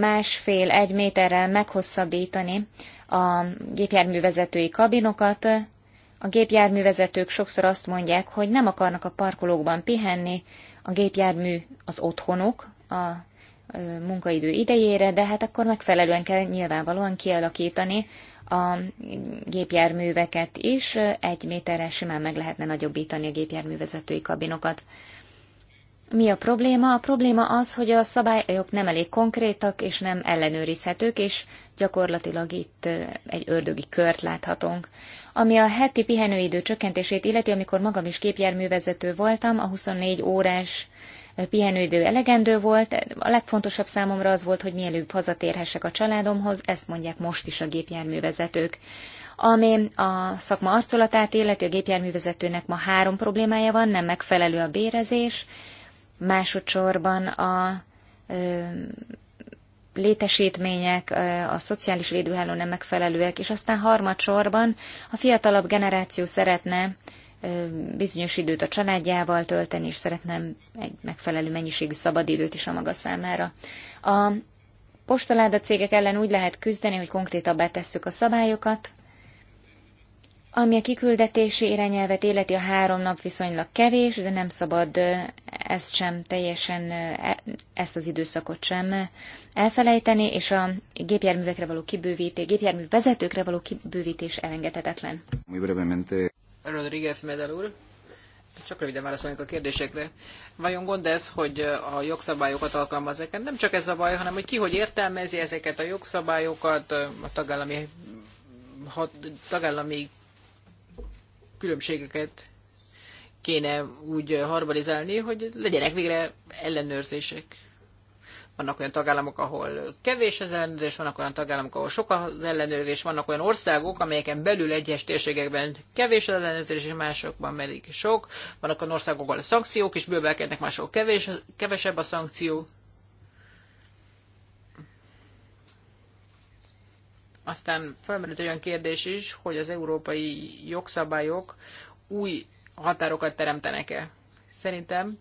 másfél-egy méterrel meghosszabbítani a gépjárművezetői kabinokat, a gépjárművezetők sokszor azt mondják, hogy nem akarnak a parkolókban pihenni, a gépjármű az otthonok a munkaidő idejére, de hát akkor megfelelően kell nyilvánvalóan kialakítani a gépjárműveket is, egy méterrel simán meg lehetne nagyobbítani a gépjárművezetői kabinokat. Mi a probléma? A probléma az, hogy a szabályok nem elég konkrétak és nem ellenőrizhetők, és gyakorlatilag itt egy ördögi kört láthatunk. Ami a heti pihenőidő csökkentését illeti, amikor magam is gépjárművezető voltam, a 24 órás pihenőidő elegendő volt, a legfontosabb számomra az volt, hogy mielőbb hazatérhessek a családomhoz, ezt mondják most is a gépjárművezetők. Ami a szakma arcolatát illeti, a gépjárművezetőnek ma három problémája van, nem megfelelő a bérezés, másodszorban a létesítmények, a szociális védőháló nem megfelelőek, és aztán harmadsorban a fiatalabb generáció szeretne bizonyos időt a családjával tölteni, és szeretne egy megfelelő mennyiségű szabadidőt is a maga számára. A postaláda cégek ellen úgy lehet küzdeni, hogy konkrétabbá tesszük a szabályokat, ami a kiküldetési irányelvet életi a három nap viszonylag kevés, de nem szabad ezt sem teljesen, e, ezt az időszakot sem elfelejteni, és a gépjárművekre való kibővítés, gépjármű vezetőkre való kibővítés elengedhetetlen. Muy Rodríguez Medel úr, csak röviden válaszolnék a kérdésekre. Vajon gond ez, hogy a jogszabályokat alkalmazzák? Nem csak ez a baj, hanem hogy ki hogy értelmezi ezeket a jogszabályokat, a tagállami, tagállami különbségeket kéne úgy harmonizálni, hogy legyenek végre ellenőrzések. Vannak olyan tagállamok, ahol kevés az ellenőrzés, vannak olyan tagállamok, ahol sok az ellenőrzés, vannak olyan országok, amelyeken belül egyes térségekben kevés az ellenőrzés, és másokban pedig sok. Vannak olyan országok, ahol a szankciók is bővelkednek, máshol kevés, kevesebb a szankció. Aztán felmerült olyan kérdés is, hogy az európai jogszabályok új határokat teremtenek-e. Szerintem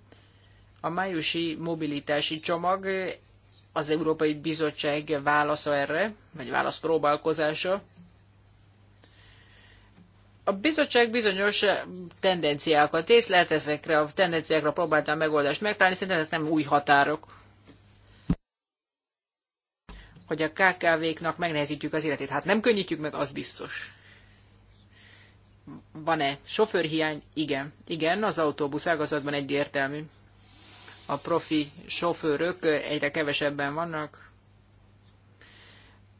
a májusi mobilitási csomag az Európai Bizottság válasza erre, vagy válasz próbálkozása. A bizottság bizonyos tendenciákat észlelt, ezekre a tendenciákra próbáltam a megoldást megtalálni, szerintem ezek nem új határok hogy a KKV-knak megnehezítjük az életét. Hát nem könnyítjük meg, az biztos. Van-e sofőrhiány? Igen. Igen, az autóbusz ágazatban egyértelmű. A profi sofőrök egyre kevesebben vannak.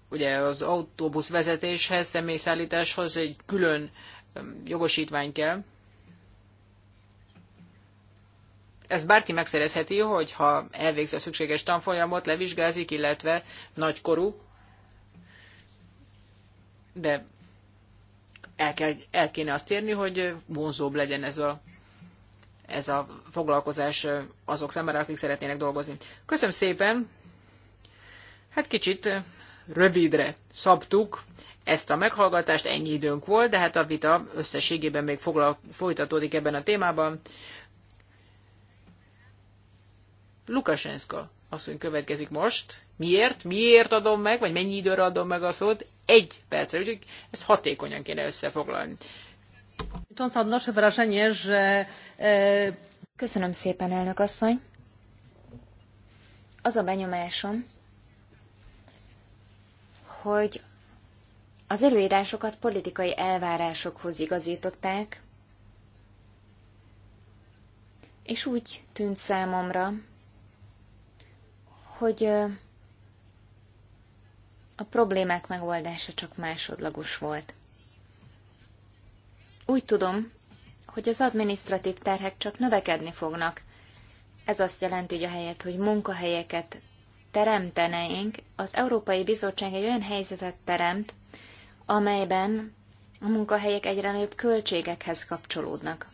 Ugye az autóbusz vezetéshez, személyszállításhoz egy külön um, jogosítvány kell, ezt bárki megszerezheti, hogyha elvégzi a szükséges tanfolyamot, levizsgázik, illetve nagykorú, de el, kell, el kéne azt érni, hogy vonzóbb legyen ez a, ez a foglalkozás azok számára, akik szeretnének dolgozni. Köszönöm szépen! Hát kicsit rövidre szabtuk ezt a meghallgatást, ennyi időnk volt, de hát a vita összességében még folytatódik ebben a témában. Lukashenko, asszony következik most. Miért? Miért adom meg, vagy mennyi időre adom meg a szót? Egy percre, úgyhogy ezt hatékonyan kéne összefoglalni. E, Köszönöm szépen, elnök asszony. Az a benyomásom, hogy az előírásokat politikai elvárásokhoz igazították, és úgy tűnt számomra, hogy a problémák megoldása csak másodlagos volt. Úgy tudom, hogy az administratív terhek csak növekedni fognak. Ez azt jelenti, hogy a helyet, hogy munkahelyeket teremteneink, az Európai Bizottság egy olyan helyzetet teremt, amelyben a munkahelyek egyre nagyobb költségekhez kapcsolódnak.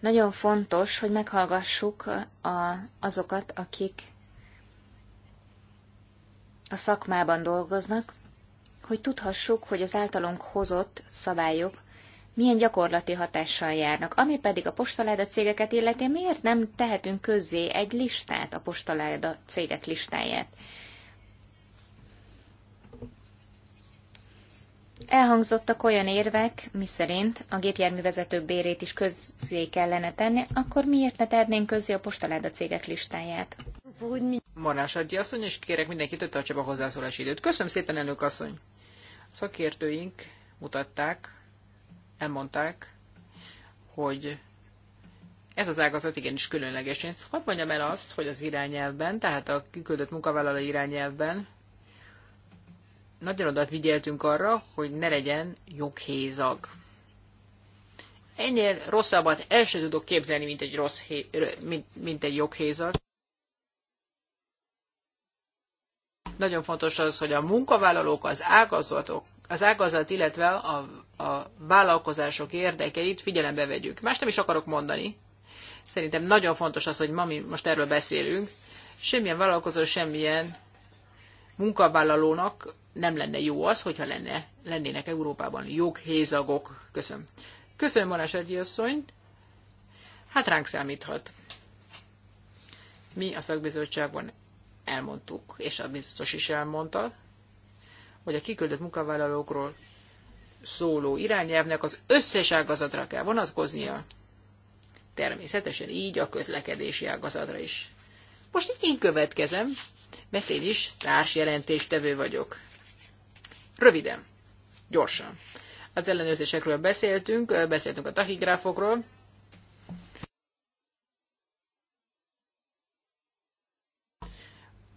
Nagyon fontos, hogy meghallgassuk a, azokat, akik a szakmában dolgoznak, hogy tudhassuk, hogy az általunk hozott szabályok milyen gyakorlati hatással járnak. Ami pedig a postaláda cégeket illeti, miért nem tehetünk közzé egy listát, a postaláda cégek listáját? Elhangzottak olyan érvek, miszerint a gépjárművezetők bérét is közzé kellene tenni, akkor miért ne tehetnénk közzé a postaláda cégek listáját? Marás Adja asszony, és kérek mindenkit, hogy tartsa a hozzászólási időt. Köszönöm szépen, elnök asszony! Szakértőink mutatták, elmondták, hogy ez az ágazat igenis különleges. Én hadd mondjam el azt, hogy az irányelvben, tehát a kiküldött munkavállaló irányelvben nagyon odafigyeltünk arra, hogy ne legyen joghézag. Ennél rosszabbat el sem tudok képzelni, mint egy, rossz hé, mint, mint egy joghézag. Nagyon fontos az, hogy a munkavállalók, az ágazatok, az ágazat, illetve a, a vállalkozások érdekeit figyelembe vegyük. Más nem is akarok mondani. Szerintem nagyon fontos az, hogy ma mi most erről beszélünk. Semmilyen vállalkozó, semmilyen munkavállalónak nem lenne jó az, hogyha lenne, lennének Európában joghézagok. Köszönöm. Köszönöm, Marás Ergyi asszony. Hát ránk számíthat. Mi a szakbizottságban elmondtuk, és a biztos is elmondta, hogy a kiküldött munkavállalókról szóló irányelvnek az összes ágazatra kell vonatkoznia, természetesen így a közlekedési ágazatra is. Most én következem, mert én is társjelentéstevő vagyok. Röviden, gyorsan. Az ellenőrzésekről beszéltünk, beszéltünk a tachigráfokról.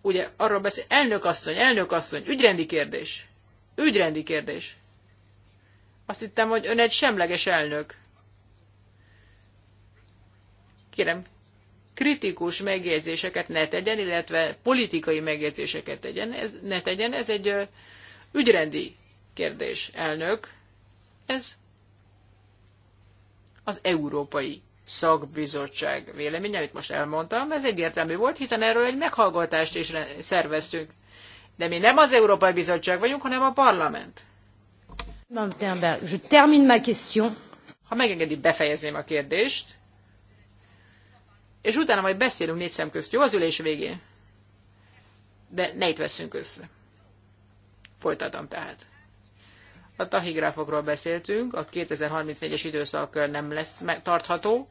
Ugye arról beszél, elnök asszony, elnök asszony, ügyrendi kérdés. Ügyrendi kérdés. Azt hittem, hogy ön egy semleges elnök. Kérem, kritikus megjegyzéseket ne tegyen, illetve politikai megjegyzéseket tegyen, ez, ne tegyen, ez egy Ügyrendi kérdés, elnök. Ez az Európai Szakbizottság véleménye, amit most elmondtam, ez egyértelmű volt, hiszen erről egy meghallgatást is szerveztünk. De mi nem az Európai Bizottság vagyunk, hanem a parlament. Ha megengedi, befejezném a kérdést, és utána majd beszélünk négy szem közt, jó az ülés végén? De ne itt veszünk össze. Folytatom tehát. A tahigráfokról beszéltünk, a 2034-es időszak nem lesz tartható,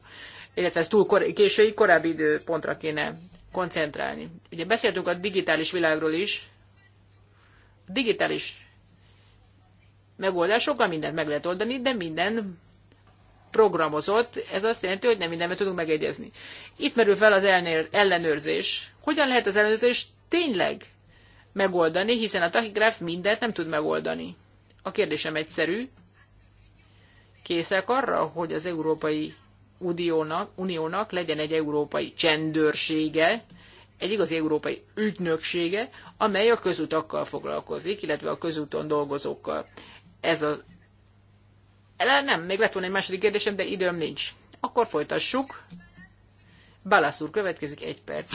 illetve ez túl kor- késői, korábbi időpontra kéne koncentrálni. Ugye beszéltünk a digitális világról is. A digitális megoldásokkal mindent meg lehet oldani, de minden programozott, ez azt jelenti, hogy nem mindenben tudunk megegyezni. Itt merül fel az ellenőrzés. Hogyan lehet az ellenőrzés tényleg megoldani, hiszen a tachigráf mindent nem tud megoldani. A kérdésem egyszerű. Készek arra, hogy az Európai Uniónak, Uniónak legyen egy európai csendőrsége, egy igazi európai ügynöksége, amely a közutakkal foglalkozik, illetve a közúton dolgozókkal. Ez a... Nem, még lett volna egy második kérdésem, de időm nincs. Akkor folytassuk. Balasz úr, következik egy perc.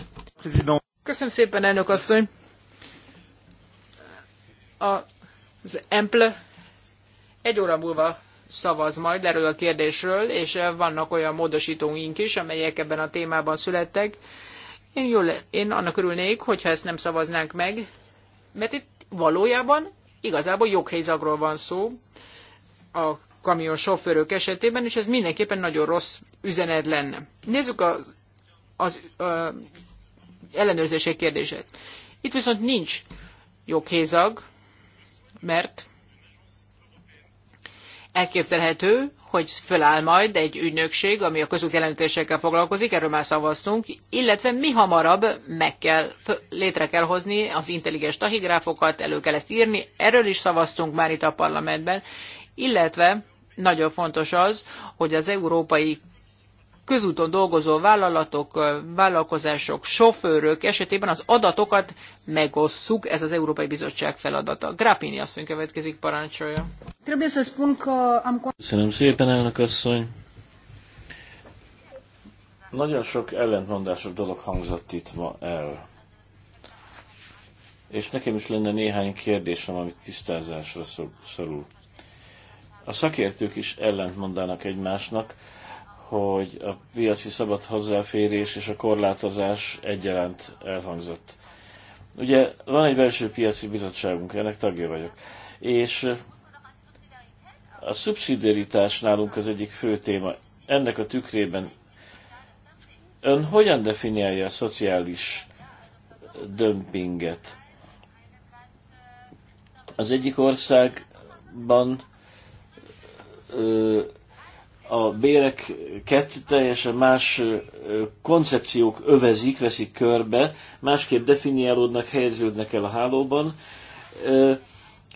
Köszönöm szépen, elnök asszony! az EMPL egy óra múlva szavaz majd erről a kérdésről, és vannak olyan módosítóink is, amelyek ebben a témában születtek. Én, jól, én annak örülnék, hogyha ezt nem szavaznánk meg, mert itt valójában igazából joghelyzagról van szó a kamion sofőrök esetében, és ez mindenképpen nagyon rossz üzenet lenne. Nézzük az, az ö, ellenőrzések kérdését. Itt viszont nincs joghézag, mert elképzelhető, hogy föláll majd egy ügynökség, ami a közút jelentésekkel foglalkozik, erről már szavaztunk, illetve mi hamarabb meg kell, létre kell hozni az intelligens tahigráfokat, elő kell ezt írni, erről is szavaztunk már itt a parlamentben, illetve nagyon fontos az, hogy az Európai közúton dolgozó vállalatok, vállalkozások, sofőrök esetében az adatokat megosszuk, ez az Európai Bizottság feladata. Grappini asszony következik, parancsolja. Köszönöm szépen, elnök asszony. Nagyon sok ellentmondásos dolog hangzott itt ma el. És nekem is lenne néhány kérdésem, amit tisztázásra szorul. A szakértők is ellentmondanak egymásnak, hogy a piaci szabad hozzáférés és a korlátozás egyaránt elhangzott. Ugye van egy belső piaci bizottságunk, ennek tagja vagyok, és eh, a szubszidiaritás nálunk az egyik fő téma. Ennek a tükrében ön hogyan definiálja a szociális dömpinget? Az egyik országban ö, a béreket teljesen más koncepciók övezik, veszik körbe, másképp definiálódnak, helyeződnek el a hálóban.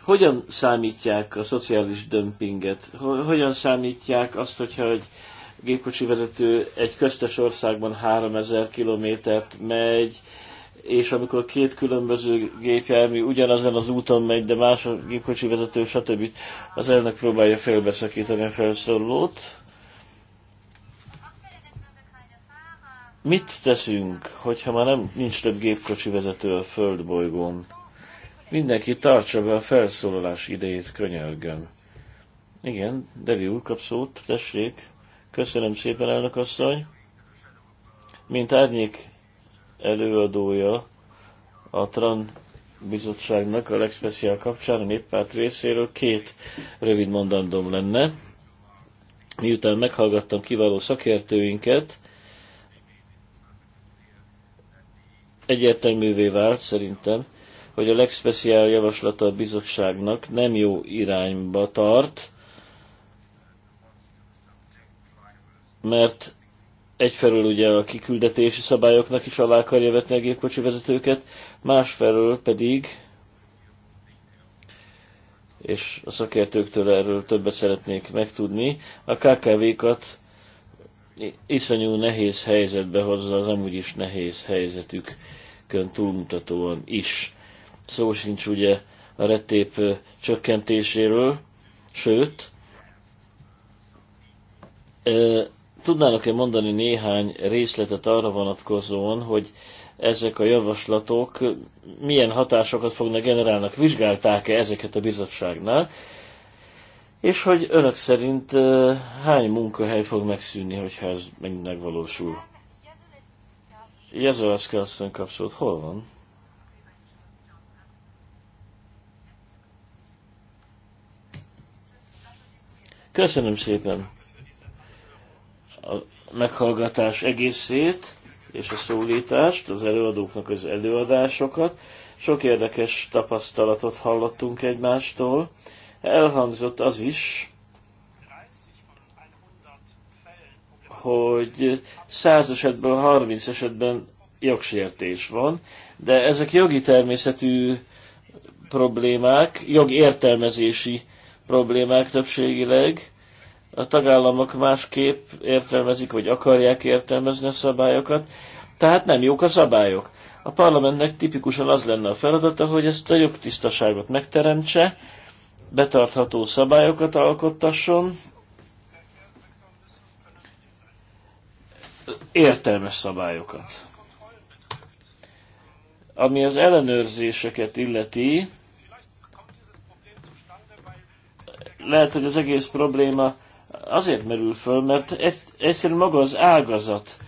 Hogyan számítják a szociális dömpinget? Hogyan számítják azt, hogyha egy gépkocsi vezető egy köztes országban 3000 kilométert megy, és amikor két különböző gépjármű ugyanazon az úton megy, de más a gépkocsi vezető, stb. az elnök próbálja félbeszakítani a felszólót. Mit teszünk, hogyha már nem nincs több gépkocsi vezető a földbolygón? Mindenki tartsa be a felszólalás idejét, könyörgöm. Igen, Devi úr kap szót, tessék. Köszönöm szépen, elnök asszony. Mint árnyék előadója a TRAN bizottságnak a legspeciál kapcsán a néppárt részéről két rövid mondandom lenne. Miután meghallgattam kiváló szakértőinket, egyértelművé vált szerintem, hogy a legspeciál javaslata a bizottságnak nem jó irányba tart, mert egyfelől ugye a kiküldetési szabályoknak is alá akarja vetni a gépkocsi vezetőket, másfelől pedig, és a szakértőktől erről többet szeretnék megtudni, a KKV-kat iszonyú nehéz helyzetbe hozza az amúgy is nehéz helyzetükön túlmutatóan is. Szó sincs ugye a rettép csökkentéséről, sőt, tudnának-e mondani néhány részletet arra vonatkozóan, hogy ezek a javaslatok milyen hatásokat fognak generálnak? Vizsgálták-e ezeket a bizottságnál? és hogy önök szerint hány munkahely fog megszűnni, hogyha ez megint megvalósul? Jezolevszka asszony kapcsolat hol van? Köszönöm szépen a meghallgatás egészét és a szólítást, az előadóknak az előadásokat. Sok érdekes tapasztalatot hallottunk egymástól, Elhangzott az is, hogy 100 esetből 30 esetben jogsértés van, de ezek jogi természetű problémák, jogértelmezési problémák többségileg. A tagállamok másképp értelmezik, vagy akarják értelmezni a szabályokat, tehát nem jók a szabályok. A parlamentnek tipikusan az lenne a feladata, hogy ezt a jogtisztaságot megteremtse, betartható szabályokat alkottasson, értelmes szabályokat. Ami az ellenőrzéseket illeti, lehet, hogy az egész probléma azért merül föl, mert egyszerűen maga az ágazat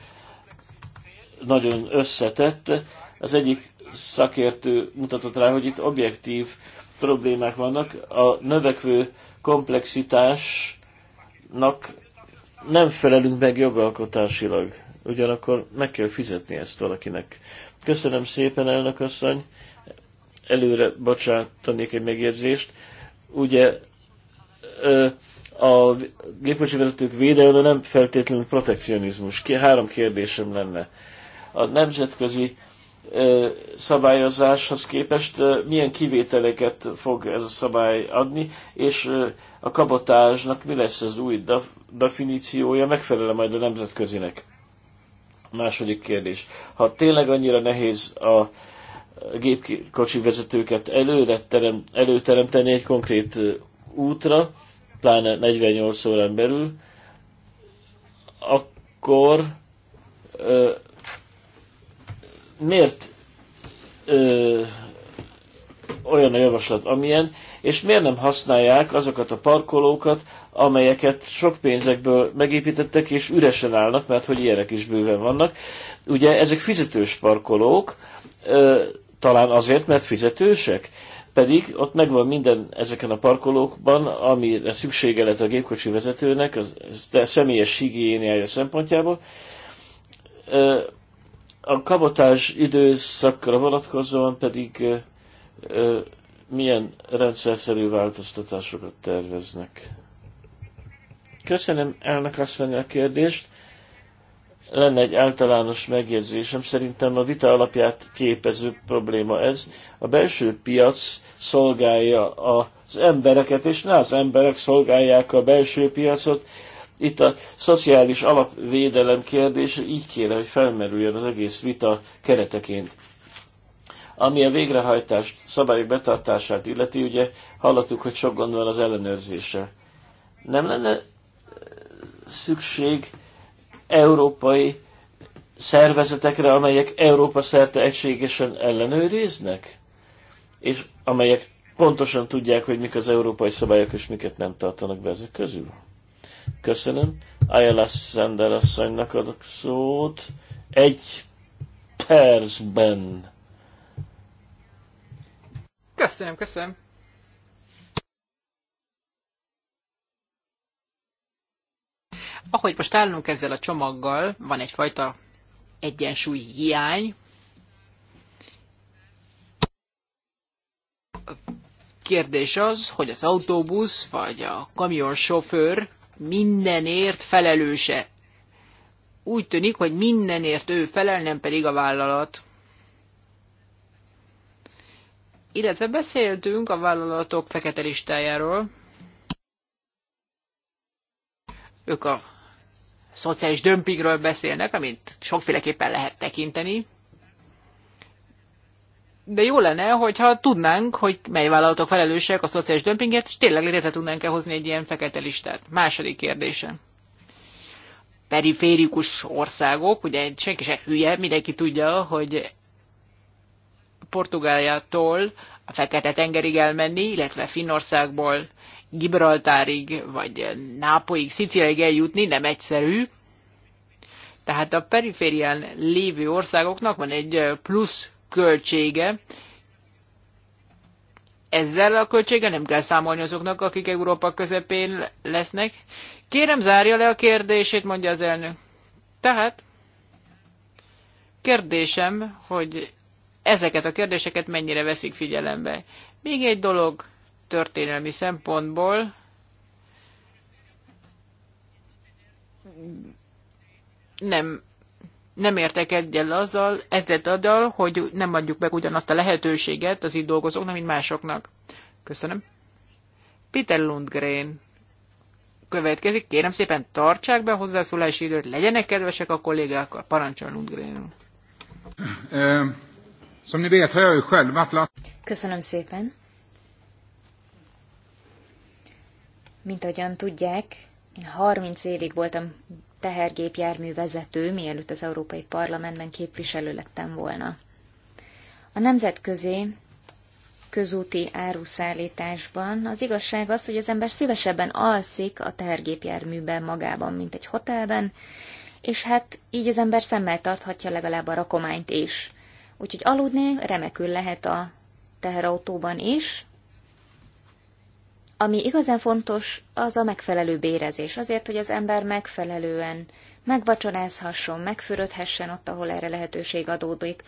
nagyon összetett. Az egyik szakértő mutatott rá, hogy itt objektív problémák vannak. A növekvő komplexitásnak nem felelünk meg jogalkotásilag. Ugyanakkor meg kell fizetni ezt valakinek. Köszönöm szépen, elnök asszony. Előre bocsátanék egy megjegyzést. Ugye a gépkocsi vezetők védelme nem feltétlenül protekcionizmus. Három kérdésem lenne. A nemzetközi szabályozáshoz képest milyen kivételeket fog ez a szabály adni, és a kabotásnak mi lesz az új definíciója, megfelele majd a nemzetközinek. A második kérdés. Ha tényleg annyira nehéz a gépkocsi vezetőket előre terem, előteremteni egy konkrét útra, pláne 48 órán belül, akkor miért ö, olyan a javaslat, amilyen, és miért nem használják azokat a parkolókat, amelyeket sok pénzekből megépítettek, és üresen állnak, mert hogy ilyenek is bőven vannak. Ugye ezek fizetős parkolók, ö, talán azért, mert fizetősek, pedig ott megvan minden ezeken a parkolókban, amire szüksége lett a gépkocsi vezetőnek, a személyes higiéniája szempontjából. Ö, a kabotás időszakra vonatkozóan pedig milyen rendszerszerű változtatásokat terveznek? Köszönöm elnök asszony a kérdést. Lenne egy általános megjegyzésem, szerintem a vita alapját képező probléma ez. A belső piac szolgálja az embereket, és ne az emberek szolgálják a belső piacot, itt a szociális alapvédelem kérdése így kéne, hogy felmerüljön az egész vita kereteként. Ami a végrehajtást, szabályok betartását illeti, ugye hallottuk, hogy sok gond van az ellenőrzése. Nem lenne szükség európai szervezetekre, amelyek Európa szerte egységesen ellenőriznek, és amelyek pontosan tudják, hogy mik az európai szabályok, és miket nem tartanak be ezek közül? Köszönöm. Ayala Sender asszonynak adok szót. Egy percben. Köszönöm, köszönöm. Ahogy most állunk ezzel a csomaggal, van egyfajta egyensúly hiány. A kérdés az, hogy az autóbusz vagy a kamionsofőr mindenért felelőse. Úgy tűnik, hogy mindenért ő felel, nem pedig a vállalat. Illetve beszéltünk a vállalatok fekete listájáról. Ők a szociális dömpingről beszélnek, amit sokféleképpen lehet tekinteni de jó lenne, hogyha tudnánk, hogy mely vállalatok felelősek a szociális dömpingért, és tényleg létre tudnánk-e hozni egy ilyen fekete listát. Második kérdése. Periférikus országok, ugye senki se hülye, mindenki tudja, hogy Portugáliától a Fekete-tengerig elmenni, illetve Finnországból Gibraltárig, vagy Nápolyig, Sziciliaig eljutni nem egyszerű. Tehát a periférián lévő országoknak van egy plusz költsége. Ezzel a költsége nem kell számolni azoknak, akik Európa közepén lesznek. Kérem, zárja le a kérdését, mondja az elnök. Tehát kérdésem, hogy ezeket a kérdéseket mennyire veszik figyelembe. Még egy dolog történelmi szempontból, nem nem értek egyel azzal, ezzel addal, hogy nem adjuk meg ugyanazt a lehetőséget az itt dolgozóknak, mint másoknak. Köszönöm. Peter Lundgren következik. Kérem szépen, tartsák be a hozzászólási időt, legyenek kedvesek a kollégákkal. Parancsol Lundgren. Eh, Köszönöm szépen. Mint ahogyan tudják, én 30 évig voltam tehergépjármű vezető, mielőtt az Európai Parlamentben képviselő lettem volna. A nemzetközi közúti áruszállításban az igazság az, hogy az ember szívesebben alszik a tehergépjárműben magában, mint egy hotelben, és hát így az ember szemmel tarthatja legalább a rakományt is. Úgyhogy aludni remekül lehet a teherautóban is, ami igazán fontos, az a megfelelő bérezés, azért, hogy az ember megfelelően megvacsorázhasson, megfürödhessen ott, ahol erre lehetőség adódik,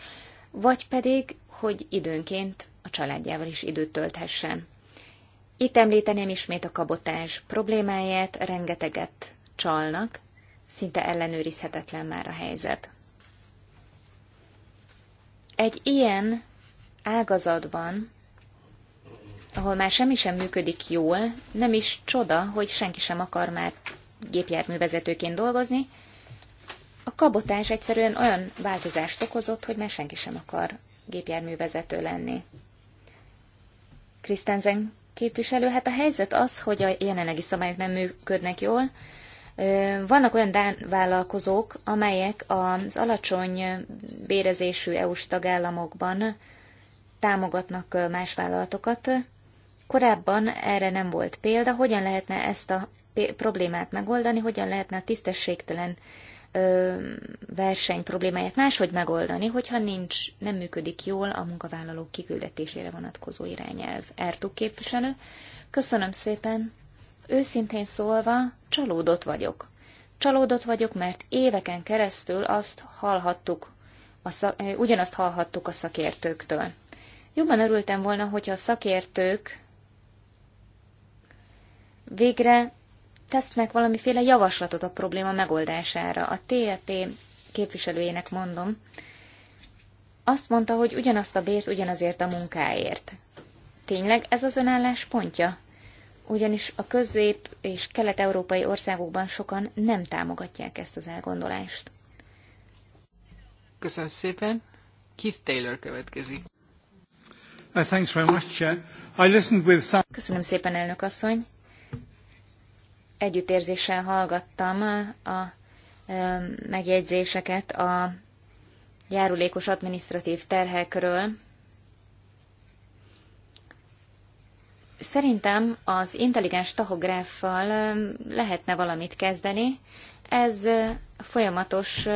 vagy pedig, hogy időnként a családjával is időt tölthessen. Itt említeném ismét a kabotás problémáját, rengeteget csalnak, szinte ellenőrizhetetlen már a helyzet. Egy ilyen ágazatban ahol már semmi sem működik jól, nem is csoda, hogy senki sem akar már gépjárművezetőként dolgozni. A kabotás egyszerűen olyan változást okozott, hogy már senki sem akar gépjárművezető lenni. Krisztenzen képviselő, hát a helyzet az, hogy a jelenlegi szabályok nem működnek jól. Vannak olyan dán vállalkozók, amelyek az alacsony bérezésű EU-s tagállamokban támogatnak más vállalatokat, Korábban erre nem volt példa, hogyan lehetne ezt a problémát megoldani, hogyan lehetne a tisztességtelen ö, verseny problémáját máshogy megoldani, hogyha nincs, nem működik jól a munkavállalók kiküldetésére vonatkozó irányelv. Ertuk képviselő, köszönöm szépen. Őszintén szólva, csalódott vagyok. Csalódott vagyok, mert éveken keresztül azt hallhattuk, a szak, ugyanazt hallhattuk a szakértőktől. Jobban örültem volna, hogyha a szakértők végre tesznek valamiféle javaslatot a probléma megoldására. A TLP képviselőjének mondom, azt mondta, hogy ugyanazt a bért ugyanazért a munkáért. Tényleg ez az önállás pontja? Ugyanis a közép- és kelet-európai országokban sokan nem támogatják ezt az elgondolást. Köszönöm szépen. Keith Taylor következik. Uh, Köszönöm szépen, elnök asszony együttérzéssel hallgattam a megjegyzéseket a járulékos adminisztratív terhekről. Szerintem az intelligens tahográffal lehetne valamit kezdeni. Ez folyamatos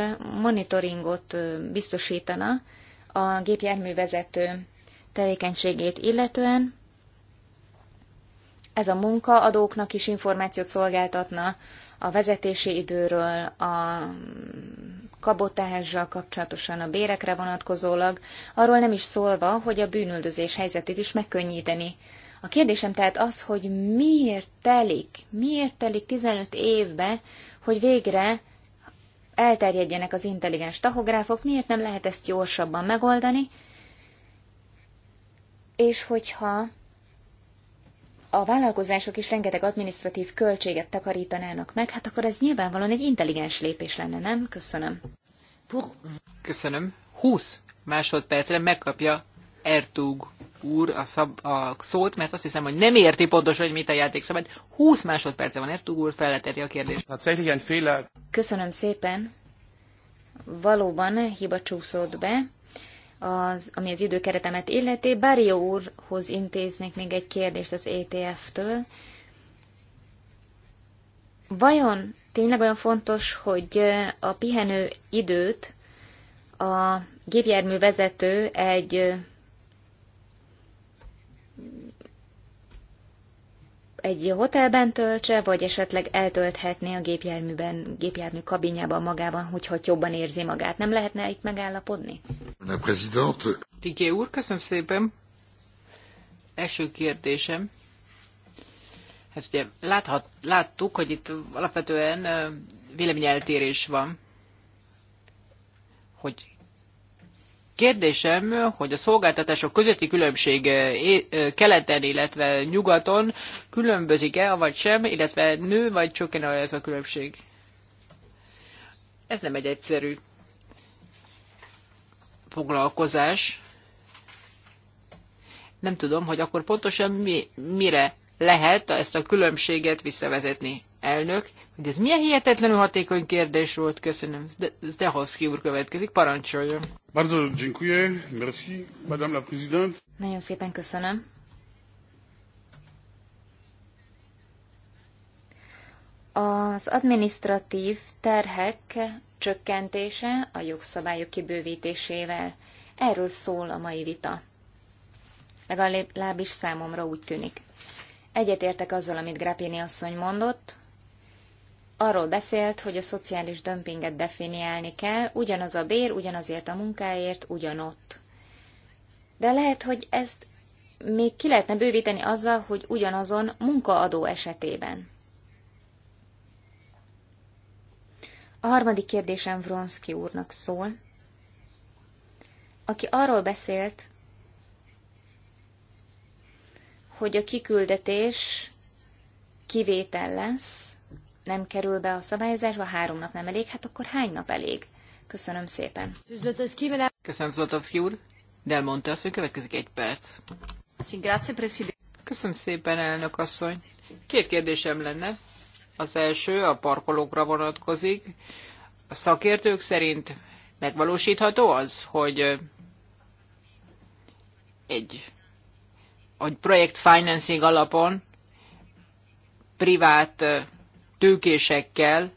monitoringot biztosítana a gépjárművezető tevékenységét illetően, ez a munka adóknak is információt szolgáltatna a vezetési időről, a kabotázsal kapcsolatosan, a bérekre vonatkozólag, arról nem is szólva, hogy a bűnöldözés helyzetét is megkönnyíteni. A kérdésem tehát az, hogy miért telik, miért telik 15 évbe, hogy végre elterjedjenek az intelligens tahográfok, miért nem lehet ezt gyorsabban megoldani, és hogyha a vállalkozások is rengeteg adminisztratív költséget takarítanának meg, hát akkor ez nyilvánvalóan egy intelligens lépés lenne, nem? Köszönöm. Köszönöm. 20 másodpercre megkapja Ertug úr a, szab, a szót, mert azt hiszem, hogy nem érti pontosan, hogy mit a játékszabály. 20 másodperce van, Ertug úr felleteti a kérdést. Köszönöm szépen. Valóban hiba csúszott be az, ami az időkeretemet illeti. Bárió úrhoz intéznék még egy kérdést az ETF-től. Vajon tényleg olyan fontos, hogy a pihenő időt a gépjármű vezető egy egy hotelben töltse, vagy esetleg eltölthetné a gépjárműben, gépjármű kabinjában magában, hogyha jobban érzi magát. Nem lehetne itt megállapodni? A prezident... Riké úr, köszönöm szépen. Első kérdésem. Hát ugye láthat, láttuk, hogy itt alapvetően véleményeltérés van, hogy Kérdésem, hogy a szolgáltatások közötti különbség eh, eh, keleten, illetve nyugaton különbözik-e, vagy sem, illetve nő, vagy csökken -e ez a különbség? Ez nem egy egyszerű foglalkozás. Nem tudom, hogy akkor pontosan mi, mire lehet ezt a különbséget visszavezetni elnök, hogy ez milyen hihetetlenül hatékony kérdés volt, köszönöm. Zdehovszki úr következik, parancsoljon. Bardzo dziękuję, merci, madame la présidente. Nagyon szépen köszönöm. Az administratív terhek csökkentése a jogszabályok kibővítésével. Erről szól a mai vita. Legalábbis számomra úgy tűnik. Egyetértek azzal, amit Grappini asszony mondott, arról beszélt, hogy a szociális dömpinget definiálni kell, ugyanaz a bér, ugyanazért a munkáért, ugyanott. De lehet, hogy ezt még ki lehetne bővíteni azzal, hogy ugyanazon munkaadó esetében. A harmadik kérdésem Vronszki úrnak szól, aki arról beszélt, hogy a kiküldetés kivétel lesz, nem kerül be a szabályozásba, három nap nem elég, hát akkor hány nap elég? Köszönöm szépen. Köszönöm, Zlotowski úr. Del mondta azt, hogy következik egy perc. Köszönöm szépen, elnök asszony. Két kérdésem lenne. Az első a parkolókra vonatkozik. A szakértők szerint megvalósítható az, hogy egy hogy projekt financing alapon privát tőkésekkel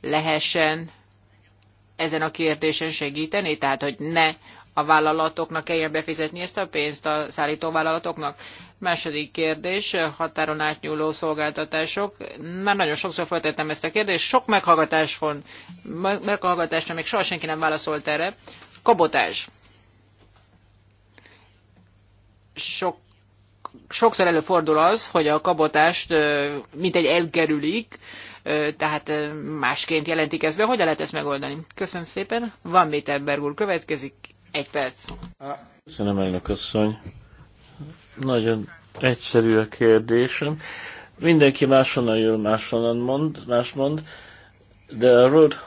lehessen ezen a kérdésen segíteni, tehát hogy ne a vállalatoknak kelljen befizetni ezt a pénzt a szállítóvállalatoknak. Második kérdés, határon átnyúló szolgáltatások. Már nagyon sokszor feltettem ezt a kérdést, sok meghallgatás van, meghallgatásra még soha senki nem válaszolt erre. Kabotás. Sok sokszor előfordul az, hogy a kabotást egy elkerülik, tehát másként jelentik ezt be. Hogyan lehet ezt megoldani? Köszönöm szépen. Van Méterberg úr következik. Egy perc. Köszönöm, elnök asszony. Nagyon egyszerű a kérdésem. Mindenki máshonnan jön, máshonnan mond, más mond, de a Road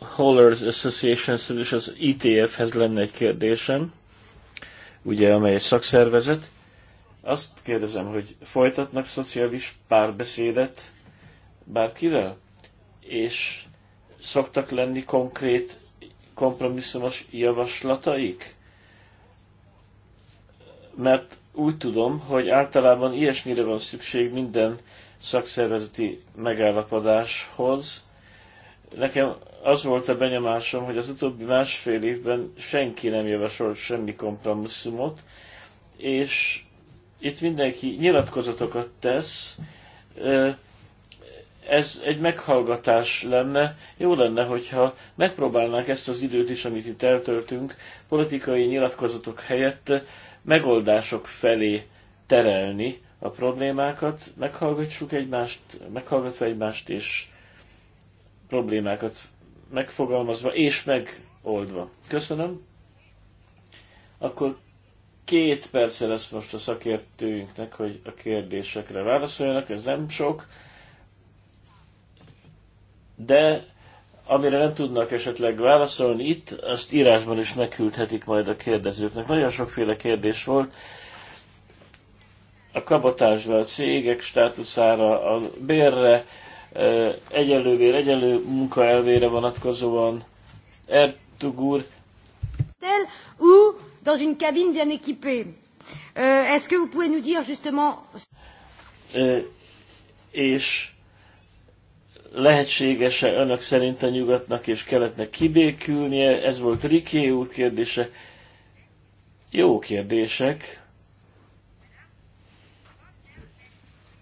Haulers Association és az etf hez lenne egy kérdésem, ugye, amely egy szakszervezet, azt kérdezem, hogy folytatnak szociális párbeszédet bárkivel? És szoktak lenni konkrét kompromisszumos javaslataik? Mert úgy tudom, hogy általában ilyesmire van szükség minden szakszervezeti megállapodáshoz. Nekem az volt a benyomásom, hogy az utóbbi másfél évben senki nem javasolt semmi kompromisszumot, és itt mindenki nyilatkozatokat tesz, ez egy meghallgatás lenne. Jó lenne, hogyha megpróbálnánk ezt az időt is, amit itt eltöltünk, politikai nyilatkozatok helyett megoldások felé terelni a problémákat, meghallgatjuk egymást, meghallgatva egymást, és problémákat megfogalmazva és megoldva. Köszönöm. Akkor Két perce lesz most a szakértőinknek, hogy a kérdésekre válaszoljanak, ez nem sok, de amire nem tudnak esetleg válaszolni itt, azt írásban is megküldhetik majd a kérdezőknek. Nagyon sokféle kérdés volt, a kabotásra, a cégek státuszára, a bérre, egyenlő bér, egyenlő munkaelvére vonatkozóan. Ertug úr. Tel, ú dans une cabine bien équipée. Euh, Est-ce que vous pouvez nous dire justement... Euh, és lehetséges-e önök szerint a nyugatnak és keletnek kibékülnie? Ez volt Riké úr kérdése. Jó kérdések.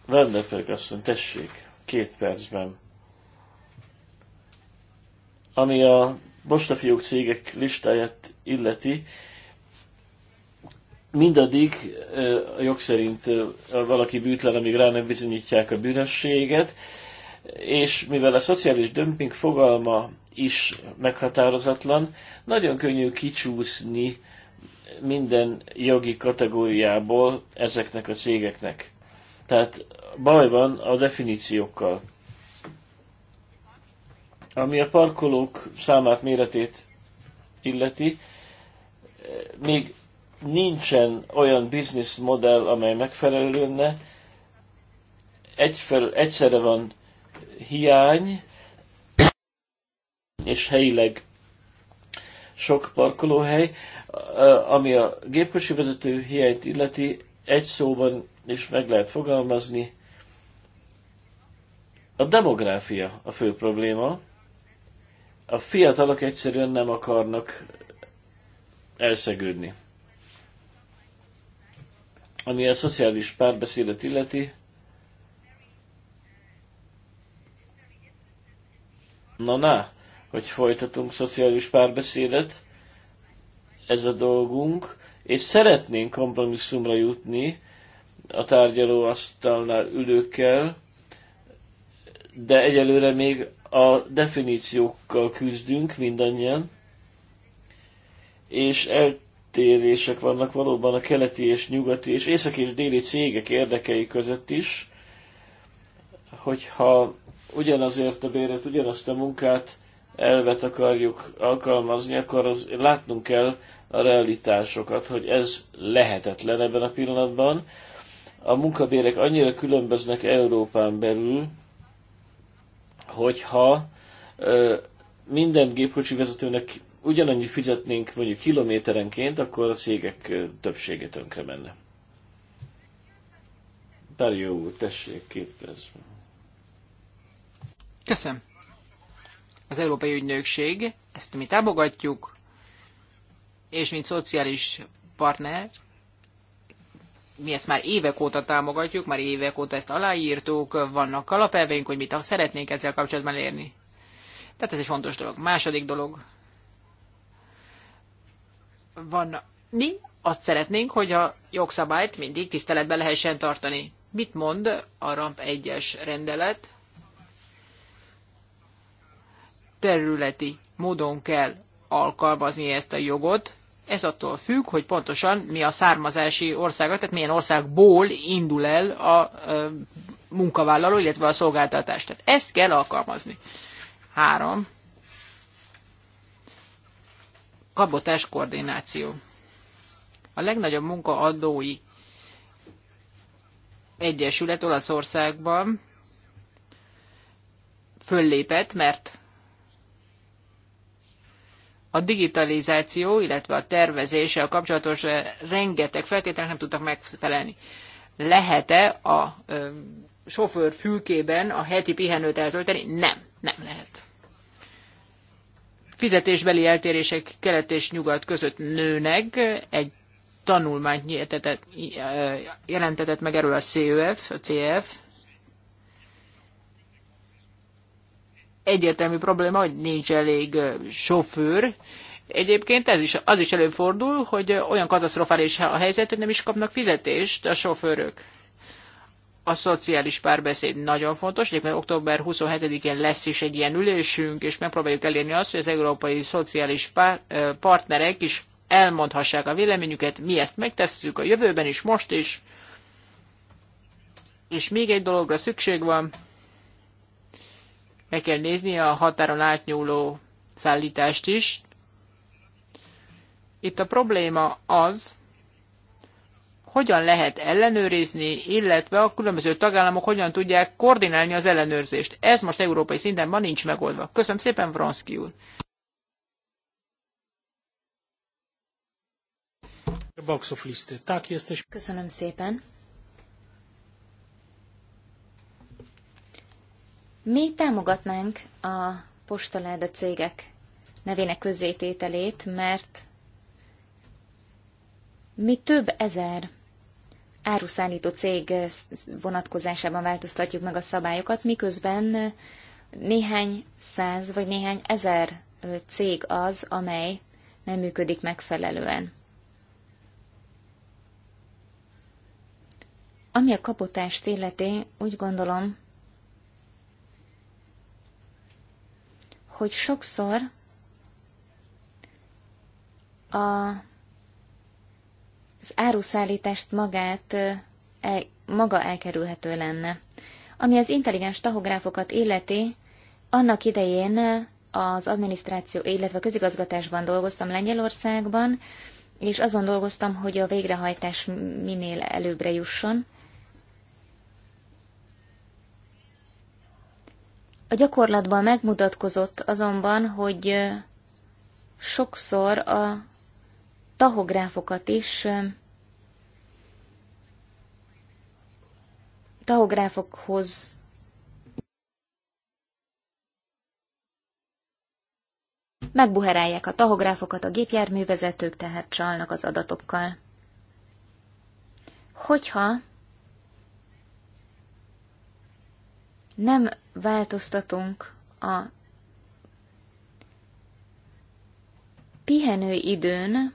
Vendepek azt mondja, tessék, két percben. Ami a Bostafiók cégek listáját illeti, mindaddig a jog szerint valaki bűtlen, amíg rá nem bizonyítják a bűnösséget, és mivel a szociális dömping fogalma is meghatározatlan, nagyon könnyű kicsúszni minden jogi kategóriából ezeknek a cégeknek. Tehát baj van a definíciókkal. Ami a parkolók számát, méretét illeti, még nincsen olyan business modell, amely megfelelőne. Egyfel, egyszerre van hiány, és helyileg sok parkolóhely, ami a gépkocsi vezető hiányt illeti, egy szóban is meg lehet fogalmazni. A demográfia a fő probléma. A fiatalok egyszerűen nem akarnak elszegődni. Ami a szociális párbeszédet illeti, na-na, hogy folytatunk szociális párbeszédet, ez a dolgunk, és szeretnénk kompromisszumra jutni a tárgyalóasztalnál ülőkkel, de egyelőre még a definíciókkal küzdünk mindannyian, és el eltérések vannak valóban a keleti és nyugati és északi és déli cégek érdekei között is, hogyha ugyanazért a béret, ugyanazt a munkát elvet akarjuk alkalmazni, akkor az, látnunk kell a realitásokat, hogy ez lehetetlen ebben a pillanatban. A munkabérek annyira különböznek Európán belül, hogyha ö, minden gépkocsi vezetőnek ugyanannyi fizetnénk mondjuk kilométerenként, akkor a cégek többsége tönkre menne. Dario úr, tessék, két percben. Köszönöm. Az Európai Ügynökség, ezt mi támogatjuk, és mint szociális partner, mi ezt már évek óta támogatjuk, már évek óta ezt aláírtuk, vannak alapelveink, hogy mit szeretnénk ezzel kapcsolatban érni. Tehát ez egy fontos dolog. Második dolog, van. Mi azt szeretnénk, hogy a jogszabályt mindig tiszteletben lehessen tartani. Mit mond a RAMP 1-es rendelet? Területi módon kell alkalmazni ezt a jogot. Ez attól függ, hogy pontosan mi a származási országa, tehát milyen országból indul el a munkavállaló, illetve a szolgáltatás. Tehát ezt kell alkalmazni. Három kabotás koordináció. A legnagyobb munkaadói egyesület Olaszországban föllépett, mert a digitalizáció, illetve a tervezéssel kapcsolatos eh, rengeteg feltételnek nem tudtak megfelelni. Lehet-e a sofőr fülkében a heti pihenőt eltölteni? Nem, nem lehet fizetésbeli eltérések kelet és nyugat között nőnek. Egy tanulmányt jelentetett meg erről a CEF, a CF. Egyértelmű probléma, hogy nincs elég sofőr, Egyébként ez is, az is előfordul, hogy olyan katasztrofális a helyzet, hogy nem is kapnak fizetést a sofőrök a szociális párbeszéd nagyon fontos, egyébként október 27-én lesz is egy ilyen ülésünk, és megpróbáljuk elérni azt, hogy az európai szociális pár, partnerek is elmondhassák a véleményüket, mi ezt megtesszük a jövőben is, most is. És még egy dologra szükség van, meg kell nézni a határon átnyúló szállítást is. Itt a probléma az, hogyan lehet ellenőrizni, illetve a különböző tagállamok hogyan tudják koordinálni az ellenőrzést. Ez most európai szinten ma nincs megoldva. Köszönöm szépen, Vronsky úr! Köszönöm szépen! Mi támogatnánk a postaláda cégek nevének közzétételét, mert mi több ezer áruszállító cég vonatkozásában változtatjuk meg a szabályokat, miközben néhány száz vagy néhány ezer cég az, amely nem működik megfelelően. Ami a kapotást illeti, úgy gondolom, hogy sokszor a az áruszállítást magát, el, maga elkerülhető lenne. Ami az intelligens tahográfokat illeti, annak idején az adminisztráció, illetve a közigazgatásban dolgoztam Lengyelországban, és azon dolgoztam, hogy a végrehajtás minél előbbre jusson. A gyakorlatban megmutatkozott azonban, hogy sokszor a tahográfokat is tahográfokhoz Megbuherálják a tahográfokat a gépjárművezetők, tehát csalnak az adatokkal. Hogyha nem változtatunk a pihenőidőn,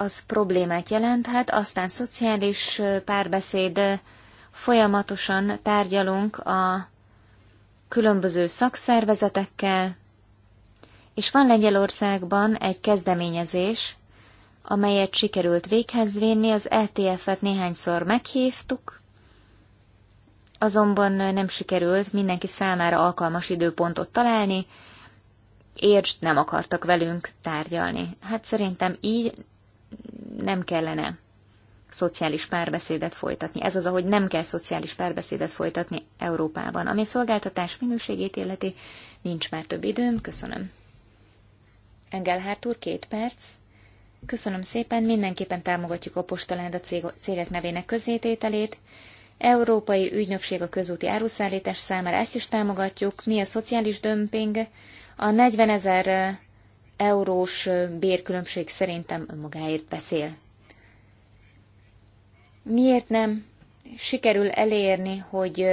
az problémát jelenthet, aztán szociális párbeszéd, folyamatosan tárgyalunk a különböző szakszervezetekkel, és van Lengyelországban egy kezdeményezés, amelyet sikerült véghez vinni, az ETF-et néhányszor meghívtuk, azonban nem sikerült mindenki számára alkalmas időpontot találni, értsd, nem akartak velünk tárgyalni. Hát szerintem így nem kellene szociális párbeszédet folytatni. Ez az, ahogy nem kell szociális párbeszédet folytatni Európában. Ami szolgáltatás minőségét illeti, nincs már több időm. Köszönöm. Engelhárt úr, két perc. Köszönöm szépen, mindenképpen támogatjuk a postaláda cégek nevének közzétételét. Európai Ügynökség a közúti áruszállítás számára ezt is támogatjuk. Mi a szociális dömping? A 40 ezer eurós bérkülönbség szerintem önmagáért beszél. Miért nem sikerül elérni, hogy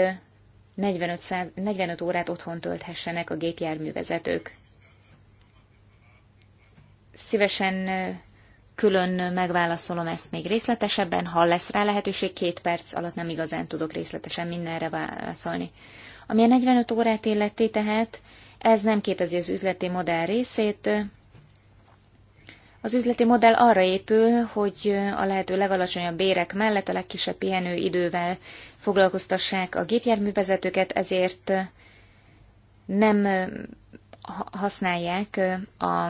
45, 45 órát otthon tölthessenek a gépjárművezetők? Szívesen külön megválaszolom ezt még részletesebben, ha lesz rá lehetőség, két perc alatt nem igazán tudok részletesen mindenre válaszolni. Ami a 45 órát illeti tehát, ez nem képezi az üzleti modell részét, az üzleti modell arra épül, hogy a lehető legalacsonyabb bérek mellett a legkisebb idővel foglalkoztassák a gépjárművezetőket, ezért nem használják a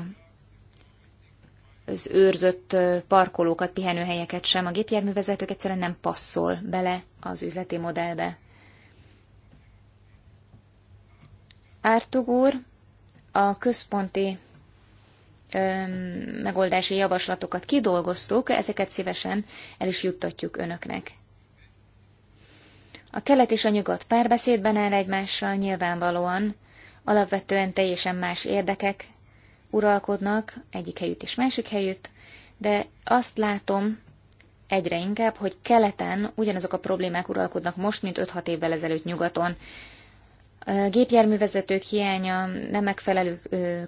az őrzött parkolókat, pihenőhelyeket sem. A gépjárművezetők egyszerűen nem passzol bele az üzleti modellbe. Ártug úr a központi megoldási javaslatokat kidolgoztuk, ezeket szívesen el is juttatjuk önöknek. A kelet és a nyugat párbeszédben áll egymással nyilvánvalóan, alapvetően teljesen más érdekek uralkodnak egyik helyütt és másik helyütt, de azt látom egyre inkább, hogy keleten ugyanazok a problémák uralkodnak most, mint 5-6 évvel ezelőtt nyugaton gépjárművezetők hiánya, nem megfelelő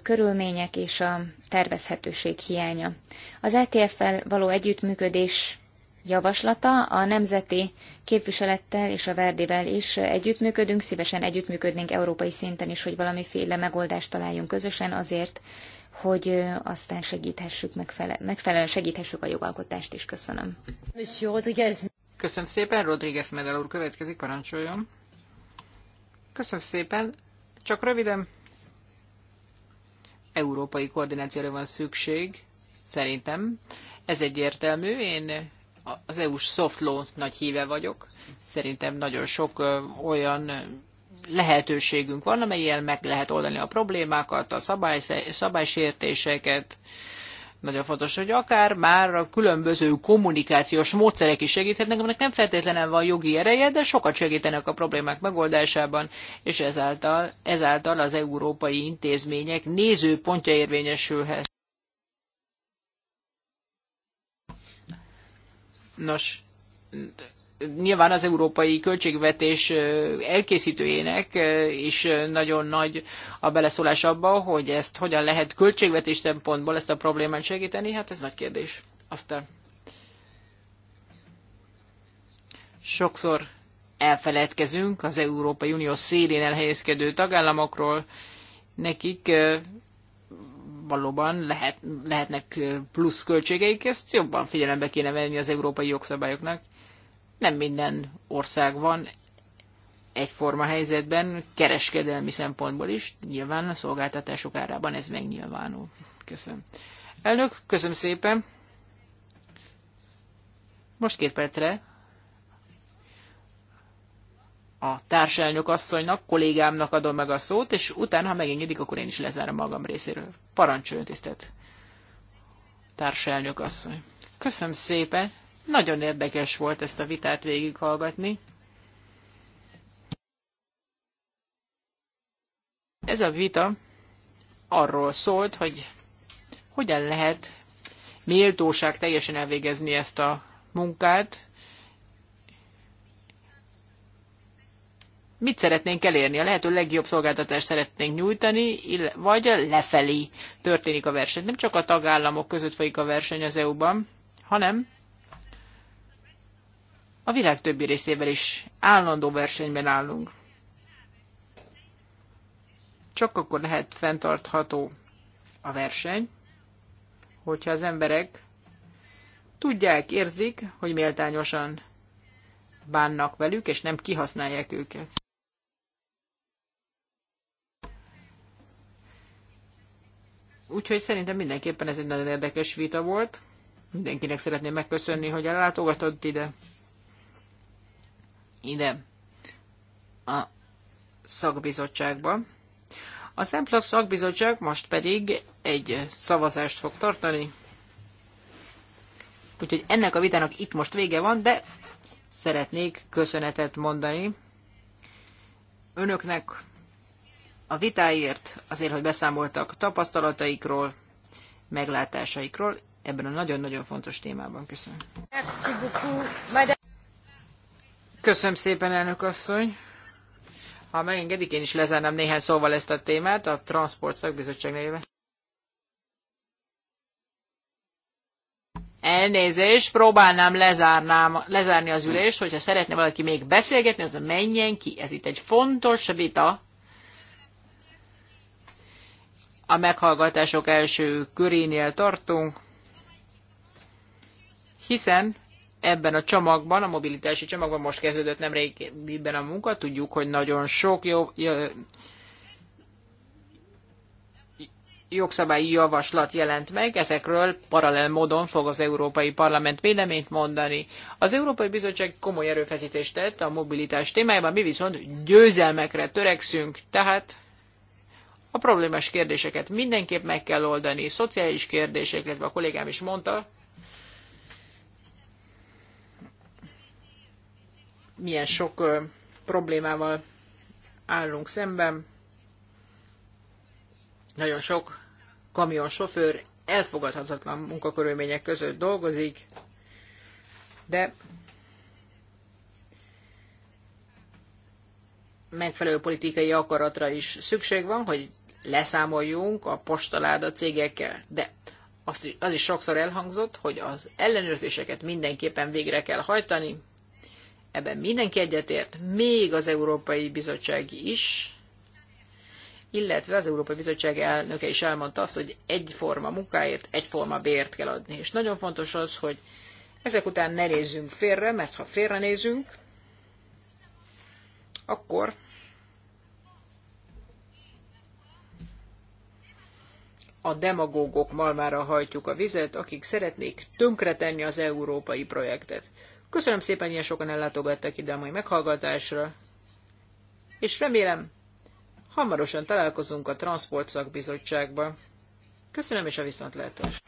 körülmények és a tervezhetőség hiánya. Az ETF-fel való együttműködés javaslata a nemzeti képviselettel és a Verdivel is együttműködünk, szívesen együttműködnénk európai szinten is, hogy valamiféle megoldást találjunk közösen azért, hogy aztán segíthessük megfele- megfelelően segíthessük a jogalkotást is. Köszönöm. Köszönöm szépen, Rodríguez Medel úr következik, parancsoljon. Köszönöm szépen. Csak röviden. Európai koordinációra van szükség, szerintem. Ez egyértelmű. Én az EU-s soft law nagy híve vagyok. Szerintem nagyon sok olyan lehetőségünk van, amelyel meg lehet oldani a problémákat, a szabály, szabálysértéseket, nagyon fontos, hogy akár már a különböző kommunikációs módszerek is segíthetnek, aminek nem feltétlenül van jogi ereje, de sokat segítenek a problémák megoldásában, és ezáltal, ezáltal az európai intézmények nézőpontja érvényesülhet. Nos, nyilván az európai költségvetés elkészítőjének is nagyon nagy a beleszólás abba, hogy ezt hogyan lehet költségvetés szempontból ezt a problémát segíteni, hát ez nagy kérdés. Aztán sokszor elfeledkezünk az Európai Unió szélén elhelyezkedő tagállamokról, nekik valóban lehet, lehetnek plusz költségeik, ezt jobban figyelembe kéne venni az európai jogszabályoknak nem minden ország van egyforma helyzetben, kereskedelmi szempontból is, nyilván a szolgáltatások árában ez megnyilvánul. Köszönöm. Elnök, köszönöm szépen. Most két percre a társelnök asszonynak, kollégámnak adom meg a szót, és utána, ha megengedik, akkor én is lezárom magam részéről. Parancsoljon, tisztelt társelnök asszony. Köszönöm szépen. Nagyon érdekes volt ezt a vitát végighallgatni. Ez a vita arról szólt, hogy hogyan lehet méltóság teljesen elvégezni ezt a munkát, mit szeretnénk elérni? A lehető legjobb szolgáltatást szeretnénk nyújtani, vagy lefelé történik a verseny. Nem csak a tagállamok között folyik a verseny az EU-ban, hanem a világ többi részével is állandó versenyben állunk. Csak akkor lehet fenntartható a verseny, hogyha az emberek tudják, érzik, hogy méltányosan bánnak velük, és nem kihasználják őket. Úgyhogy szerintem mindenképpen ez egy nagyon érdekes vita volt. Mindenkinek szeretném megköszönni, hogy ellátogatott ide ide a szakbizottságba. A Szemplasz szakbizottság most pedig egy szavazást fog tartani, úgyhogy ennek a vitának itt most vége van, de szeretnék köszönetet mondani önöknek a vitáért, azért, hogy beszámoltak tapasztalataikról, meglátásaikról ebben a nagyon-nagyon fontos témában. Köszönöm. Köszönöm szépen, elnök asszony. Ha megengedik, én is lezárnám néhány szóval ezt a témát a Transport Szakbizottság nevében. Elnézést, próbálnám lezárnám, lezárni az ülést, hogyha szeretne valaki még beszélgetni, az menjen ki. Ez itt egy fontos vita. A meghallgatások első körénél tartunk, hiszen ebben a csomagban, a mobilitási csomagban most kezdődött nemrég ebben a munka, tudjuk, hogy nagyon sok jó, jogszabályi javaslat jelent meg, ezekről paralel módon fog az Európai Parlament véleményt mondani. Az Európai Bizottság komoly erőfeszítést tett a mobilitás témájában, mi viszont győzelmekre törekszünk, tehát a problémás kérdéseket mindenképp meg kell oldani, szociális kérdések, illetve a kollégám is mondta, milyen sok problémával állunk szemben. Nagyon sok kamionsofőr elfogadhatatlan munkakörülmények között dolgozik, de megfelelő politikai akaratra is szükség van, hogy leszámoljunk a postaláda cégekkel. De az is, az is sokszor elhangzott, hogy az ellenőrzéseket mindenképpen végre kell hajtani, ebben mindenki egyetért, még az Európai Bizottság is, illetve az Európai Bizottság elnöke is elmondta azt, hogy egyforma munkáért, egyforma bért kell adni. És nagyon fontos az, hogy ezek után ne nézzünk félre, mert ha félre nézünk, akkor a demagógok malmára hajtjuk a vizet, akik szeretnék tönkretenni az európai projektet. Köszönöm szépen, ilyen sokan ellátogattak ide a mai meghallgatásra, és remélem, hamarosan találkozunk a Transport Szakbizottságban. Köszönöm, és a viszontlátásra!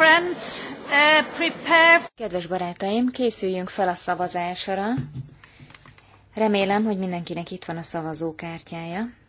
friends, uh, prepare... Kedves barátaim, készüljünk fel a szavazásra. Remélem, hogy mindenkinek itt van a szavazókártyája.